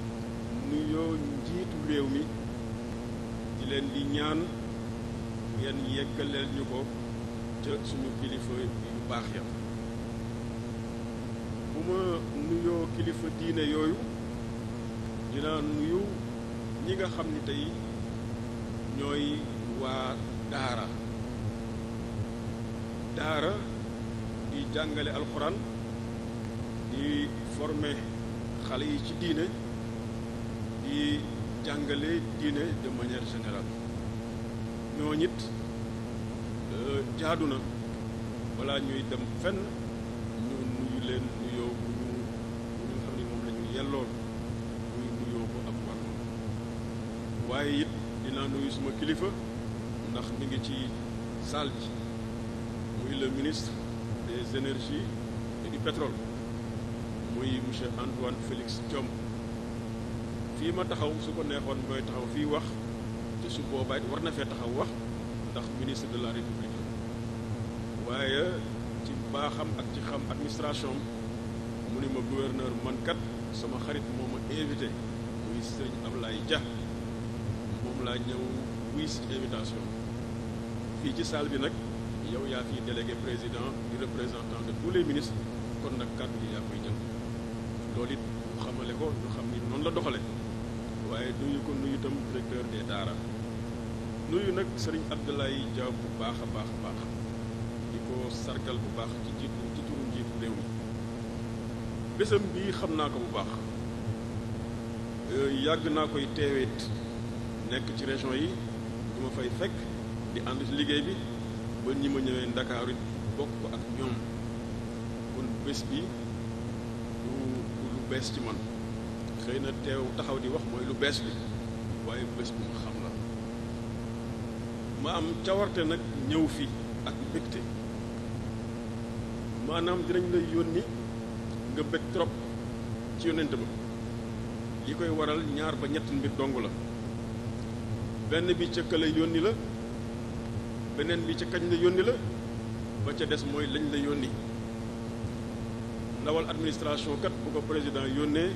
nuyoo njiitu réew mi di leen di ñaan ngeen yeggaleel ñu ko ca suñu kilifa yu baax ya bu ma nuyoo kilifa diine yooyu dinaa nuyu ñi nga xam ni tey ñooy waa daara daara di jàngale alxuraan di former xale yi ci diine di jàngale diine de manière générale ñoo ñit euh, jaadu na balaa ñuy dem fenn ñu nuyu leen nuyoo bu ñu nuyoo bu ak war waaye it dinaa nuyu suma kilifa ndax mi ngi ci salle bi muy le ministre des énergies et du pétrole muy monsieur Antoine Félix Diome fii ma taxaw su ko neexoon mooy taxaw fii wax te su boobaa it war na fee taxaw wax ndax ministre de la république waaye ci baaxam ak ci xam administration mu ni ma gouverneur man kat sama xarit moom ma invité muy sëriñ Ablaye Dia moom laa ñëw wuy si invitation fii ci saal bi nag yow yaa fi délégué président di représentant de tous les ministres kon nag kàddu gi loolu it xamale ko ñu xam ni noonu la doxale waaye nuyu ko nuyu itam directeur des daara nuyu nag sëriñ Abdoulaye jaw bu baax a baax a baax di ko sargal bu baax ci jiitu ci réew mi bésam bii xam naa ko bu baax euh, yàgg naa koy teeweet nekk ci région yi di fay fekk di ànd ci liggéey bi ba ñi ma ñëwee Ndakaaru bokk ko ak ñoom kon bés bi lu bees ci man xëy na teew taxaw di wax mooy lu bees li waaye bés bu ma xam la ma am cawarte nag ñëw fii ak mbégte maanaam dinañ lay yónni nga bég trop ci yónnent ba li koy waral ñaar ba ñett mbir dong la benn bi ca ka la yónni la beneen bi ca kañ la yónni la ba ca des mooy lañ la yónni ndawal administration kat bu ko président yónnee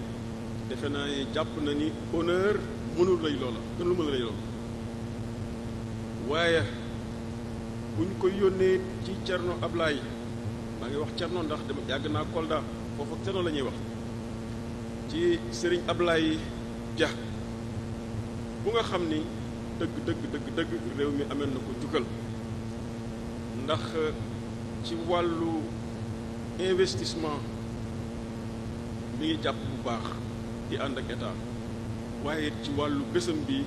defe naa ne jàpp na ni honneur mënul lay loola gën lu mën lay loola waaye bu ko yónnee ci Thierno Ablaye maa ngi wax Thierno ndax dama jàgg naa Kolda foofu ak Thierno la ñuy wax ci sëriñ Serigne Ablaye Dia bu nga xam ni dëgg dëgg dëgg dëgg réew mi amee na ko jukkal ndax ci wàllu investissement mi ngi jàpp bu baax di ànd ak état waaye ci wàllu bésam bi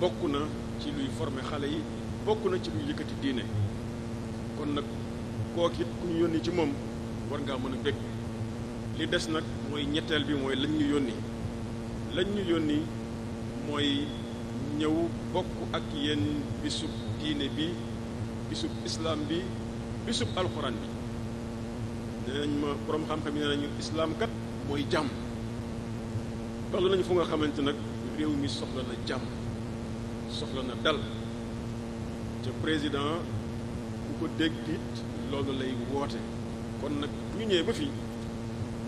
bokk na ci luy forme xale yi bokk na ci luy yëkkati diine kon nag kooku it ku ñu yónni ci moom war ngaa mën a bég li des nag mooy ñetteel bi mooy lañ yónni lañ ñu yónni mooy ñëw bokk ak yenn bisub diine bi bisub islaam bi bisub alxuraan bi nee nañ ma borom xam-xam yi nee nañu islaam mooy jàmm toll nañu fu nga xamante nag réew mi soxla na jàmm soxla na dal te président ku ko dégg it loolu lay woote kon nag ñu ñëwee ba fii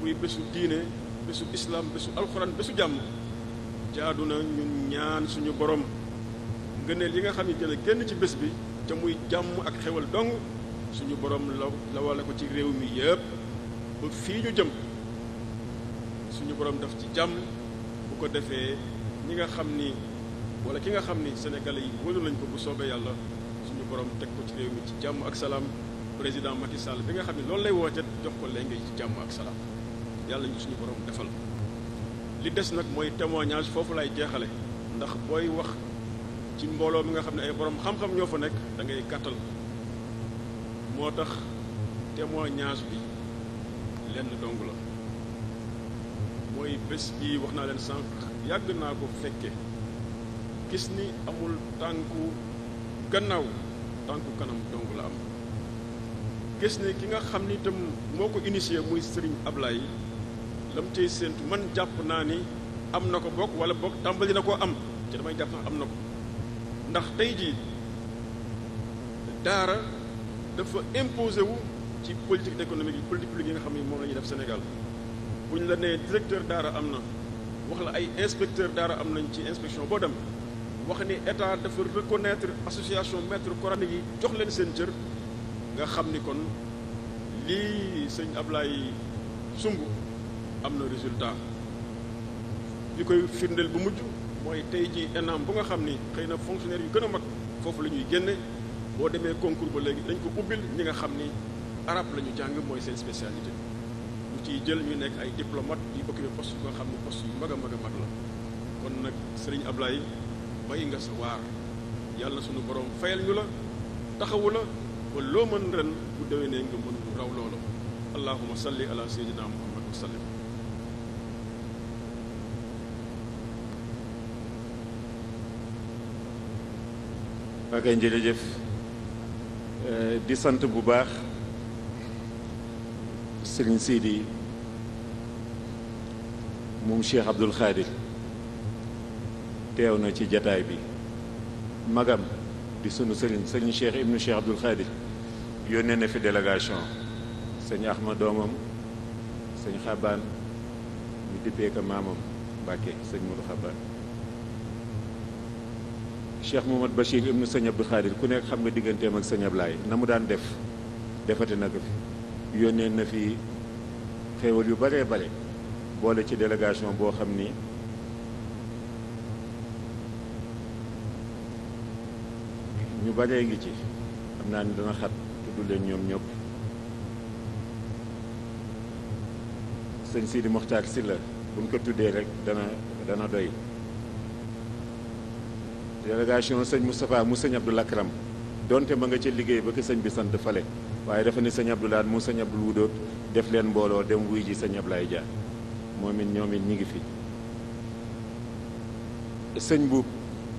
muy bésu diine bésu islam bésu alxuraan bésu jàmm jaadu na ñu ñaan suñu borom ngëneel li nga xam ne dina génn ci bés bi te muy jàmm ak xewal dong suñu borom la la wala ko ci réew mi yëpp ba fii ñu jëm suñu borom def ci jàmm bu ko defee ñi nga xam ni wala ki nga xam ni sénégalais yi wóolu lañ ko bu soobee yàlla suñu borom teg ko ci réew mi ci jàmm ak salaam président Macky Sall bi nga xam ne loolu lay woote jox ko léegi ci jàmm ak salaam yàlla ñu suñu borom defal li des nag mooy témoignage foofu lay jeexale ndax booy wax ci mbooloo mi nga xam ne ay boroom xam-xam ñoo fa nekk dangay ngay gàttal moo tax témoignage bi lenn dong la. mooy bés bii wax naa leen sànq yàgg naa ko fekke gis ni amul tànku gannaaw tànku kanam dong la am gis ni ki nga xam ni tam moo ko initié muy Serigne Ablaye la mu tey séentu man jàpp naa ni am na ko bokk wala bokk tàmbali na ko am te damay jàpp sax am na ko ndax tey jii daara dafa imposé wu ci politique économique yi politique publique yi nga xam ni moom la ñuy def Sénégal bu ñu la nee directeur daara am na wax la ay inspecteur daara am nañ ci inspection boo dem wax ni état dafa reconnaître association maître coranique yi jox leen seen cër nga xam ni kon lii sëñ Ablaye sumb am na résultat bi koy firndeel bu mujj mooy tey ji ENAM bu nga xam ni xëy na fonctionnaire yu gën a mag foofu la ñuy génne boo demee concours ba léegi dañ ko ubbil ñi nga xam ni arab la ñu jàng mooy seen spécialité ci ciy jël ñu nekk ay diplomate di occupé poste yu nga xam ne poste yu mag a mag a mag la kon nag sëriñ Ablaye bay nga sa waar yàlla sunu borom fayal ñu la taxawu la ba loo mën ren bu déwénee nga mën raw loola allahuma salli ala sayyidina muhammad wa sallim waa kay jërëjëf euh, di sant bu baax sëriñ Sidi moom Cheikh Abdul Xaadir teew na ci jataay bi magam di sunu sëriñ sëriñ Cheikh ibnu Cheikh Abdul Xaadir yónnee na fi délégation sëñ Axma doomam sëñ Xabaan ñu dippee ko maamam Mbàkke sëñ Modu Xabaan Cheikh Mohamad Bachir ibnu sëñ Abdul Xaadir ku nekk xam nga digganteem ak sëñ Ablaay na mu daan def defati na fi yónnee na fi xéewal yu baree bare boole ci délégation boo xam ni ñu baree ngi ci xam naa ni dana xat tudd leen ñoom ñëpp sëñ Sidi Mokhtar Sylla buñ ko tuddee rek dana dana doy délégation sëñ Moustapha mu sëñ Abdou Lakram donte ma nga ca liggéey ba ko sëñ bi sant fale waaye dafa ne sëñ Abdoulaat mu sëñ Abdul Wudoot def leen mbooloo dem wuy ji sëñ Ablaay Dia moom it ñoom it ñi ngi fi sëñ buub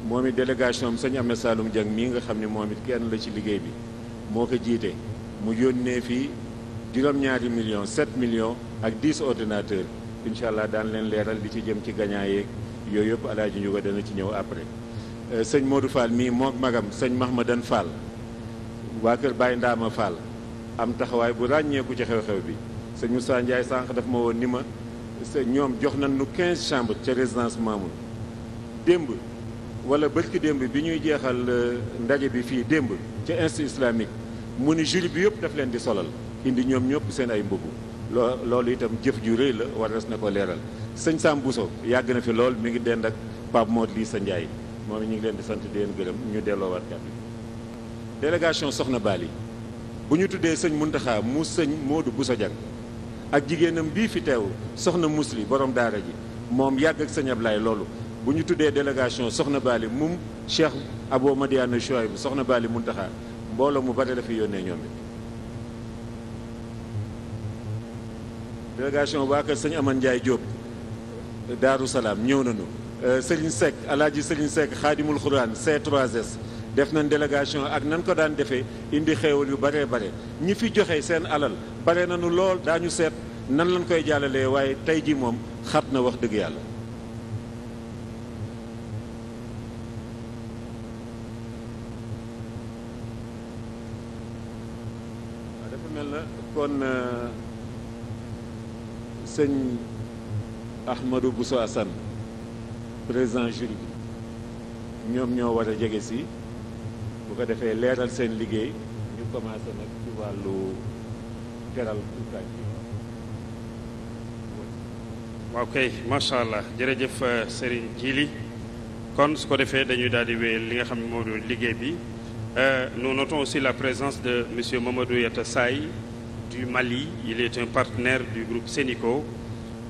moom it délégation am sëñ Amna Saloum Dieng mii nga xam ne moom it kenn la ci liggéey bi moo ko jiite mu yónnee fii juróom-ñaari million 7 millions ak 10 ordinateur incha allah daan leen leeral di ci jëm ci gagnant yeeg yooyu yëpp alaaji ñu ko dana ci ñëw après euh, sëñ Modou Fall mii mook magam sëñ Mahmadan Fall waa kër Baye Ndaama Fall am taxawaay bu ràññeeku ci xew-xew bi sëñ Moussa Ndiaye sànq daf ma woon ni ma ñoom jox na nu 15 chambres ca résidence Mamoun démb wala bërki démb bi ñuy jeexal euh, ndaje bi fii démb ca institut islamique mu ni jury bi yëpp daf leen di solal indi ñoom ñëpp seen ay mbubb loo loolu itam jëf ju réy la war na ko leeral sëñ Sam Bousso yàgg na fi lool mi ngi dend ak Pape Modou lii sa Ndiaye moom ñu ngi leen di sant di leen gërëm ñu delloowaat kàddu délégation Soxna Bali bu ñu tuddee sëñ Muntaxa mu sëñ Moodu Buso Jang ak jigéenam bii fi teew soxna Musli borom daara ji moom yàgg ak sëñ laay loolu bu ñu tuddee délégation soxna Baali mum Cheikh aboo Madiana Chouaib bu soxna Baali Muntaxa mbooloo mu bare la fi yónnee ñoom it délégation waa kër sëñ Aman Njaay Jóob Daaru Salaam ñëw nañu euh, Sëriñ Seck Alaaji Sëriñ Seck Xaadimul Xuraan C3S def nañ délégation ak nan ko daan defee indi xewal yu baree bare ñi fi joxe seen alal bare nañu lool daañu seet nan lañ koy jàllalee waaye tey ji moom xat na wax dëgg yàlla waaw dafa mel na kon euh, sëñ Ahmadou Bousso Assane président jury bi ñoom ñoo war a jege si bu ko defee leeral seen liggéey ñu commencé nag ci wàllu teral tuutànk yi waaw kay macha allah jërëjëf euh, Serigne Djili kon su ko defee dañuy daal di wéyal li nga xam ne moo doon liggéey bi euh, nous notons aussi la présence de monsieur Mamadou Yatta saay du Mali il est un partenaire du groupe Sénico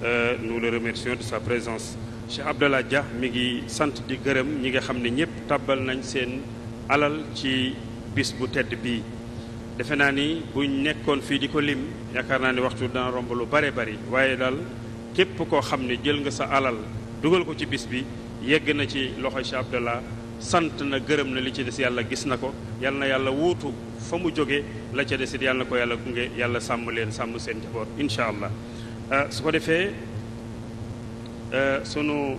euh, nous le remercions de sa présence Cheikh Abdallah Dia mi ngi sant di gërëm ñi nga xam ne ñëpp tàbbal nañ seen alal ci bis bu tedd bi defe naa ni buñ nekkoon fii di ko lim yaakaar naa ni waxtu dana romb lu bare bari waaye daal képp koo xam ne jël nga sa alal dugal ko ci bis bi yegg na ci loxo Cheikh Abdallah sant na gërëm na li ci des yàlla gis na ko yàlla na yàlla wuutu fa mu jóge la ca des yàlla ko yàlla gunge yàlla sàmm leen sàmm seen njaboot incha allah euh, su ko defee euh, sunu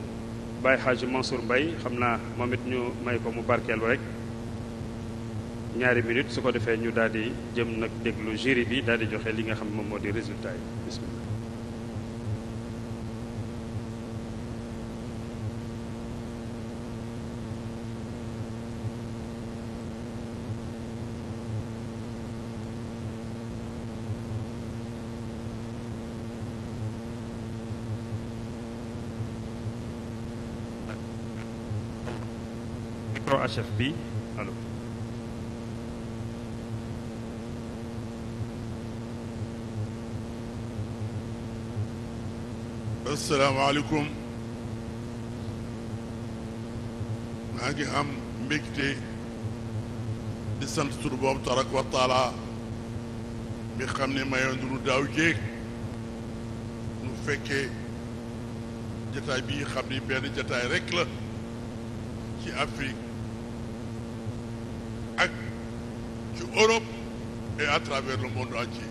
Baye Hadj Mansour Mbaye xam naa moom it ñu may ko mu barkeelu rek. ñaari minute su ko defee ñu daal di jëm nag déglu jury bi daal di joxe li nga xam moom moo di résultat yi bismillah pro HF bi asalaamaaleykum maa ngi am mbégte di sant tur boobu tabaraka wa taala mi xam ne mayoon nu daaw nu fekkee jataay bi xam ne benn jataay rek la ci Afrique ak ci Europe et à travers le monde entier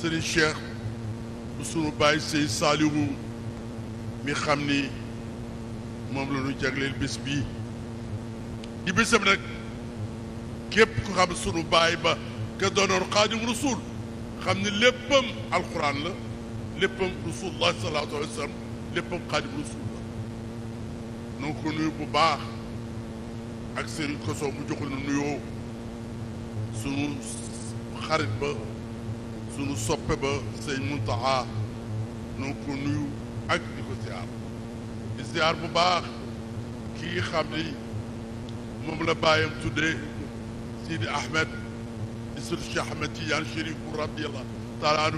sëriñ Cheikh bu sunu bàyyi sëy Saalihu mi xam ni moom la ñu jagleel bés bii di bésam nag képp ku xam sunu baay ba ka doonoon xaadim rasul xam ni léppam alquran la léppam rasulullah sallallahu alayhi wa sallam léppam xaadim rasul la noo nuyu bu baax ak sëriñ Koso mu joxul nu nuyoo sunu xarit ba sunu soppe ba sëñ Muntaxa nu ko nuyu ak di ko ziar bu baax kii xam ni moom la bàyyam tuddee Sidi Ahmed di sunu Cheikh Ahmed Tidiane Chérif bu radiyallahu taala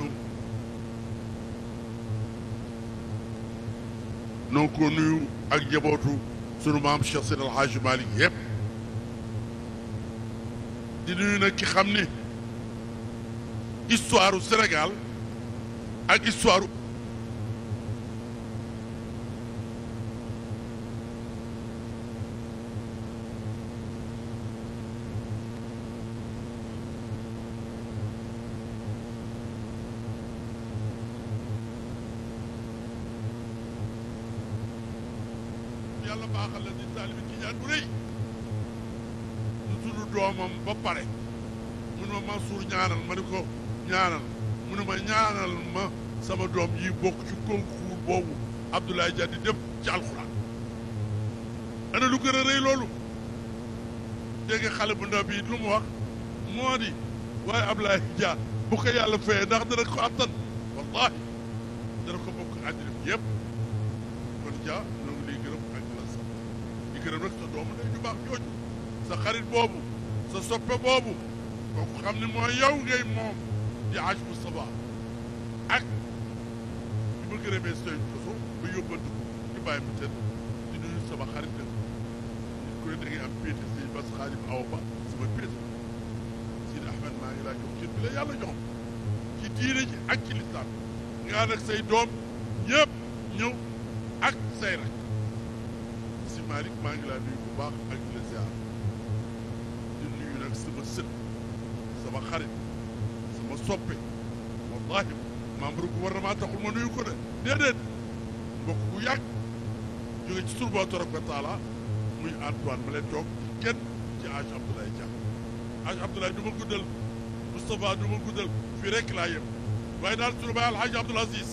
ko nuyu ak njabootu sunu maam Cheikh Seydi El Hadji Malick di nuyu nag ki xam ni histoire u yàlla baaxal la di taalibi tijaan bu rëy ñu tudd doomam ba pare mun ma Mansour ñaanal ma ni ko ñaanal mu ñaanal ma sama doom yi bokk ci concours boobu Abdoulaye Dia di dem ci alxuraan ana lu gën a rëy loolu dégg xale bu ndaw bii lu mu wax moo di waaye Abdoulaye Dia bu ko yàlla fayee ndax dana ko attan wallahi dana ko bokk àddina bi yëpp kon Dia ñoo ngi lay gërëm ak la di gërëm rek sa doomu day ñu jooju sa xarit boobu sa soppe boobu kooku xam ne mooy yow ngay moom di Hadj Moustapha ak di ma gërëmee sëñ Koso ba yóbbantu ci bàyyi ma tën di nuyu sama xarit nit ku ne am péete si bas xaalim aw ba sama péete Sidi Ahmed maa ngi laa jox cër yàlla jox ci diine ji ak ci lislaam nga say doom ñëpp ñëw ak say rak si Malick maa ngi laa nuyu bu baax ak di la ziar di nuyu nag sama sët sama xarit soppe wallahi membre gouvernement taxul ma nuyu ko de déedéet yàgg jóge ci surba torop wa taala muy Antoine ma leen toog kenn ci Hadj Abdoulaye Dia Hadj Abdoulaye du ma guddal Moustapha du ma guddal fii rek laa yem waaye daal sunu baay Alhaji Abdoul Aziz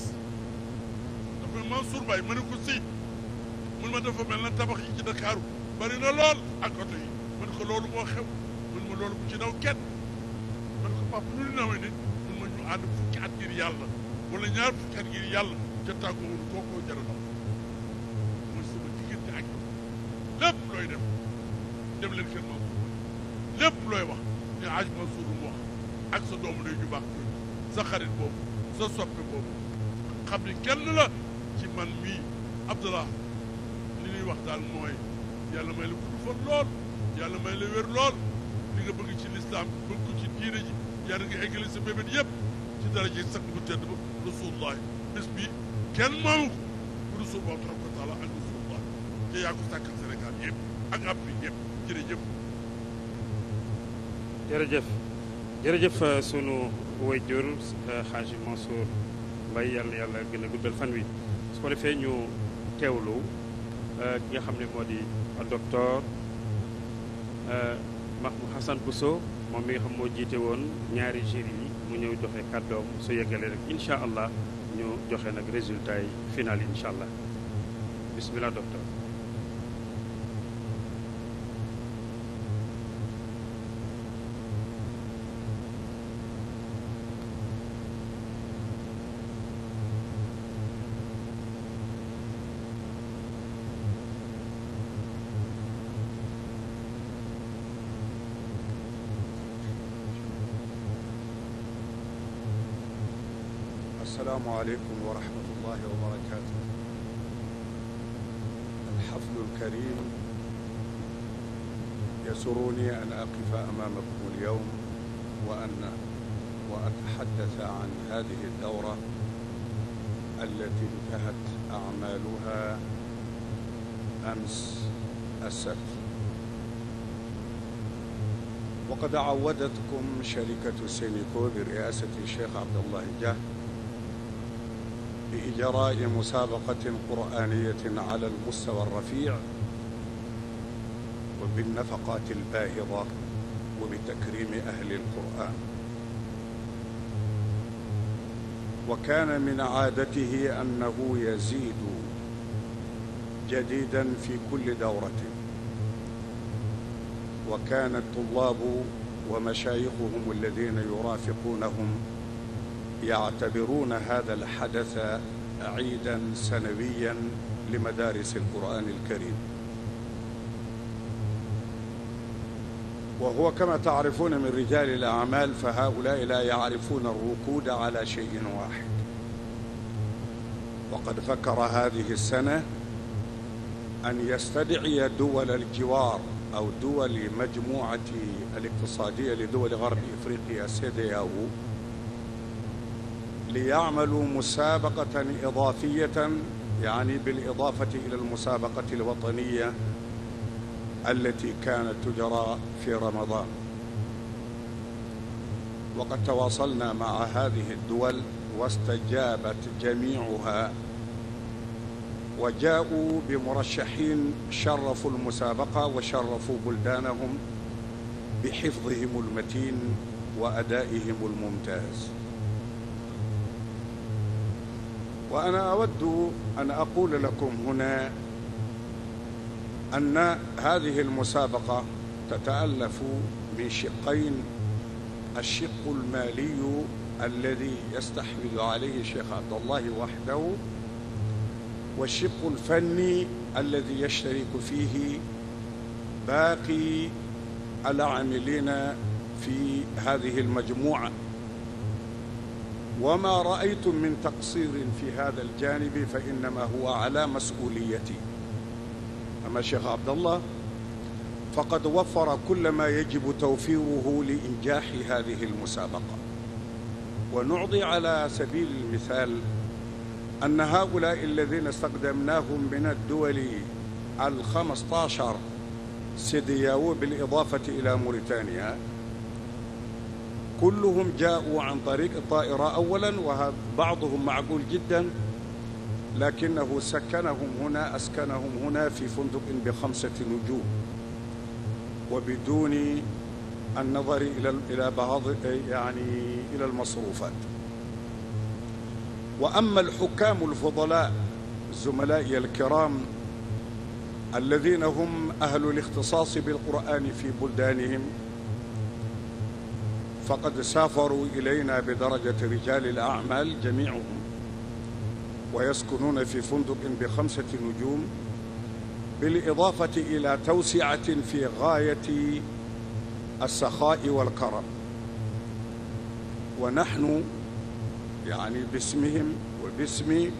dafa Mansour Baye ma ma dafa mel na tabax yi ci Dakar bari na lool ak oto yi man ko loolu moo xew mun loolu bu ci daw kenn papa lu ñu nawee ne mun ma ñu ànd fukki at ngir yàlla wala ñaar fukki at ngir yàlla ca tàggoowul kookoo jaral mooy sama diggante ak yow lépp looy def dem leen kër ma lépp looy wax ne aaj ma suuru mu wax ak sa doomu lay ju baax sa xarit boobu sa soppe boobu xam ne kenn la ci man mii Abdallah li ñuy wax daal mooy yàlla may la gudd fan lool yàlla may la wér lool li nga bëgg ci lislaam bëgg ci diine ji yar nga eggali sa bébét yëpp ci daraje sang bu tedd ba kenn moomu ko bu du suur boom tabaraka wa taala ak rasulullah te jërëjëf euh, sunu wayjur xaaji euh, Mansour Mbaye yàlla na yàlla gën guddal fan wi su ko ñu teewlu euh, ki nga xam ne moo di docteur Mahmoud Hassan moom mi nga xam moo jiite woon ñaari jury yi mu ñëw joxe kàddoom su yeggalee nag incha allah ñu joxe nag résultat yi final incha allah bismillah docteur asalaamu aleykum wa rahmatullahi wa barakaatu alxafdu alkarim yasuruni an aqifa amaamakum alyawm wa an wa ataxaddasa an hadihi aldawra allati intahat acmaaluha أمس السبت وقد عودتكم شركة سينيكو برئاسة الشيخ عبد الله جاه بإجراء مسابقة قرآنية على المستوى الرفيع وبالنفقات الباهظة وبتكريم أهل القرآن وكان من عادته أنه يزيد جديدا في كل دورة وكان الطلاب ومشايخهم الذين يرافقونهم يعتبرون هذا الحدث عيدا سنويا لمدارس القرآن الكريم وهو كما تعرفون من رجال الأعمال فهؤلاء لا يعرفون الركود على شيء واحد وقد فكر هذه السنة أن يستدعي دول الجوار أو دول مجموعة الاقتصادية لدول غرب إفريقيا سيدياو ليعملوا مسابقة إضافية يعني بالإضافة إلى المسابقة الوطنية التي كانت تجرى في رمضان وقد تواصلنا مع هذه الدول واستجابت جميعها وجاءوا بمرشحين شرفوا المسابقة وشرفوا بلدانهم بحفظهم المتين وأدائهم الممتاز وأنا أود أن أقول لكم هنا أن هذه المسابقة تتألف من شقين الشق المالي الذي يستحوذ عليه الشيخ عبد الله وحده والشق الفني الذي يشترك فيه باقي العاملين في هذه المجموعه وما رأيتم من تقصير في هذا الجانب فإنما هو على مسؤوليتي أما الشيخ عبد الله فقد وفر كل ما يجب توفيره لإنجاح هذه المسابقة ونعضي على سبيل المثال أن هؤلاء الذين استخدمناهم من الدول الخمسة عشر سيدياو بالإضافة إلى موريتانيا كلهم جاءوا عن طريق الطائرة أولا وبعضهم معقول جدا لكنه سكنهم هنا أسكنهم هنا في فندق بخمسة نجوم وبدون النظر إلى إلى بعض يعني إلى المصروفات وأما الحكام الفضلاء زملائي الكرام الذين هم أهل الاختصاص بالقرآن في بلدانهم فقد سافروا إلينا بدرجة رجال الأعمال جميعهم ويسكنون في فندق بخمسة نجوم بالإضافة إلى توسعة في غاية السخاء والكرم ونحن يعني باسمهم وباسمي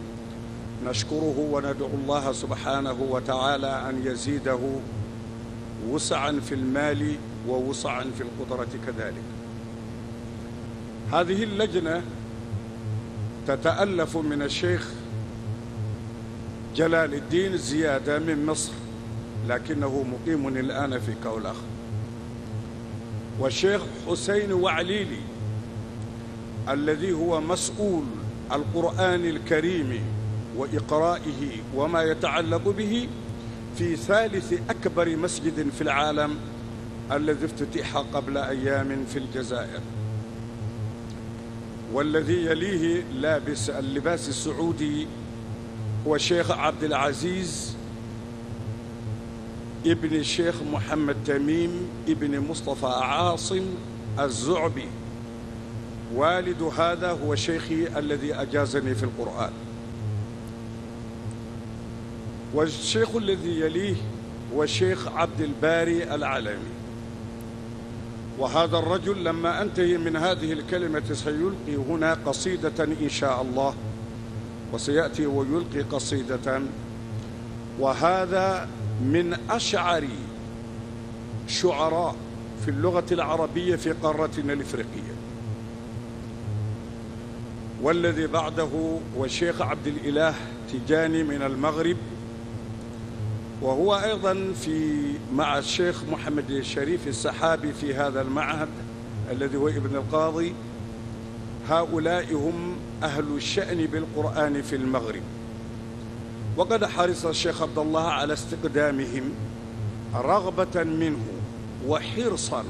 نشكره وندعو الله سبحانه وتعالى أن يزيده وسعا في المال ووسعا في القدرة كذلك هذه اللجنة تتألف من الشيخ جلال الدين الزيادة من مصر لكنه مقيم الآن في كولاخ والشيخ حسين وعليلي الذي هو مسؤول القرآن الكريم وإقرائه وما يتعلق به في ثالث أكبر مسجد في العالم الذي افتتح قبل أيام في الجزائر والذي يليه لابس اللباس السعودي هو الشيخ عبد العزيز ابن الشيخ محمد تميم ابن مصطفى عاصم الزعبي والد هذا هو شيخي الذي أجازني في القرآن والشيخ الذي يليه هو الشيخ عبد الباري العلمي وهذا الرجل لما أنتهي من هذه الكلمة سيلقي هنا قصيدة إن شاء الله وسيأتي ويلقي قصيدة وهذا من أشعر شعراء في اللغة العربية في قارتنا الإفريقية والذي بعده والشيخ عبد الإله تجاني من المغرب وهو أيضا في مع الشيخ محمد الشريف السحابي في هذا المعهد الذي هو ابن القاضي هؤلاء هم أهل الشأن بالقرآن في المغرب وقد حرص الشيخ عبد الله على استقدامهم رغبة منه وحرصا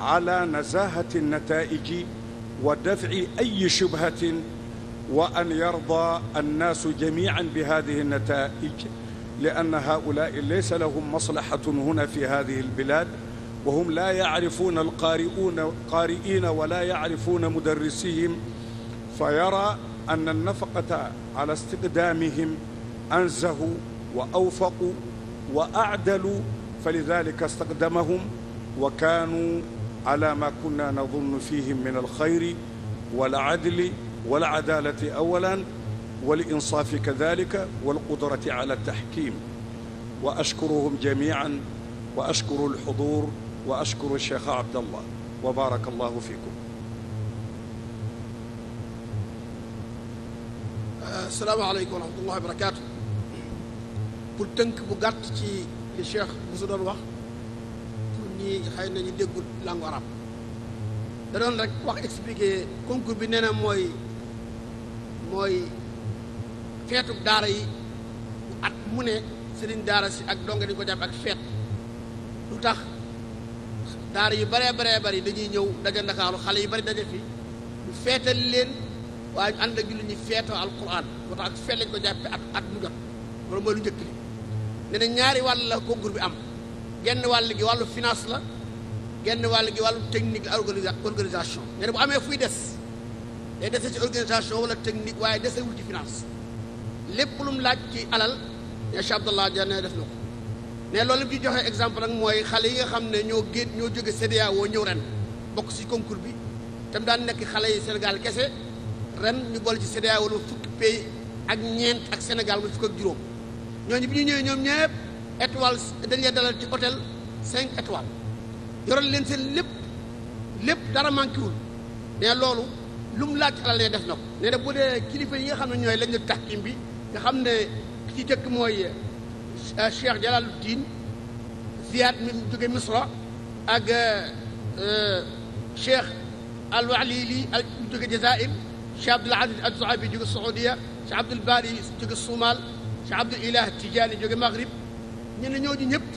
على نزاهة النتائج ودفع أي شبهة وأن يرضى الناس جميعا بهذه النتائج لأن هؤلاء ليس لهم مصلحة هنا في هذه البلاد وهم لا يعرفون القارئون قارئين ولا يعرفون مدرسيهم فيرى أن النفقة على استقدامهم أنزه وأوفق وأعدل فلذلك استقدمهم وكانوا على ما كنا نظن فيهم من الخير والعدل والعدالة أولاً والإنصاف كذلك والقدرة على التحكيم وأشكرهم جميعا وأشكر الحضور وأشكر الشيخ عبد الله وبارك الله فيكم asalaamaaleykum wa rahmatullahi wa barakaatu pour tënk bu gàtt ci li cheikh mosu doon wax pour ñi xëy na ñu déggul langue arabe da doon rek wax expliquer concours bi nee na mooy mooy feetuk daara yi at mu ne sëriñ daara si ak donga di ko jàpp ak feet lu tax daara yu baree baree bari dañuy ñëw daja ndakaaru xale yi bari daje fi ñu feetal leen waaye ñu ànd ak jullit ñi feetoo alquran moo tax ak feet lañ ko jàppe at at mu mooy lu njëkk li ne ñaari wàll la concours bi am genn wàll gi wàllu finance la genn wàll gi wàllu technique la organisation nee na bu amee fuy des day dese ci organisation wala technique waaye desewul ci lépp lu mu laaj ci alal ne Cheikh Abdallah Diagne na ko ne loolu bi joxe exemple nag mooy xale yi nga xam ne ñoo génn ñoo jóge CEDEAO ñëw ren bokk ci concours bi tam daan nekk xale yi Sénégal kese ren ñu ci CEDEAO lu fukki ak ñeent ak Sénégal mu ak juróom ñooñu bi ñu ñëwee ñoom ñëpp étoile dañ leen dalal ci hôtel cinq étoiles yoral leen seen lépp lépp dara manqué wul ne loolu lu mu laaj alal def na ko nee na bu dee kilifa yi nga xam ne ñooy lañu tàkkim bi nga xam ne ci jëkk mooy euh, Cheikh Jalaluddin Ziyad mi jóge Misra ak euh, Cheikh Alwalili al jóge Jazair Cheikh Abdoul Aziz Al-Zouabi jóge Saoudia Cheikh Abdoul Bari jóge Soumal Cheikh Abdoul Ilah Tijaani jóge Maghrib ñu ne ñooñu ñëpp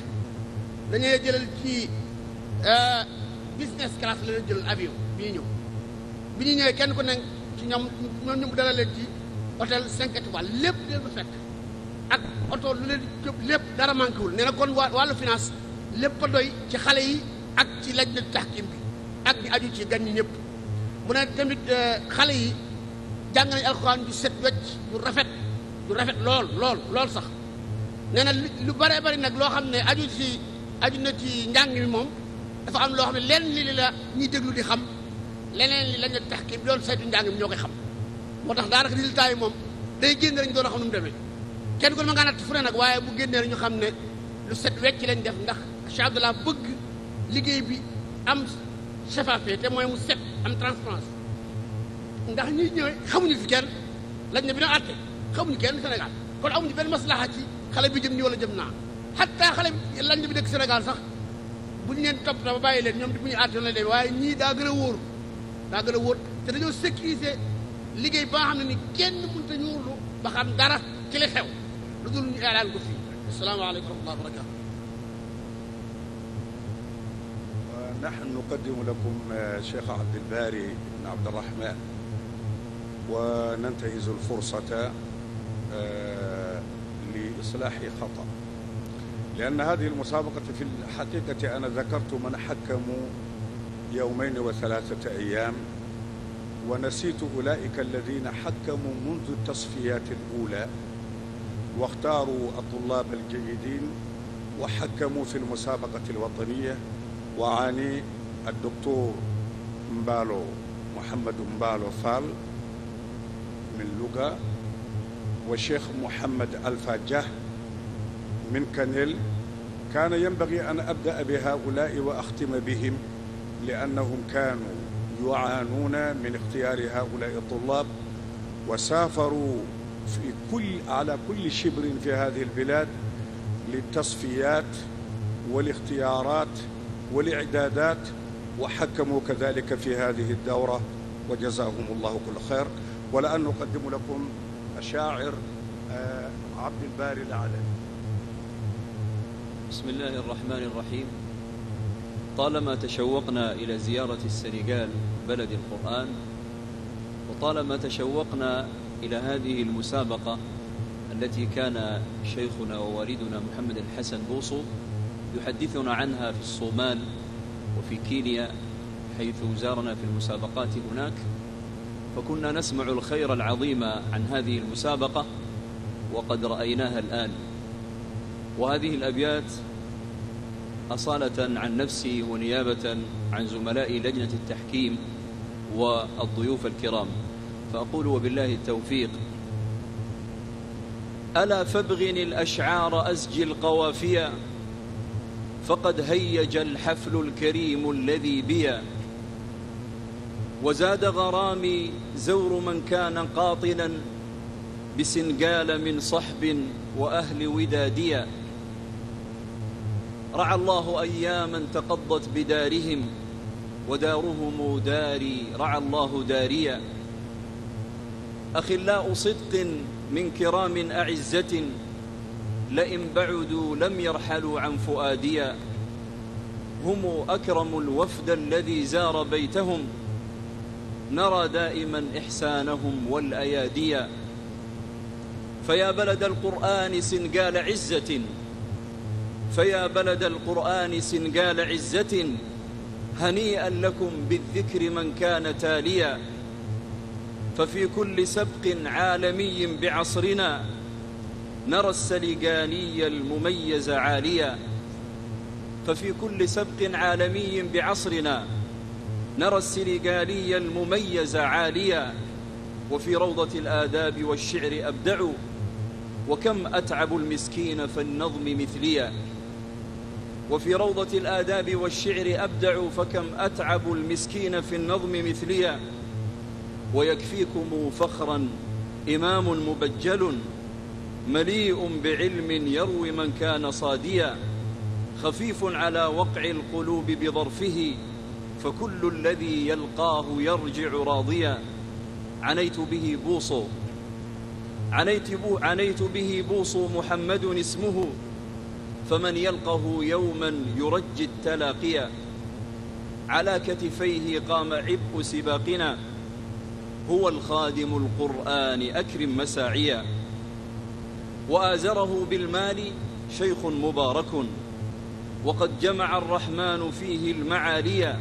dañuy jëlal ci euh, business class la leen jëlal avion bi ñu ñëw bi ñu ñëwee kenn ku ne ci ñoom ñoom ñu dalalee ci. hôtel 5 étoiles lépp leen fa ak oto lépp dara manqué wul nee na kon wàllu finance lépp ko doy ci xale yi ak ci laj na taxkim bi ak ñu aju ci gan ñi ñëpp mu ne tamit euh, xale yi jàng nañu alxuraan ju set wecc ju rafet ju rafet lool lool lool sax nee lu bëree bëri nag loo xam ne aju ci aju na ci njàng mi moom dafa am loo xam ne lenn li la ñuy déglu di xam leneen li lañ na taxkim bi doon saytu njàng mi ñoo koy xam moo tax daanaka résultat yi moom day génne rek ñu doon xam nu mu demee kenn ko ma ngaa natt fu ne nag waaye bu génnee ñu xam ne lu set wecc lañ def ndax Cheikh Abdallah bëgg liggéey bi am chefafé te mooy mu set am transparence ndax ñuy ñëwee xamuñu fi kenn lañ ne bi noo àtte xamuñu kenn Sénégal kon amuñu benn maslaha ci xale bi jëm nii wala jëm naa xataa xale lañ bi dëkk senegal sax buñu leen topp ta ba bàyyi leen ñoom di bu ñu àtte noonu la waaye ñii daa gën wóor daa gën a wóor te liggéey boo xam ne ni kenn mënut a ñuurlu ba xam dara ci li xew lu dul ñu elaan ko fii asalaamaaleykum wa rahmatulah wa barakaatu نحن نقدم لكم شيخ عبد الباري بن عبد الرحمن وننتهز الفرصة لإصلاح خطأ لأن هذه المسابقة في الحقيقة أنا ذكرت من حكموا يومين وثلاثة أيام wa nasiitu ulaa'ika alladiina xakkamu mundu tasfiyaati al-uulaa واختاروا الطلاب الجيدين وحكموا في المسابقة الوطنية وعاني الدكتور مبالو محمد مبالو فال من لوغا والشيخ محمد الفاجه من كنيل كان ينبغي أن أبدأ بهؤلاء وأختم بهم لأنهم كانوا يعانون من اختيار هؤلاء الطلاب وسافروا في كل على كل شبر في هذه البلاد للتصفيات والاختيارات والإعدادات وحكموا كذلك في هذه الدورة وجزاهم الله كل خير ولأن نقدم لكم الشاعر عبد الباري الأعلى بسم الله الرحمن الرحيم وطالما تشوقنا إلى زيارة السنغال بلد القرآن وطالما تشوقنا إلى هذه المسابقة التي كان شيخنا ووالدنا محمد الحسن بوصو يحدثنا عنها في الصومال وفي كينيا حيث زارنا في المسابقات هناك فكنا نسمع الخير العظيم عن هذه المسابقة وقد رأيناها الآن وهذه الأبيات أصالة عن نفسي ونيابة عن زملاء لجنة التحكيم والضيوف الكرام فأقول وبالله التوفيق ألا فابغن الأشعار أزجي القوافيا فقد هيج الحفل الكريم الذي بيا وزاد غرامي زور من كان قاطنا بسنقال من صحب وأهل وداديا رعى الله أياما تقضت بدارهم ودارهم داري رعى الله داريا أخلاء صدق من كرام أعزة لئن بعدوا لم يرحلوا عن فؤاديا هم أكرم الوفد الذي زار بيتهم نرى دائما إحسانهم والأياديا فيا بلد القرآن سنقال عزة فيا بلد القرآن سنقال عزة هنيئا لكم بالذكر من كان تاليا ففي كل سبق عالمي بعصرنا نرى السليقاني المميز عاليا ففي كل سبق عالمي بعصرنا نرى السنغالي المميز عاليا وفي روضة الآداب والشعر أبدعوا وكم أتعب المسكين فالنظم مثليا وفي روضة الآداب والشعر أبدعوا فكم أتعب المسكين في النظم مثليا ويكفيكم فخرا إمام مبجل مليء بعلم يروي من كان صاديا خفيف على وقع القلوب بظرفه فكل الذي يلقاه يرجع راضيا عنيت به بوصو عنيت, بو عنيت به بوصو محمد اسمه فمن يلقه يوما يرجي التلاقيا على كتفيه قام عبء سباقنا هو الخادم القرآن أكرم مساعيا وآزره بالمال شيخ مبارك وقد جمع الرحمن فيه المعاليا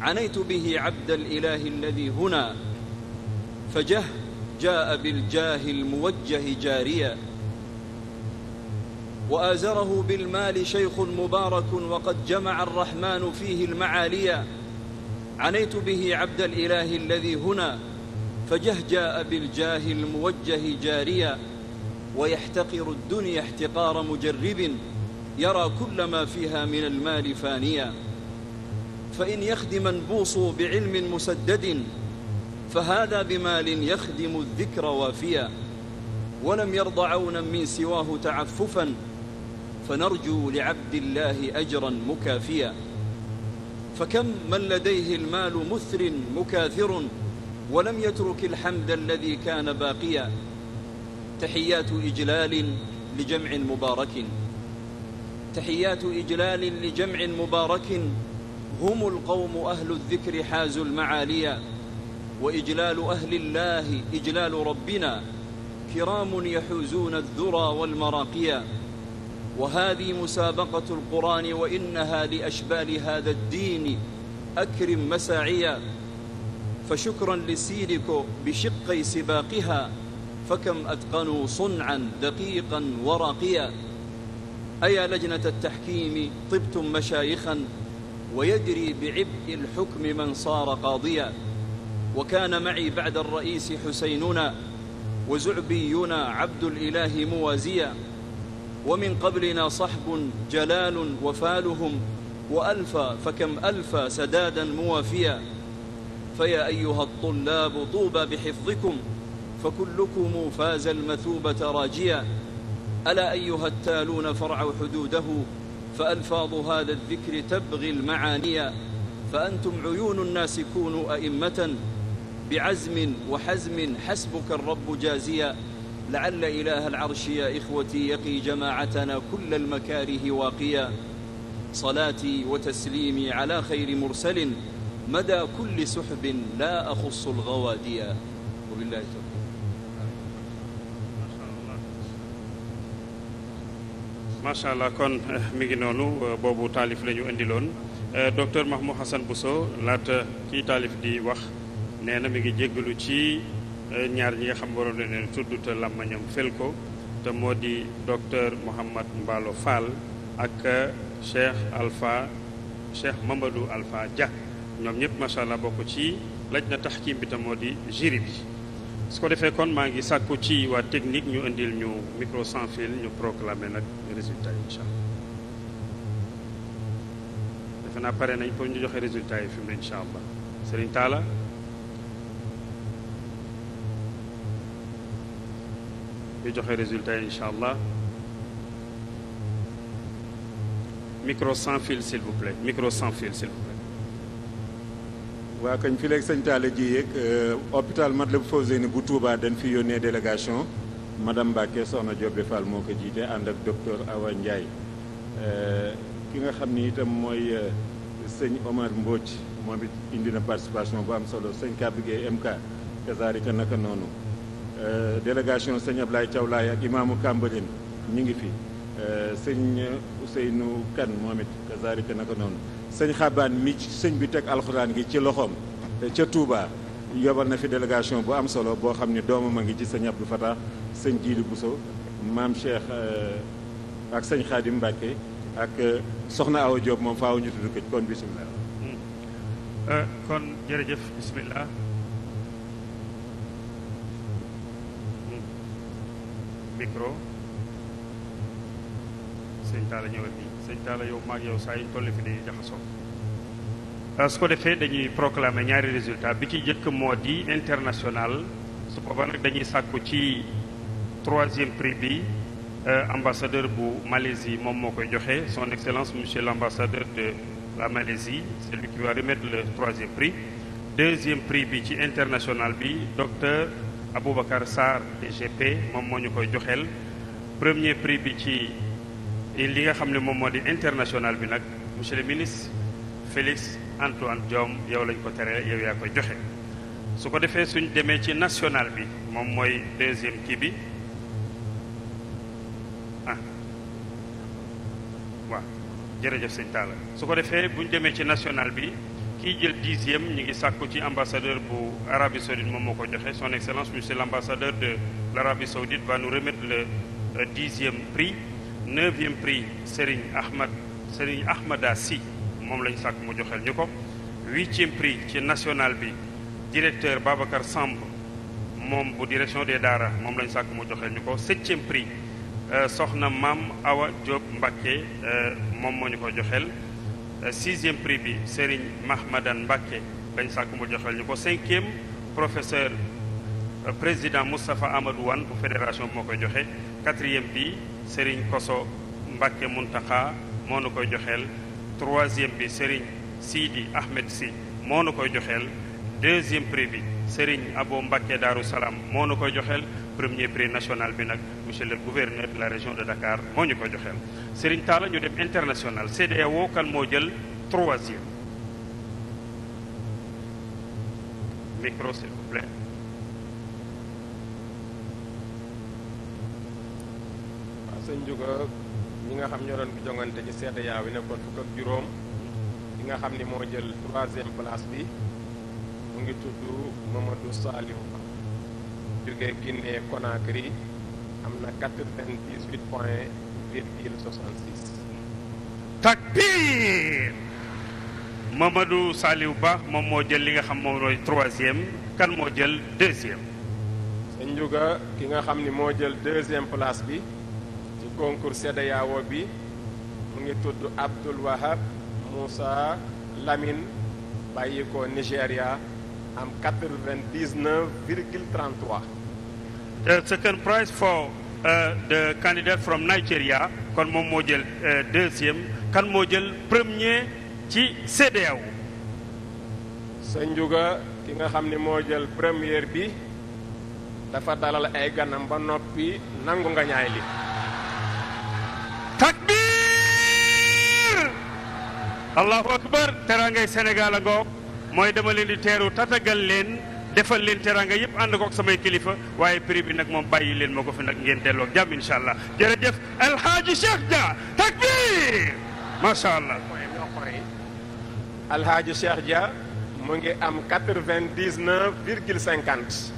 عنيت به عبد الإله الذي هنا فجه جاء بالجاه الموجه جاريا وآزره بالمال شيخ مبارك وقد جمع الرحمن فيه المعاليا عنيت به عبد الإله الذي هنا فجهجاء بالجاه الموجه جاريا ويحتقر الدنيا احتقار مجرب يرى كل ما فيها من المال فانيا فإن يخدم انبوص بعلم مسدد فهذا بمال يخدم الذكر وافيا ولم يرضى عونا من سواه تعففا فنرجو لعبد الله أجرا مكافيا فكم من لديه المال مثر مكاثر ولم يترك الحمد الذي كان باقيا تحيات إجلال لجمع مبارك تحيات إجلال لجمع مبارك هم القوم أهل الذكر حازوا المعاليا وإجلال أهل الله إجلال ربنا كرام يحوزون الذرى والمراقيا وهذه مسابقة القرآن وإنها لأشبال هذا الدين أكرم مساعيا فشكرا لسيلكو بشق سباقها فكم أتقنوا صنعا دقيقا ورقيا أيا لجنة التحكيم طبتم مشايخا ويجري بعبء الحكم من صار قاضيا وكان معي بعد الرئيس حسيننا وزعبينا عبد الإله موازيا ومن قبلنا صحب جلال وفالهم وألفى فكم ألفى سدادا موافيا فيا أيها الطلاب طوبى بحفظكم فكلكم فاز المثوبة راجيا ألا أيها التالون فرعوا حدوده فألفاظ هذا الذكر تبغي المعاني فأنتم عيون الناس كونوا أئمة بعزم وحزم حسبك الرب جازيا لعل إله العرش يا إخوتي يقي جماعتنا كل المكاره واقيا صلاتي وتسليمي على خير مرسل مدى كل سحب لا أخص الغواديا وبالله توفيق macha allah kon mi ngi noonu boobu taalif la ñu indiloon docteur Mahmoud Hassan Bousso laata kii taalif di wax nee na mi ngi jéggalu ci Euh, ñaar ñi nga xam waroon na leen tudd te làmmañam fel ko te moo di docteur Mouhamad Mballo Fall ak euh, Cheikh Alpha Cheikh Mamadou Alpha Dia ñoom ñëpp macha allah bokk ci laj na taxkiim bi te moo di jury bi su ko defee kon maa ngi sàkku ci waa technique ñu indil ñu micro sans fil ñu proclamer nag résultat yi incha allah defe naa pare nañ pour ñu joxe résultat yi fi mu ne allah Serigne Talla di joxe résultat yi incha allah micro fill fil s'il vous plaît micro sans fil s'il waa kañ fii léegi sëñ Talla ji yeeg euh, hôpital Matlaboul Fawzeyni bu Touba dañ fi yónnee délégation madame Mbacke soxna Diop Fall moo ko jiite ànd ak docteur Awa Ndiaye euh, ki nga xam ni itam mooy euh, sëñ Omar Mbodj moom it indi na participation bu am solo sëñ Kabigé MK kazaalika naka noonu. Euh, délégation sëñ Ablaye Thiaw Laye ak imaamu Cambérène ñu ngi fi euh, sëñ Ousseynou Kane moom it kazaalika naka noonu sëñ Xabaan mi sëñ bi teg alxuraan gi ci loxoom euh, ca Touba yobal na fi délégation bu am solo boo xam ne doomam a ngi ci sëñ Abdou Fatah sëñ Jiili Bousso maam Cheikh ak sëñ Xaadim Mbàkke ak soxna Awa Diop moom faaw ñu tudd ko kon hmm. kon jërëjëf micro sëñ Talla ñëwal bi sëñ Talla yow maag yow saa yu toll euh, su ko defee dañuy proclamer ñaari résultat bi ci jëkk moo di international su boobaa nag dañuy sàkku ci troisième prix bi euh, ambassadeur bu Malaisie moom moo koy joxe son excellence monsieur l'ambassadeur de la Malaisie c'est lui va remettre le troisième prix deuxième prix bi ci international bi docteur Aboubacar Sarr DGP moom moo ñu koy joxeel premier prix bi ci li nga xam ne moom moo di international bi nag monsieur le ministre Félix Antoine Diome yow lañ ko teree yow yaa koy joxe su ko defee suñ demee ci national bi moom mooy deuxième kii bi ah waaw jërëjëf sëñ Talla su ko defee buñ demee ci national bi kiy jël dixième ñu ngi sàkku ci ambassadeur bu Arabie Saoudite moom moo ko joxe son excellence monsieur l'ambassadeur de l'Arabie Saoudite va nous remettre le euh, dixième prix neuvième prix Serigne Ahmad Serigne Ahmada Sy moom lañ sàkk mu joxeel ñu ko huitième prix ci national bi directeur Babacar Samb moom bu direction des daara moom lañ sàkk mu joxeel ñu ko septième prix euh, soxna Maam Awa Diop Mbacké euh, moom moo ñu ko joxeel Euh, sixième prix bi Serigne Mahmadan Mbacké dañ sàkk mu joxal ñu ko cinquième professeur euh, président Moustapha Amadou Wane bu fédération moo koy joxe quatrième bi Serigne Koso Mbacké Muntaxa moo nu koy joxeel troisième bi Serigne Sidi Ahmed Si moo nu koy joxeel deuxième prix bi Serigne aboo Mbacké Daaru Salaam moo nu koy joxeel premier prix national bi nag monsieur le gouverneur de la région de Dakar moo ñu ko joxeel Serigne Talla ñu dem international CEDEAO kan moo jël troisième micro s'il vous plaît waaw sëñ Juga ñi nga xam ñoo doon ko jongante ci CEDEAO bi nekkoon fukk ak juróom yi nga xam ni moo jël troisième place bi mu ngi tudd Mamadou Saliou jógee Guinée Conakry am na quatre-vingt-dix-huit point virgule soixante-six takbir Mamadou moom moo jël li nga xam moom mooy troisième kan moo jël deuxième sa njuga ki nga xam ni moo jël deuxième place bi ci concours CEDEAO bi mu ngi tudd Abdoul Wahab Moussa Lamine bàyyi ko Nigéria am 99 virgule 33. The second prize for uh, the candidate from Nigeria kon moom moo jël uh, deuxième kan moo jël premier ci CEDEAO. Sëñ Juga ki nga xam ni moo jël première bi dafa dalal ay ganam ba noppi nangu nga ñaay li. takbir allahu akbar teraangay Sénégal a ngoog. mooy dama leen di teeru tatagal leen defal leen teranga yëpp ànd kook samay kilifa waaye prix bi nag moom bàyyi leen moo ko fi nag ngeen delloo jàmm incha allah jërëjëf alhaaji Cheikh Dia takbir macha allah alhaaji Cheikh Dia mu ngi am quatre-vingt-dix-neuf virgule cinquante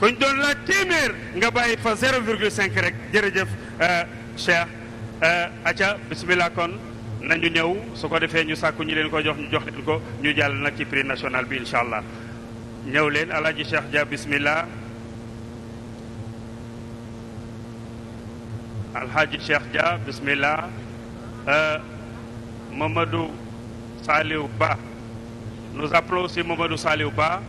kuñ doon laaj téeméer nga bàyyi fa zéro virgule cinq rek jërëjëf euh, Cheikh euh, aca bismillah kon nañu ñëw su ko defee ñu sàkku ñu leen ko jox ñu jox leen ko ñu jàll nag ci prix national bi incha allah ñëw leen alaaji Cheikh Dia bismillah alhaaji Cheikh Dia bismillah euh, Mamadou Saliou Ba nous appelons aussi Mamadou Saliou Ba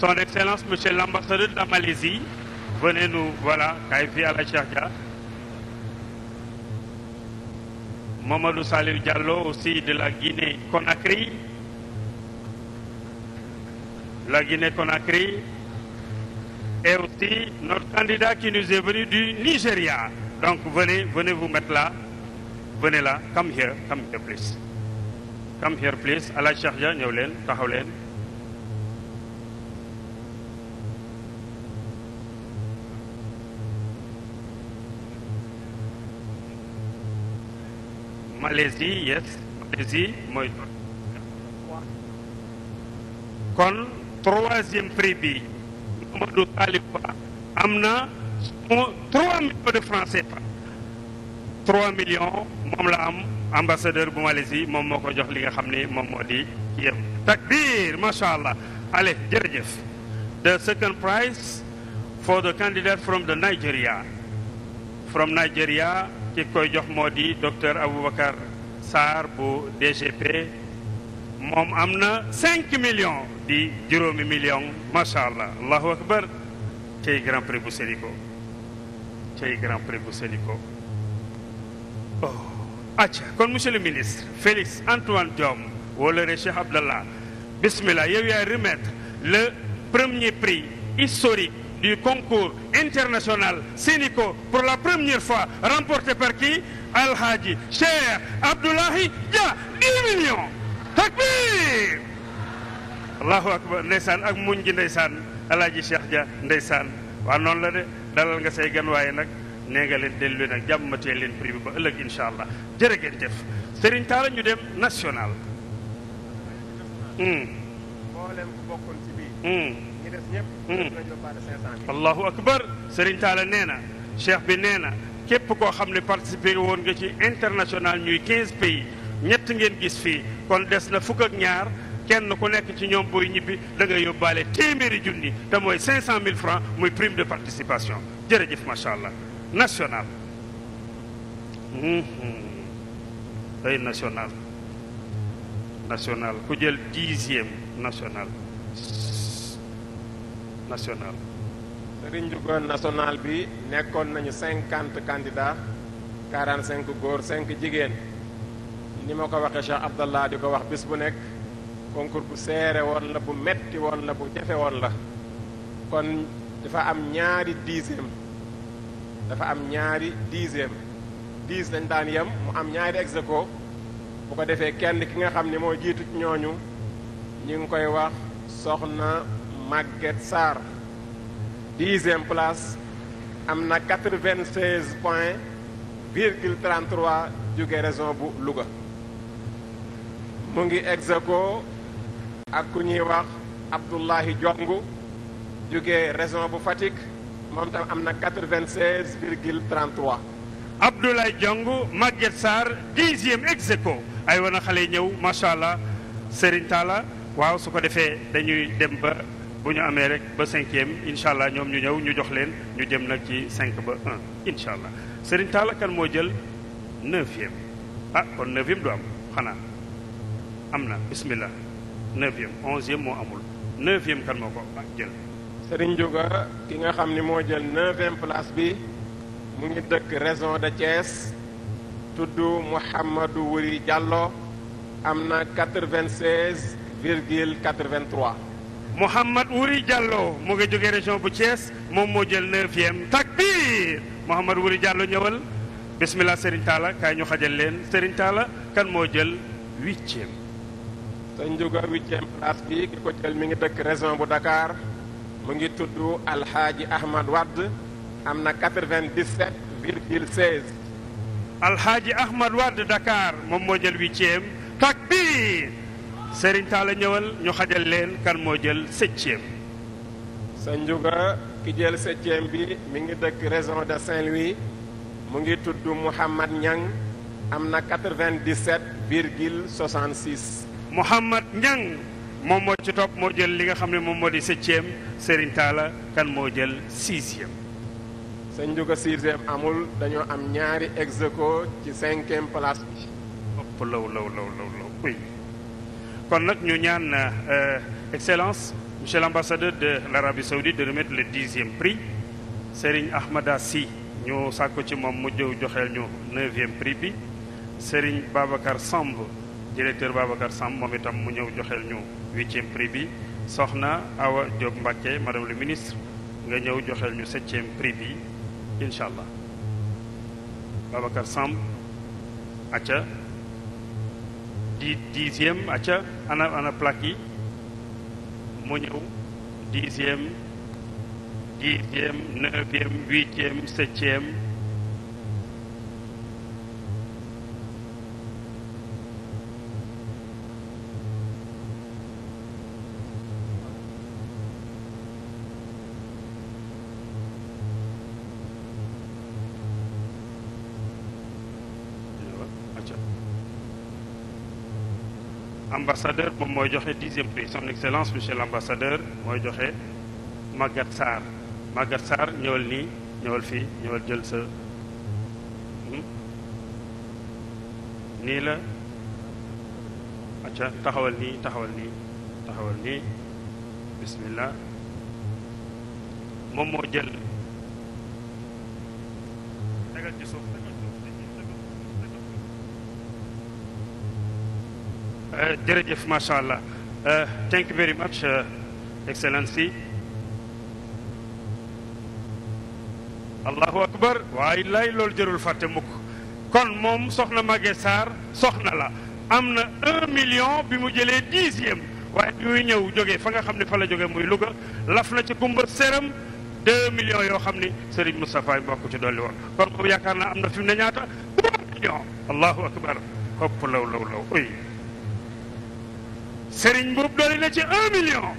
son excellence monsieur l'ambassadeur de la Malaisie venez nous voilà kay fi alaaji Cheikh Dia Mamadou Salif Diallo aussi de la Guinée-Conakry la Guinée-Conakry et aussi notre candidat qui nous est venu du Nigeria donc venez venez vous mettre là venez là come here come here please come here please Dia ñëw leen taxaw leen Malaisie yes Malaisie mooy kon troisième prix bi Mamadou Talib Ba am na trois millions de francs CFA trois millions moom la am ambassadeur bu Malaisie moom moo ko jox li nga xam ni moom moo di yem takbir macha allah allez jërëjëf the second prize for the candidate from the Nigeria from Nigeria ki koy jox moo di docteur Aboubacar Sarr bu DGP moom am na cinq millions di juróomi million macha allah allahu akbar cey grand prix bu Sénico cey grand prix bu Sénico oh acca kon monsieur le ministre Félix Antoine Diome wala Cheikh Abdallah bismillah yow yaay remettre le premier prix historique du concours international Sénico pour la première fois remporté par qui Alhaji Cheikh Abdoulahi Dia 10 millions takbir allahu akbar ndeysaan ak muñ gi ndeysaan Alhaji Cheikh Dia ndeysaan waa noonu la de dalal nga say gan waaye nag nee nga leen dellu nag jàmmatee leen prix bi ba ëllëg incha allah jërë ngeen jëf Serigne Talla ñu dem national. Hmm. ci des ñëpp. allahu akbar Serigne Talla nee na cheikh bi nee na képp koo xam ne participé woon nga ci international ñuy 15 ñett ngeen gis fii kon des na fukk ak ñaar kenn ku nekk ci ñoom booy ñibbi da nga yóbbaale téeméeri junni te mooy 500 000 francs muy prime de participation jërëjëf macha allah national. Mm-hmm. ay national national ku jël dixième national national Serigne Ndiouga national bi nekkoon nañu cinquante candidats quarante cinq góor cinq jigéen ni ma ko waxee Cheikh Abdallah di ko wax bis bu nekk concours bu seere woon la bu metti woon la bu jafe woon la kon dafa am ñaari dixième dafa am ñaari dixième dix lañ daan yem mu am ñaari ex aequo bu ko defee kenn ki nga xam ni moo jiitu ci ñooñu ñu ngi koy wax soxna Maguette Sarr dixième place am na quatre-vingt-seize points virgule 33 jóge région bu Louga mu ngi ex ak ku ñuy wax Abdoulahi Diongu jóge région bu Fatick moom tam am na 96 virgule 33 Abdoulaye Diongu Maguette Sarr dixième ex aequo ay wana xale ñëw macha allah Serigne Talla waaw su ko defee dañuy dem ba bu ñu amee rek ba cinquième incha allah ñoom ñu ñëw ñu jox leen ñu jëm nag ci cinq ba un incha allah Serigne moo jël neuvième ah kon neuvième du am xanaa am na bismillah neuvième onzième moo amul neuvième kan moo ko jël. Serigne Diouga ki nga xam ni moo jël neuvième place bi mu ngi dëkk région de Thiès tudd Mouhamadou Wuri Diallo am na quatre-vingt-seize virgule quatre-vingt-trois Mouhamad Wuri jàlloo mu ngi jógee région bu Thiès moom moo jël neuvième takbir Mouhamad Wuri Diallo ñëwal bismillah Serigne Talla kaay ñu xajal leen Serigne Talla kan moo jël huitième. sëñ Ndiouga huitième place bi mi ngi dëkk région bu Dakar mu ngi tudd Alhaji Ahmad Wadd am na quatre-vingt-dix-sept virgule seize. Ahmad Wadd Dakar moom moo jël huitième takbir. Serigne Talla ñëwal ñu xajal leen kan moo jël septième. sa njuga ki jël septième bi mi ngi dëkk région de Saint-Louis mu ngi tudd Mouhamad Niang am na 97 virgule 66. Mouhamad Niang moom moo ci topp moo jël li nga xam ne moom moo di septième Serigne Talla kan moo jël sixième. sa njuga sixième amul dañoo am ñaari ex ci cinquième place. ëpp kon nag ñu ñaan euh, excellence monsieur l'ambassadeur de l'Arabie saoudite de remettre le dixième prix Serigne Ahmada si ñu sàkku ci moom mu jëw joxeel ñu neuvième prix bi Serigne Babacar Samb directeur Babacar Samb moom itam mu ñëw joxeel ñu huitième prix bi soxna Awa Diop Mbacké madame le ministre nga ñëw joxeel ñu septième prix bi incha allah Babacar Samb acca di dixième acca ana ana plaque mu ñëw dixième dixième neuvième huitième septième ambassadeur moom mooy joxe dixième prix son excellence monsieur l' ambassadeur mooy joxe Maguette Sarr Maguette Sarr ñëwal nii ñëwal fii ñëwal jël sa hmm? nii la acca taxawal nii taxawal nii taxawal nii bismillah moom moo jël Euh, jërëjëf macha allah euh, thank you very much uh, excellency allahu akbar waaye lay loolu jërul fàtte mukk kon moom soxna Maguette Sarr soxna la am na un million bi mu jëlee dixième waaye bi muy ñëw jógee fa nga xam ne fa la jóge muy Louga laf na ci kumba séram deux millions yoo xam ni Serigne Moustapha mbokk ci dolli woon kon moom yaakaar naa am na fi mu ne ñaata trois millions allahu akbar hopp law law law Serigne Mbuub dolli na ci un million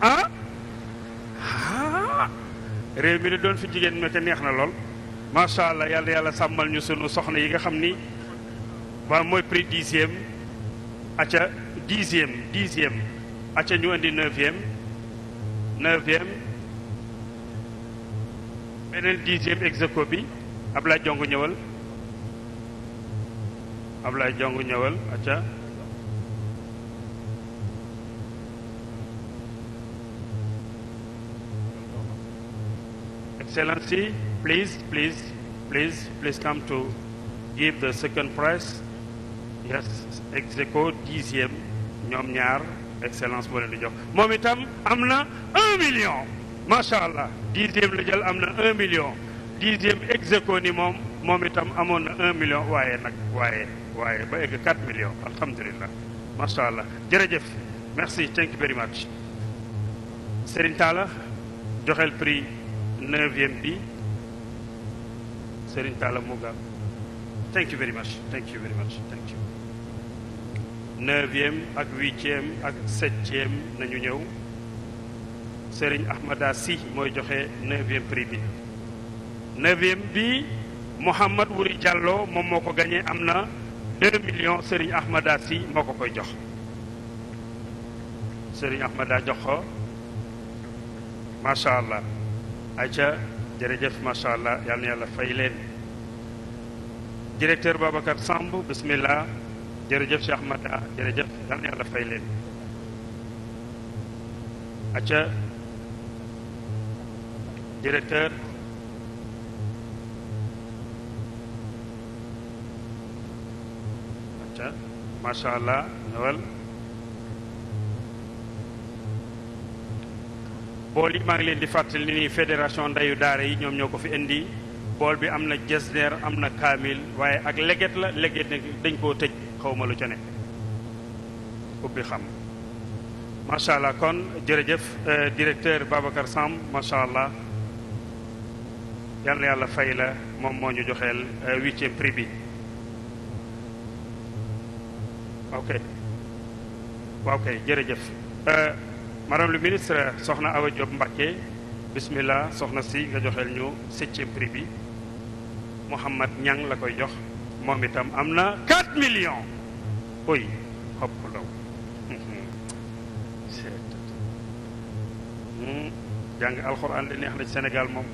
ah ah réew mi da doon fi jigéen ñi te neex na lool macha allah yàlla yàlla sàmmal ñu sunu soxna yi nga xam ni waa mooy prix dixième aca dixième dixième aca ñu indi neuvième neuvième beneen dixième ex aequo bi Ablaye Jong ñëwal Ablaye Jong ñëwal aca Excellency, please, please, please, please come to give the second prize. Yes, Execo dixième ñoom ñaar excellence moo leen di jox moom itam am na un million macha allah dixième la jël am na un million dixième Execo ni moom moom itam amoon na un million waaye nag waaye waaye ba egg quatre millions alhamdulilah macha allah jërëjëf merci thank you very much Serigne Talla joxel prix. neuvième bi Serigne Talla Mouga thank you very much thank you very ak huitième ak septième nañu ñëw Serigne Ahmada Sy mooy joxe neuvième prix bi neuvième bi Mouhamad Wuri Diallo moom moo ko gagné am na deux millions Serigne Ahmada Sy moo ko koy jox Serigne Ahmada jox ko macha allah acca jërëjëf macha allah yal na yàlla fay leen directeur Babacar Samb bismillah jërëjëf Cheikh Mata jërëjëf yal na yàlla fay leen acca directeur acca macha allah bool yi maa ngi leen di fàttali ni fédération ndeyu daara yi ñoom ñoo ko fi indi bool bi am na jesner am na kaamil waaye ak leget la leget nag dañ koo tëj xawma lu jone ne ubbi xam macha allah kon jërëjëf euh, directeur Babacar Samb macha allah yal yàlla fay la moom moo ñu joxeel euh, huitième prix bi ok waaw kay jërëjëf euh, madame le ministre soxna Awa Diop Mbacké bismillah soxna si nga joxeel ñu septième prix bi Mouhamad Niang la koy jox moom itam am na 4 millions oy xob ko daw jàng alxuraan di neex na Sénégal moom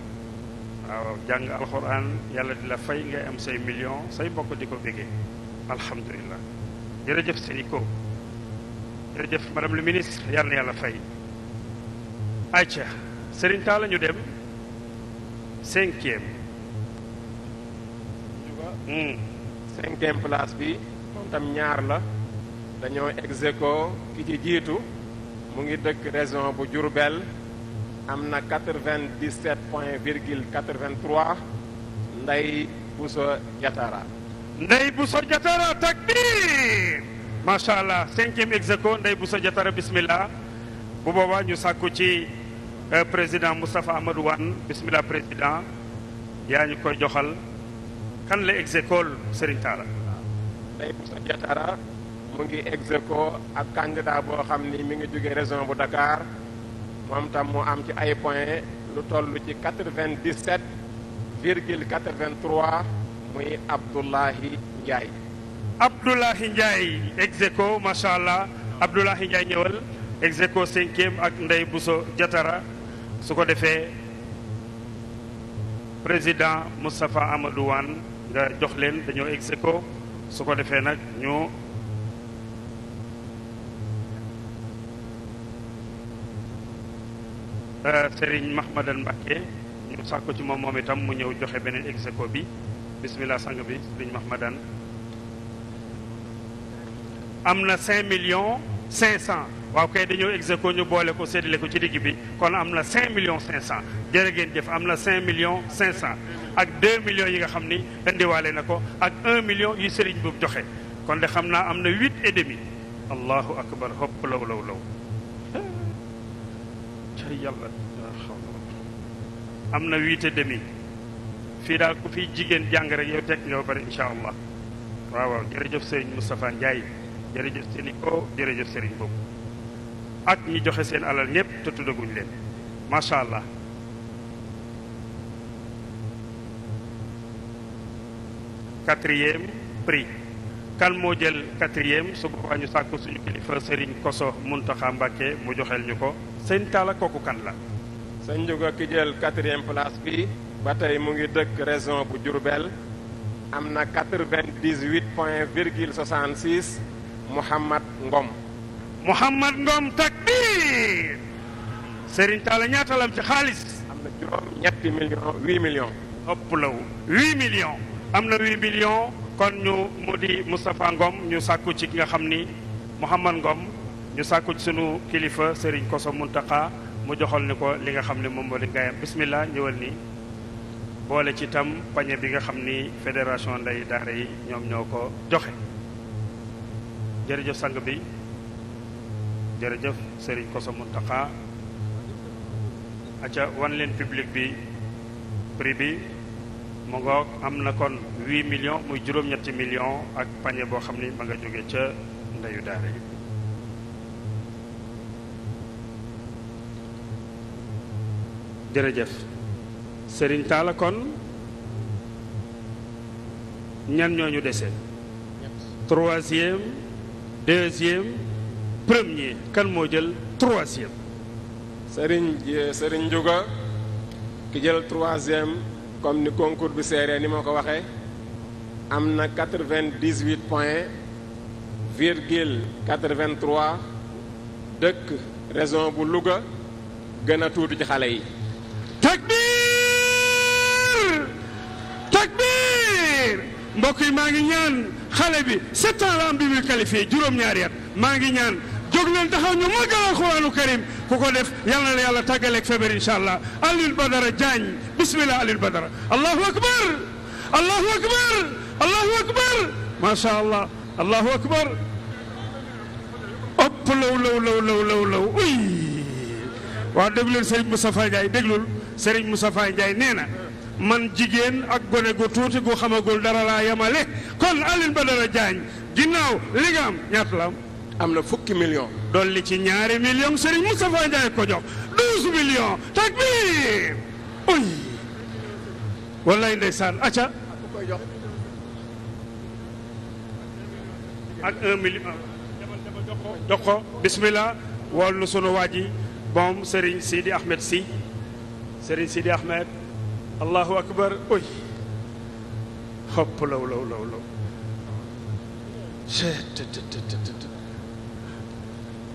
waaw jàng alxuraan yàlla di la fay ngay am say millions say bokk di ko bégee alhamdulilah jërëjëf Sénico jërëjëf madame le ministre yal na yàlla fay ayca Serigne Talla ñu dem cinquième hmm. cinquième place bi moom tam ñaar la dañoo ex aequo ki ci jiitu mu ngi dëkk région bu Diourbel am na 97 point virgule 83 Ndeye Bousso Diatara Ndeye Bousso macha allah cinquième ex aequo ndey bu sa jatara bismillah bu boobaa ñu sàkku ci euh, président Moustapha Amadou Wane bismillah président yaa ñu koy joxal kan la ex aequo Serigne bu sa jatara mu ngi ex ak candidat boo xam ni mi ngi jóge résion bu Dakar moom tam mu am ci ay point lu toll ci 97 virgule 83 muy Abdoulahi Ndiaye Abdoulahi Ndiaye ex aequo macha allah Abdoulahi Ndiaye ñëwal ex aequo cinquième ak Ndey Bousso Jatara su ko defee président Moustapha Amadou nga jox leen dañoo ex aequo su ko defee nag ñu euh, Serigne Mahmadan Mbacké ñu sàkku ci moom moom itam mu ñëw joxe beneen ex bi bismillah sang bi Serigne Mahmadan am na cinq millions cinq cent waaw kay dañoo exéco ñu boole ko séddale ko ci digg bi kon am na cinq millions cinq cent jërë ngeen jëf am na cinq millions cinq cent ak deux millions yi nga xam ni indiwaale na ko ak un million yu sëriñ bu joxe kon de xam naa am na huit et demi allahu akbar hopp law law law na huit et demi fii daal ku fi jigéen jàng rek yow teg ñoo bari incha allah waaw waaw jërëjëf sëriñ Moustapha Ndiaye jërëjëf jërëjëf sëriñ boobu ak ñi joxe seen alal ñëpp te tuddaguñ leen macha allah quatrième prix kan moo jël quatrième su boobaa ñu sàkku suñu kilifa sëriñ koso muntaxa mu joxeel ñu ko seen taala kooku kan la sëñ njóga ki jël quatrième place bi ba tey mu ngi dëkk région bu Diourbel am na quatre-vingt-dix-huit point virgule soixante Mouhamad Ngom. Mouhamad Ngom takbir. Serigne Talla ñaata la ci xaalis. am na juróom ñetti millions huit millions. ëpp la huit millions. am na huit millions kon ñu mu di Moustapha Ngom ñu sàkku ci ki nga xam ni Mouhamad Ngom ñu sàkku ci sunu kilifa Serigne Koso Muntaka mu joxal ni ko li nga xam ne moom moo di ngaayam bismillah ñëwal nii. boole ci itam pañe bi nga xam ni fédération ndey daara yi ñoom ñoo ko joxe. jërëjëf sang bi jërëjëf Serigne Kosso Mountakha aca wan leen public bi prix bi mu ngoog am na kon 8 millions muy juróom-ñetti millions ak pañe boo xam ni ma nga jóge ca ndeyu daara yi jërëjëf Serigne Talla kon ñan ñooñu dese troisième deuxième premier kan moo jël troisième Serigne Serigne Ndiouga ki jël troisième comme ni concours bi seeree ni ma ko waxee am na quatre-vingt-dix-huit points virgule dëkk région bu Louga gën a tuuti ci xale yi takbir takbir mbokk yi maa ngi ñaan xale bi sept ans la am bi muy qualifié juróom-ñaari at maa ngi ñaan jóg leen taxaw ñu màggal alxuraanu karim ku ko def yal na la yàlla tàggaleeg feebar incha allah Alioune Badara Diagne bismillah Alioune Badara allahu akbar allahu akbar allahu akbar macha allah allahu akbar ëpp law law law law law law uy waaw nee na man jigéen ak gone gu tuuti gu xamagul dara laa yemale kon Alioune Badara Diagne ginnaaw li nga am na fukki million dolli ci ñaari million Serigne Moustapha Ndiaye ko jox douze millions takbir oy wallaay ndeysaan acca ak million jox ko bismillah wàllu sunu waa ji moom Serigne Sidi Ahmed si Serigne Sidi Ahmed allahu akbar oy hopp law law law law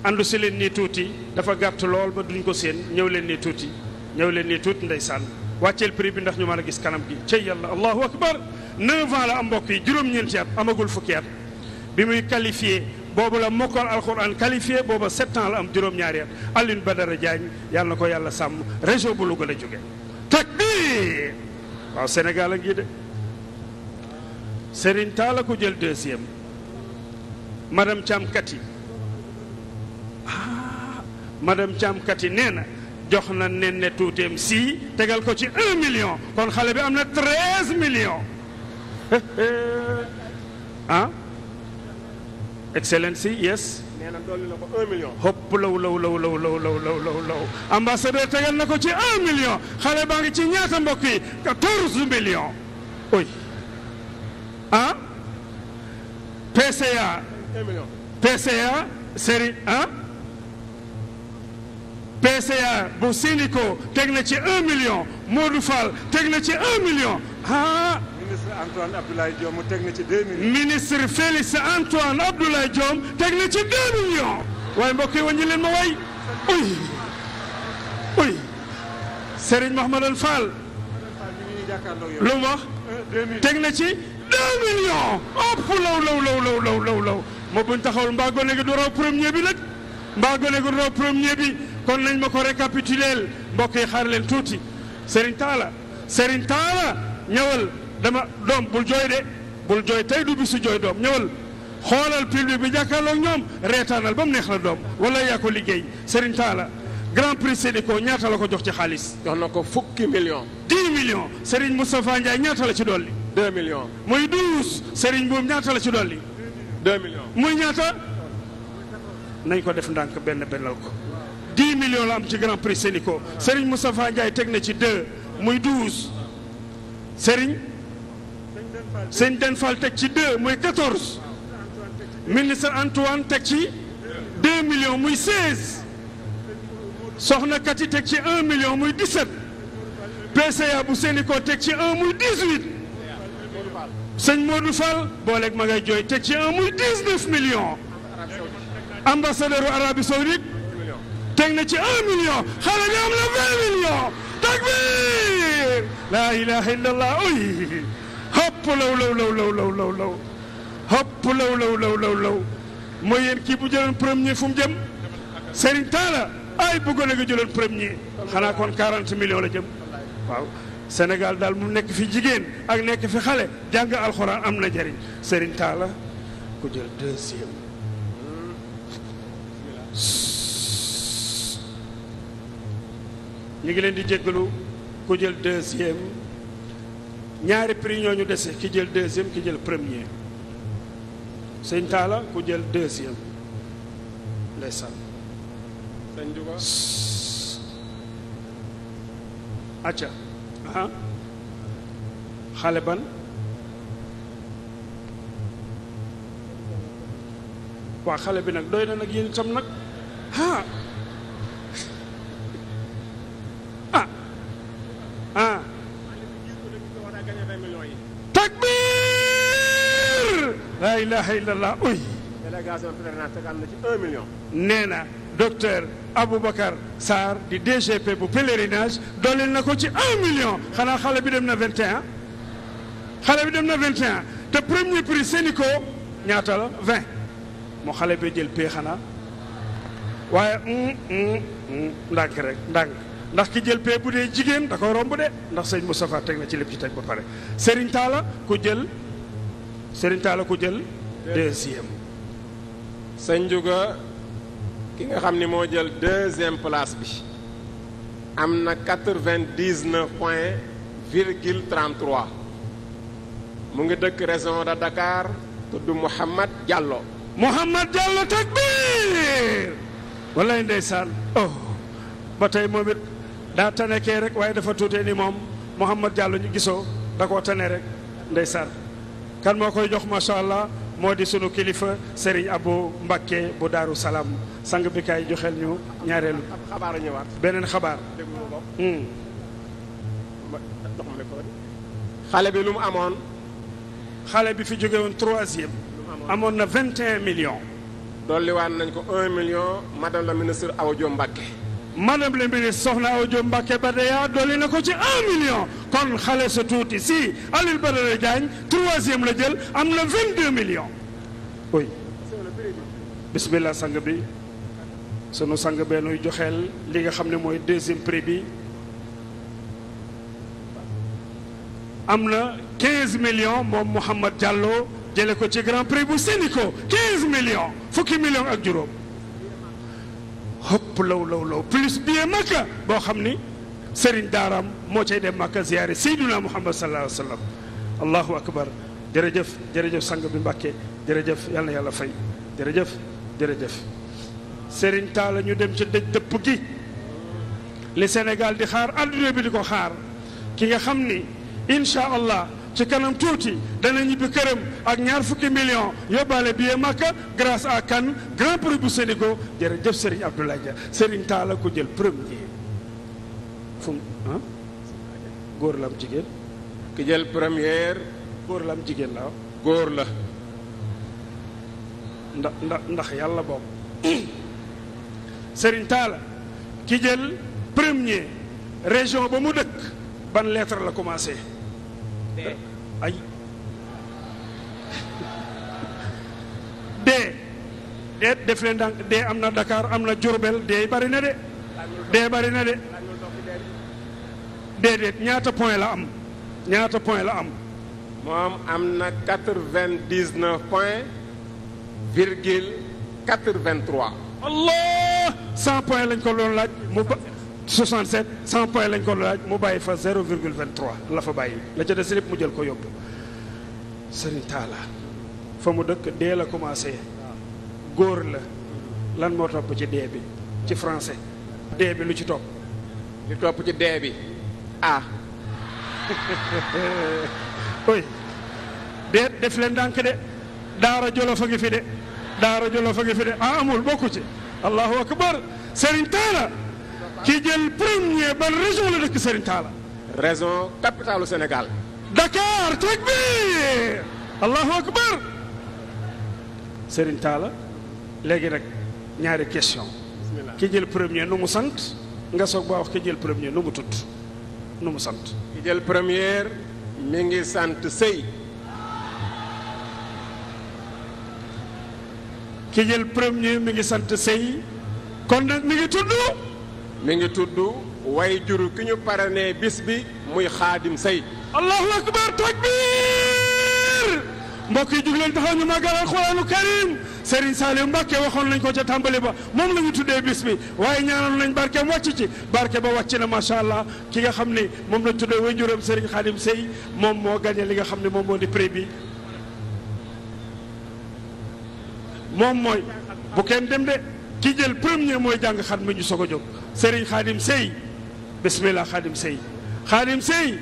andu si leen nii tuuti dafa gàtt lool ba duñ ko seen ñëw leen nii tuuti ñëw leen nii tuuti ndeysaan wàcceel prix bi ndax ñu man a gis kanam gi cey yàlla allahu akbar neuf la am mbokk yi juróom-ñeenti amagul fukki bi muy qualifié boobu la mokkool alxuraan qualifié booba sept la am juróom-ñaari at ba Badara Diagne yàlla na ko yàlla sàmm région bu Louga la jóge takbir waaw Sénégal a ngi de Serigne Talla ko jël deuxième madame Thiam Kati ah madame Thiam Kati na jox na nen ne tuuteem si tegal ko ci un million kon xale bi am na treize million <laughs> ah excellence yes nee na dolli na ko un million. hopp law law law tegal na ko ci un million xale baa ngi ci ñaata mbokk yi quatorze millions. oui ah PCA. un million PCA série ah. PCA bu Senico teg na ci un million Modou Fall teg na ci un million ah? ministre Antoine Abdoulaye Diome mu teg na ci deux millions. ministre Félix Antoine Abdoulaye Diome teg na ci deux millions. waaye mbokk yi wàññi leen ma waay. uy uy Serigne Mahmadal Fall. lu mu wax. teg na ci deux millions. ëpp law law law law law law ma buñ taxawal mbaa gone gi du raw premier bi nag. mbaa gi du raw premier bi kon nañ ma ko récapituleel mbokk yi xaar leen tuuti Serigne Talla Serigne Talla ñëwal. dama doom bul jooy de bul jooy tey du bisu jooy doom ñëwal xoolal public bi jàkkaarloog ñoom reetaanal ba mu neex la doom wala yaa ko liggéey Serigne Talla grand prix ko ñaata la ko jox ci xaalis. jox na ko fukki million. 10 million Serigne Moustapha Ndiaye ñaata la ci dolli. 2 millions. muy 12 Serigne boobu ñaata la ci dolli. 2 millions muy ñaata. nañ ko def ndànk benn ko. 10 millions la am ci grand prix Sédico Serigne Moustapha Ndiaye teg na ci 2 muy 12 Serigne. sëñ Den Fall teg ci deux muy quatorze ministre Antoine teg ci deux millions muy seize soxna Kati teg ci un muy dix-sept PCA bu Sénico teg ci un muy dix-huit sëñ Modou Fall booleeg ma jooy teg ci un muy dix-neuf millions ambassadeur u Arabie teg na ci un million xale vingt millions takbir la ilaha illallah hopp law law law law law law law hopp law law law mooy yéen kii bu jëloon premier fu jëm Serigne Talla ay bëggoon nga jëloon premier xanaa kon 40 la jëm waaw Sénégal daal mu nekk fi jigéen ak nekk fi xale jàng alxuraan am na jariñ Serigne Talla ku jël deuxième ñu ngi leen di jéggalu ku jël deuxième ñaari prix ñoo ñu dese ki jël deuxième ki jël premier sëñ Talla ku jël deuxième ndeysaan sëñ Juga acca ah xale ban waa xale bi nag doy na nag yéen itam nag ah ah ilaha illallah uy délégation présidente am na ci un million. nee na docteur Aboubacar Sarr di DGP bu pèlerinage dooleel na ko ci un million xanaa xale bi dem na 21 xale bi dem na 21 te premier prix Sénico ñaata la 20 moo xale bee jël pee xanaa waaye mm, mm, mm, ndànk rek ndànk ndax ki jël pee bu dee jigéen da ko romb de ndax sëñ Moustapha teg na ci lépp ci teg ba pare Serigne Talla ku jël. Serigne Talla ko jël deuxième Sëñ ki nga xam ni moo jël deuxième place bi am na quatre-vingt-dix-neuf point virgule mu ngi dëkk région de Dakar tudd Mouhamad Diallo Mouhamad Diallo takbir wallaay ndeysaan oh, ba tey moom it daa tane kee rek waaye dafa tuute ni moom Mouhamad jàllo ñu gisoo da koo tane rek ndeysaan kan moo koy jox macha allah moo di sunu kilifa Serigne abu Mbakke bu Daaru Salaam sang bi kaay joxel ñu ñaareelu. xabaar ñëwaat beneen xabaar. Hmm. xale bi lu mu amoon. xale bi fi jóge woon troisième. amoon na vingt et un millions. dolliwaan nañ ko un million madame la ministre Awa Diom madame le ministre soxna Awa Mbacké Badaya dolli na ko ci un million kon xale sa tuuti si Alioune Badara Diagne troisième la jël am na vingt deux millions oui bismillah sang bi sunu sang bee nuy joxeel li nga xam ne mooy deuxième prix bi am na quinze millions moom Mouhamed Diallo jële ko ci grand prix bu Sénico quinze millions fukki million ak juróom hopp law law law plus bien makka boo xam ni sëriñ daaraam moo cay dem makka ziyaare seyduna muhammad sallallahu alayhi wa sallam allahu akbar jërëjëf jërëjëf sang bi mbàkke jërëjëf yàlla yàlla fay jërëjëf jërëjëf sëriñ taala ñu dem ci dëj dëpp gi li sénégal di xaar adduna bi di ko xaar ki nga xam ni incha allah ci kanam tuuti dana ñibbi këram ak ñaar fukki million yóbbaale billet Makka grâce à Kane grand prix bu Sénégal jërëjëf Serigne Abdoulaye Dia Serigne Talla ko jël premier fu mu ah góor la am jigéen. jël première. góor la jigéen la ah? góor la. ndax ndax yàlla boobu <coughs> Serigne Talla ki jël premier région ba mu dëkk ban lettre la commencé. dee ay <laughs> dee dee def leen ndànk dee am na dakaar am na Diourbel dee bari na de dee bari na ñaata point la am ñaata point la am moom am na quatre-vingt-dix-neuf point virgule trois allah point lañ ko doon laaj mu ba 67 cent point lañ ko laaj mu bàyyi fa 0,23 la fa bàyyi la ca des lépp mu jël ko yóbbu Serigne Talla fa mu dëkk dee la commencé góor la lan moo topp ci dee bi ci français dee bi lu ci topp. lu topp ci dee bi ah. <laughs> oy dee def leen ndànk de Daara Jolof a ngi fi de Daara Jolof a ngi fi de ah amul bokku ci allahu akbar Serigne Talla. ki jël premier ban région la dëkk Serigne Talla. région capitalu Sénégal. Dakar takbir allahu akbar Serigne Talla léegi nag ñaari question ki jël premier nu mu sant nga soog baa ki jël premier nu mu tudd nu mu sant. ki jël premier mi ngi sant Sey. ki mi ngi sant Sey kon nag mi ngi tudd. mi ngi tudd way juru ki ñu ne bis bi muy xaadim say allahu akbar takbir mbokk yi jug leen taxaw ñu màggal alxuraanu karim Serigne Saliou Mbacke waxoon nañ ko ca tàmbali ba moom la ñu tuddee bis bi waaye ñaanal nañ barkeem wàcc ci barke ba wàcc na macha allah ki nga xam ne moom lañ tuddee way juróom Serigne Xaadim Sey moom moo gagné li nga xam ne moom moo di prix bi moom mooy bu kenn dem de ki jël premier mooy jàng xat ma ñu soog a jóg sëriñ xaadim sëy bismillah xaadim sëy xaadim sëy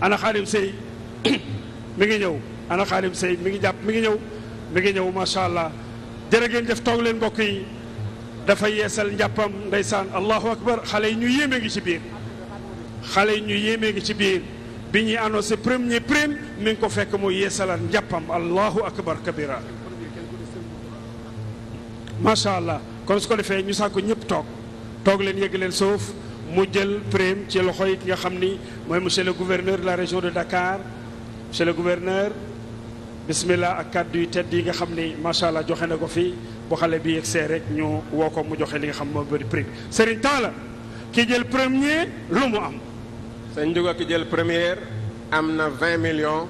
ana xaadim sëy <coughs> mi ngi ñëw ana xaadim sëy mi ngi jàpp mi ngi ñëw mi ngi ñëw macha allah jërë ngeen def toog leen mbokk yi dafa yeesal njàppam ndeysaan allahu akbar xale yi ñu yéemee ngi ci biir xale yi ñu yéemee ngi ci biir bi ñuy annoncé premier prime mi ngi ko fekk mu yeesalaat njàppam allahu akbar kabira macha allah kon su ko defee ñu sàkku ñëpp toog toog leen yëg leen suuf mu jël prime ci loxo yi ki nga xam ni mooy monsieur le gouverneur de la région de Dakar monsieur le gouverneur bismillah ak kàddu yu tedd yi nga xam ni macha allah joxe na ko fi bu xale bi yegsee rek ñu woo ko mu joxe li nga xam moo bëri prime Serigne Talla ki jël premier lu mu am. sëñ Ndiouga ki jël première am na 20 millions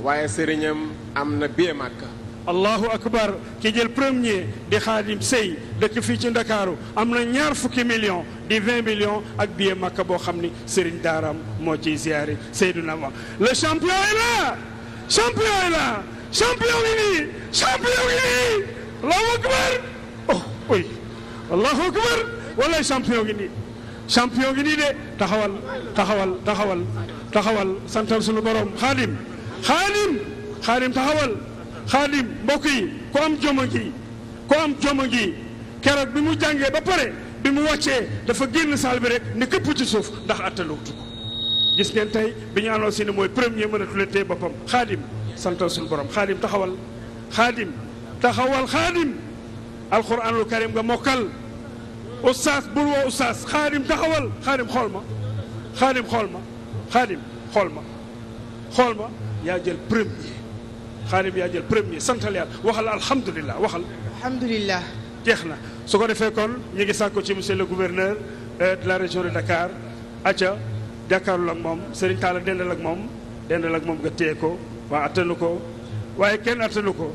waaye sëriñam am na billet Makka allahu akbar ki jël premier di xaadim sëy dëkk fii ci ndakaaru am na ñaar fukki million di 20 millions ak billet makka boo xam ni sëriñ daaram moo ciy ziyaari seyduna ma le champion est là champion est là champion ngi nii champion ngi nii allahu akbar oh oui allahu akbar wala champion ngi nii champion ngi nii de taxawal taxawal taxawal taxawal santal sunu borom xaadim xaadim taxawal xaadim mbokk yi ku am joma ngi ku am joma ngi keroog bi mu jàngee ba pare bi mu wàccee dafa génn saal bi rek ne këpp ci suuf ndax attalawtu ko gis ngeen tey bi ñu annoncé ne mooy premier mënatu la tey boppam xaadim santal suñu borom xaadim taxawal xaadim taxawal xaadim alquranul karim nga mokkal ustaas bul woo ustaas xaadim taxawal xaadim xool ma xaadim xool ma xaadim xool ma xool ma yaa jël premier xaadim yaa jël premier santal yàlla waxal alhamdulilah waxal. alhamdulilah. jeex na su ko defee kon ñu ngi sàkku ci monsieur le gouverneur euh, de la région de Dakar aca jàkkaarloo ak moom Serigne Talla dendal ak moom dendal ak moom nga téye ko waa attanu ko waaye kenn attanu ko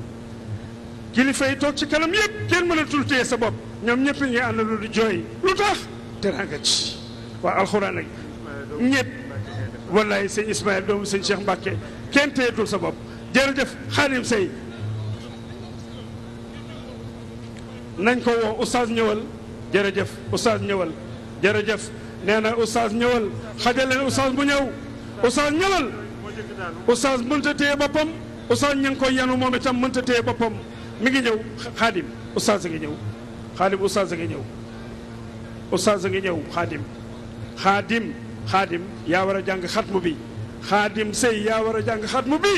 kilifa yi toog ci kanam yëpp kenn mënatul téye sa bopp ñoom ñëpp na àndandoo di jooy lu tax teraanga ci waa alxuraan ak ñëpp wallaay sëñ Ismaël doomu sëñ Cheikh Mbacke kenn téyetul sa bopp. jërëjëf Xaadim Sey nañ ko woo oustaz ñëwal jërëjëf oustaz ñëwal jërëjëf nee na oustaz ñëwal xajal leen oustaz bu ñëw oustaz ñëwal oustaz mënta téye boppam oustaz ña ngi koy yanu moom itam mënta téye boppam mi ngi ñëw xaadim oustaz a ngi ñëw xaadim oustaz a ngi ñëw oustaz a ñëw xaadim xaadim xaadim yaa war a jàng xatmu bi xaadim sëy yaa war a jàng xatmu bi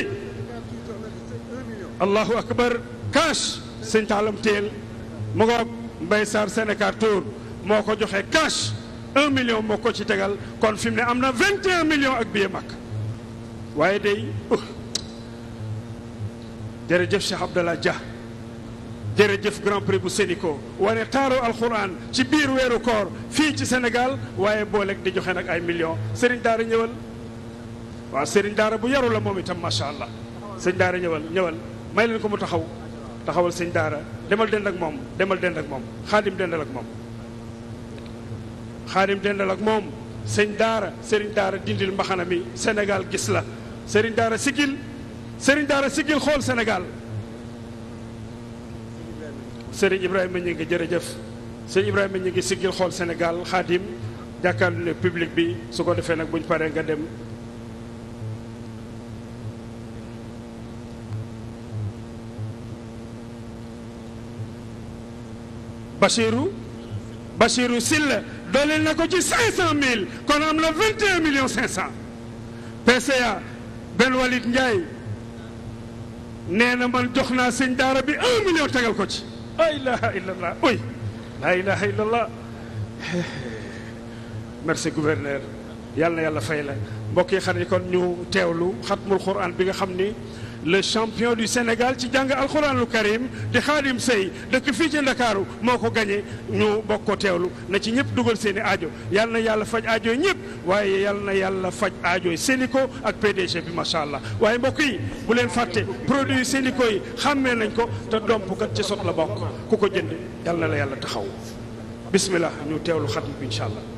allahu akbar cash sëñ taalam teel mu ngoog Mbaye Sarr Sénégal moo ko joxe cash un million moo ko ci tegal kon fi ne am na vingt et un millions ak billet mag waaye day uh. jërëjëf Cheikh Abdallah Dia jërëjëf Grand Prix bu Sénico wane taaru alxuraan ci biir weeru koor fii ci Sénégal waaye booleeg di joxe nag ay millions Serigne Daara ñëwal waaw Serigne Daara bu yaru la moom itam macha allah Serigne Daara ñëwal ñëwal. may leen ko mu taxaw taxawal sëñ daara demal dend ak moom demal dend ak moom xaadim dendal ak moom xaadim dendal moom sëñ daara sëriñ daara dindil mbaxana mi senegal gis la sëriñ daara sigil sëriñ daara sigil xool senegal sëriñ Ibrahima ñu ngi jërëjëf sëriñ Ibrahima ñu ngi sigil xool Sénégal xaadim jàkkaarlu ne public bi su ko defee nag buñ paree nga dem Bachirou Bachirou Silla dooleel na ko ci cinq mille kon am na vingt et cinq cent PCA Ben Walid Ndiaye nee na man jox naa sëñ daara bi un million tegal ko ci la ilaha illallah oy la ilaha illallah merci gouverneur yàlla na yàlla fay la mbokk yi xar yi kon ñu teewlu xatmul quran bi nga xam ni le champion du Sénégal ci jàng alxuraanul karim di xaadim sey dëkk fii ci ndakaaru moo ko gañe ñu bokk ko teewlu na ci ñëpp dugal seeni ajo aajo yal na yàlla faj ajo yi ñëpp waaye yal na yàlla faj aajo yi Sénico ak PDG bi macha allah waaye mbokk yi bu leen fàtte produit Sénico yi xàmmee nañ ko te kat ci sot la bokk ku ko jënd yal na la yàlla taxaw bismillah ñu teewlu xatm bi incha allah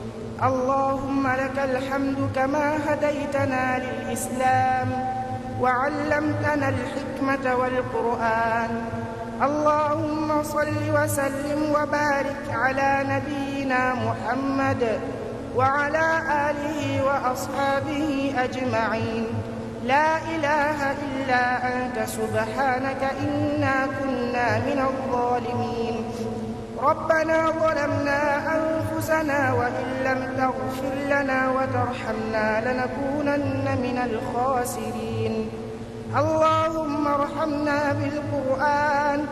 اللهم لك الحمد كما هديتنا للإسلام وعلمتنا الحكمة والقرآن اللهم صل وسلم وبارك على نبينا محمد وعلى آله وأصحابه أجمعين لا إله إلا أنت سبحانك إنا كنا من الظالمين ربنا ظلمنا أنفسنا وإن لم تغفر لنا وترحمنا لنكونن من الخاسرين اللهم ارحمنا بالقرآن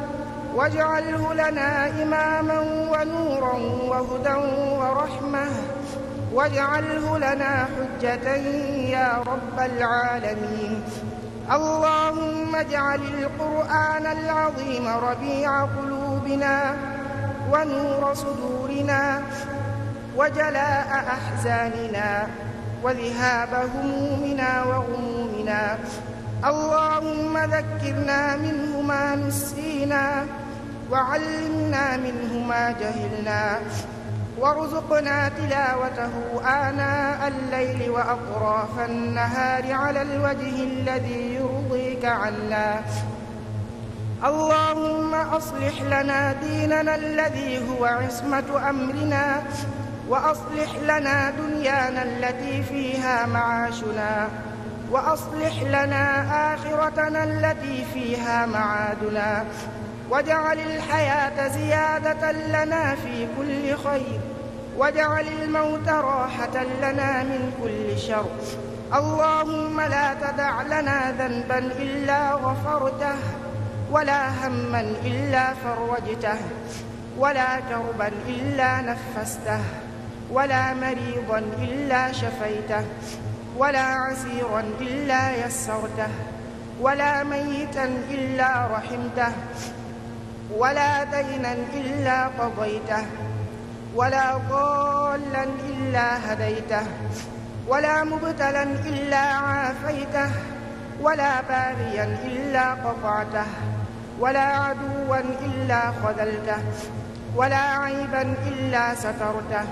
واجعله لنا إماما ونورا وهدى ورحمة واجعله لنا حجة يا رب العالمين اللهم اجعل القرآن العظيم ربيع قلوبنا ونور صدورنا وجلاء أحزاننا وذهاب همومنا وغمومنا اللهم ذكرنا منه ما نسينا وعلمنا منه ما جهلنا وارزقنا تلاوته آناء الليل وأطراف النهار على الوجه الذي يرضيك عنا اللهم أصلح لنا ديننا الذي هو عصمة أمرنا وأصلح لنا دنيانا التي فيها معاشنا وأصلح لنا آخرتنا التي فيها معادنا واجعل الحياة زيادة لنا في كل خير واجعل الموت راحة لنا من كل شر اللهم لا تدع لنا ذنبا إلا غفرته ولا هما إلا فرجته ولا كربا إلا نفسته ولا مريضا إلا شفيته ولا عسيرا إلا يسرته ولا ميتا إلا رحمته ولا دينا إلا قضيته ولا ضالا إلا هديته ولا مبتلا إلا عافيته ولا باريا إلا قطعته ولا عدوا إلا خذلته ولا عيبا إلا سترته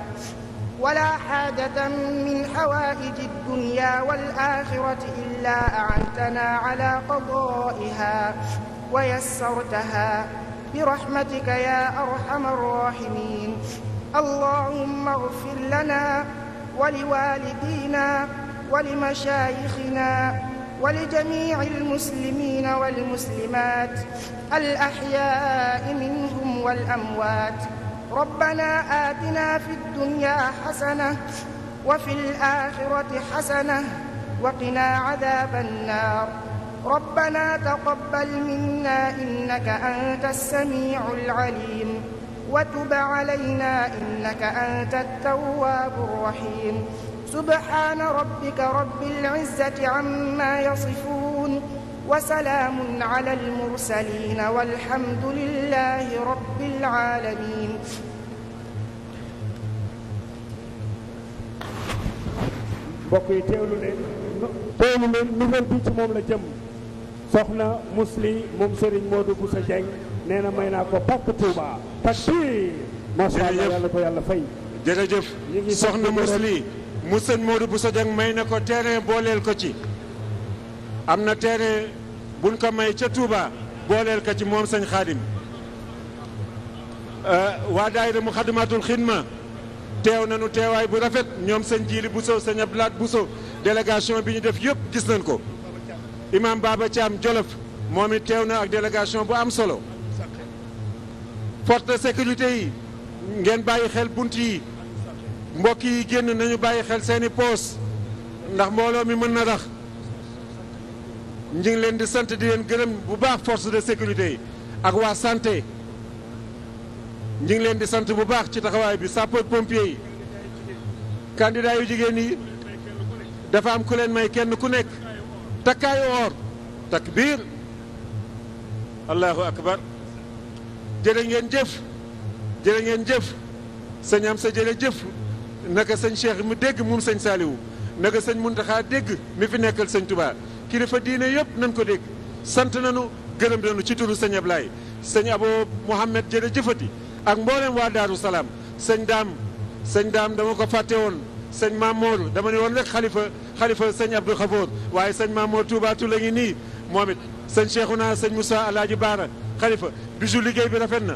ولا حاجة من حوائج الدنيا والآخرة إلا أعنتنا على قضائها ويسرتها برحمتك يا أرحم الراحمين اللهم اغفر لنا ولوالدينا ولمشايخنا ولجميع المسلمين والمسلمات الأحياء منهم والأموات ربنا آتنا في الدنيا حسنة وفي الآخرة حسنة وقنا عذاب النار ربنا تقبل منا إنك أنت السميع العليم وتب علينا إنك أنت التواب الرحيم سبحان ربك رب العزة عما يصفون وسلام على المرسلين والحمد لله رب العالمين mbokk yi teewlu leen teewlu leen nouvelle bi ci moom la jëm soxna Musli moom Serigne Modou Boussa Dieng nee na may naa ko pàkk Touba takbir macha Allah yàlla ko yàlla fay jërëjëf soxna Musli seen Modou bu Dieng may na ko terrain booleel ko ci am na terrain buñ ko may ca Touba booleel ko ci moom sëñ Xaadim euh, waa daayira mu xadimaatul xidma teew na nañu teewaay bu rafet ñoom sëñ Jiili Bousso sëñ Abdoulaat Bousso délégation bi ñu def yëpp gis nañ ko imam Baba Thiam Jolof moom it teew na ak délégation bu am solo force sécurité yi ngeen bàyyi xel bunt yi mbokk yi génn nañu bàyyi xel seeni poos ndax mbooloo mi mën na rax ñu leen di sant di leen gërëm bu baax force de sécurité yi ak waa santé ñu leen di sant bu baax ci taxawaay bi sapeur pompier yi candidat jigéen yi dafa am ku leen may kenn ku nekk takkaayu or takbir allahu akbar jërë ngeen jëf jërë ngeen jëf sañam sa jërë jëf naka sëñ Cheikh mi dégg moom sëñ Saliou naka sëñ Muntaxa dégg mi fi nekkal sëñ Touba kilifa diine yëpp nañ ko dégg sant nañu gërëm nañu ci turu sëñ Ablaye sëñ Abo Mouhamed jërëjëfati ak mboolem waa Daaru Salaam sëñ Daam sëñ Daam dama ko fàtte woon sëñ Mamour dama ne woon rek xalifa xalifa sëñ Abdou Khafour waaye sëñ Mamour Touba tu nii moom it sëñ naa sëñ Moussa Alaaji Baara xalifa bisu liggéey bi rafet na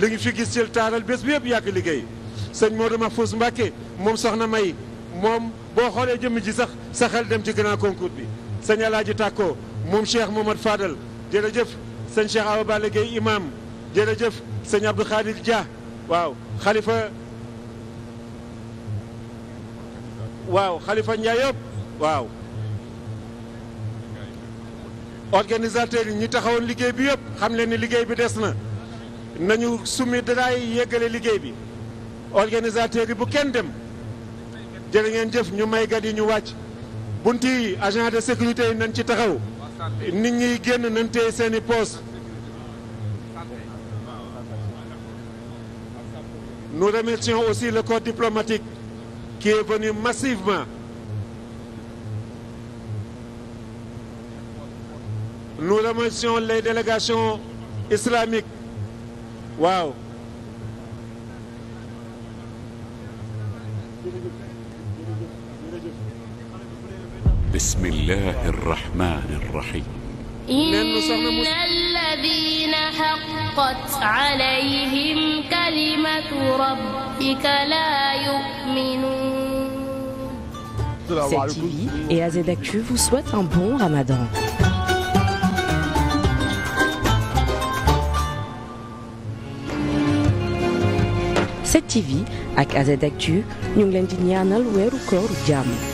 li ngi fi gis ci taaral bés bi yëpp yàgg liggéey sëñ Modou Mahfouz Mbacké moom soxna May moom boo xoolee jëmm ji sax sa xel dem ci grand concours bi sëñ Alaaji Tàkko moom Cheikh Mohamad Fadal jërëjëf sëñ Cheikh Awa Balla Gueye imam jërëjëf sëñ Abdou Khadir Dia waaw xalifa waaw xalifa Ndiaye yëpp waaw organisateurs yi ñi taxawoon liggéey bi yëpp xam leen ni liggéey bi des na nañu summi daraay yeggale liggéey bi organisateur yi bu kenn dem jërë ngeen jëf ñu maygat yi ñu wàcc bunt yi agent de sécurité yi nañ ci taxaw nit ñiy génn nañ téye seeni poste Nous remercions aussi le corps diplomatique qui est venu massivement. Nous remercions les délégations islamiques. waaw بسم الله الرحمن الرحيم إن الذين حقت عليهم كلمة ربك لا يؤمنون Cette TV et AZ Actu vous souhaitent un bon ramadan. Cette TV ak AZ Actu ñu ngi leen di ñaanal weeru koor jàmm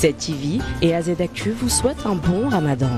Cette TV et AZ Actu vous souhaitent un bon ramadan.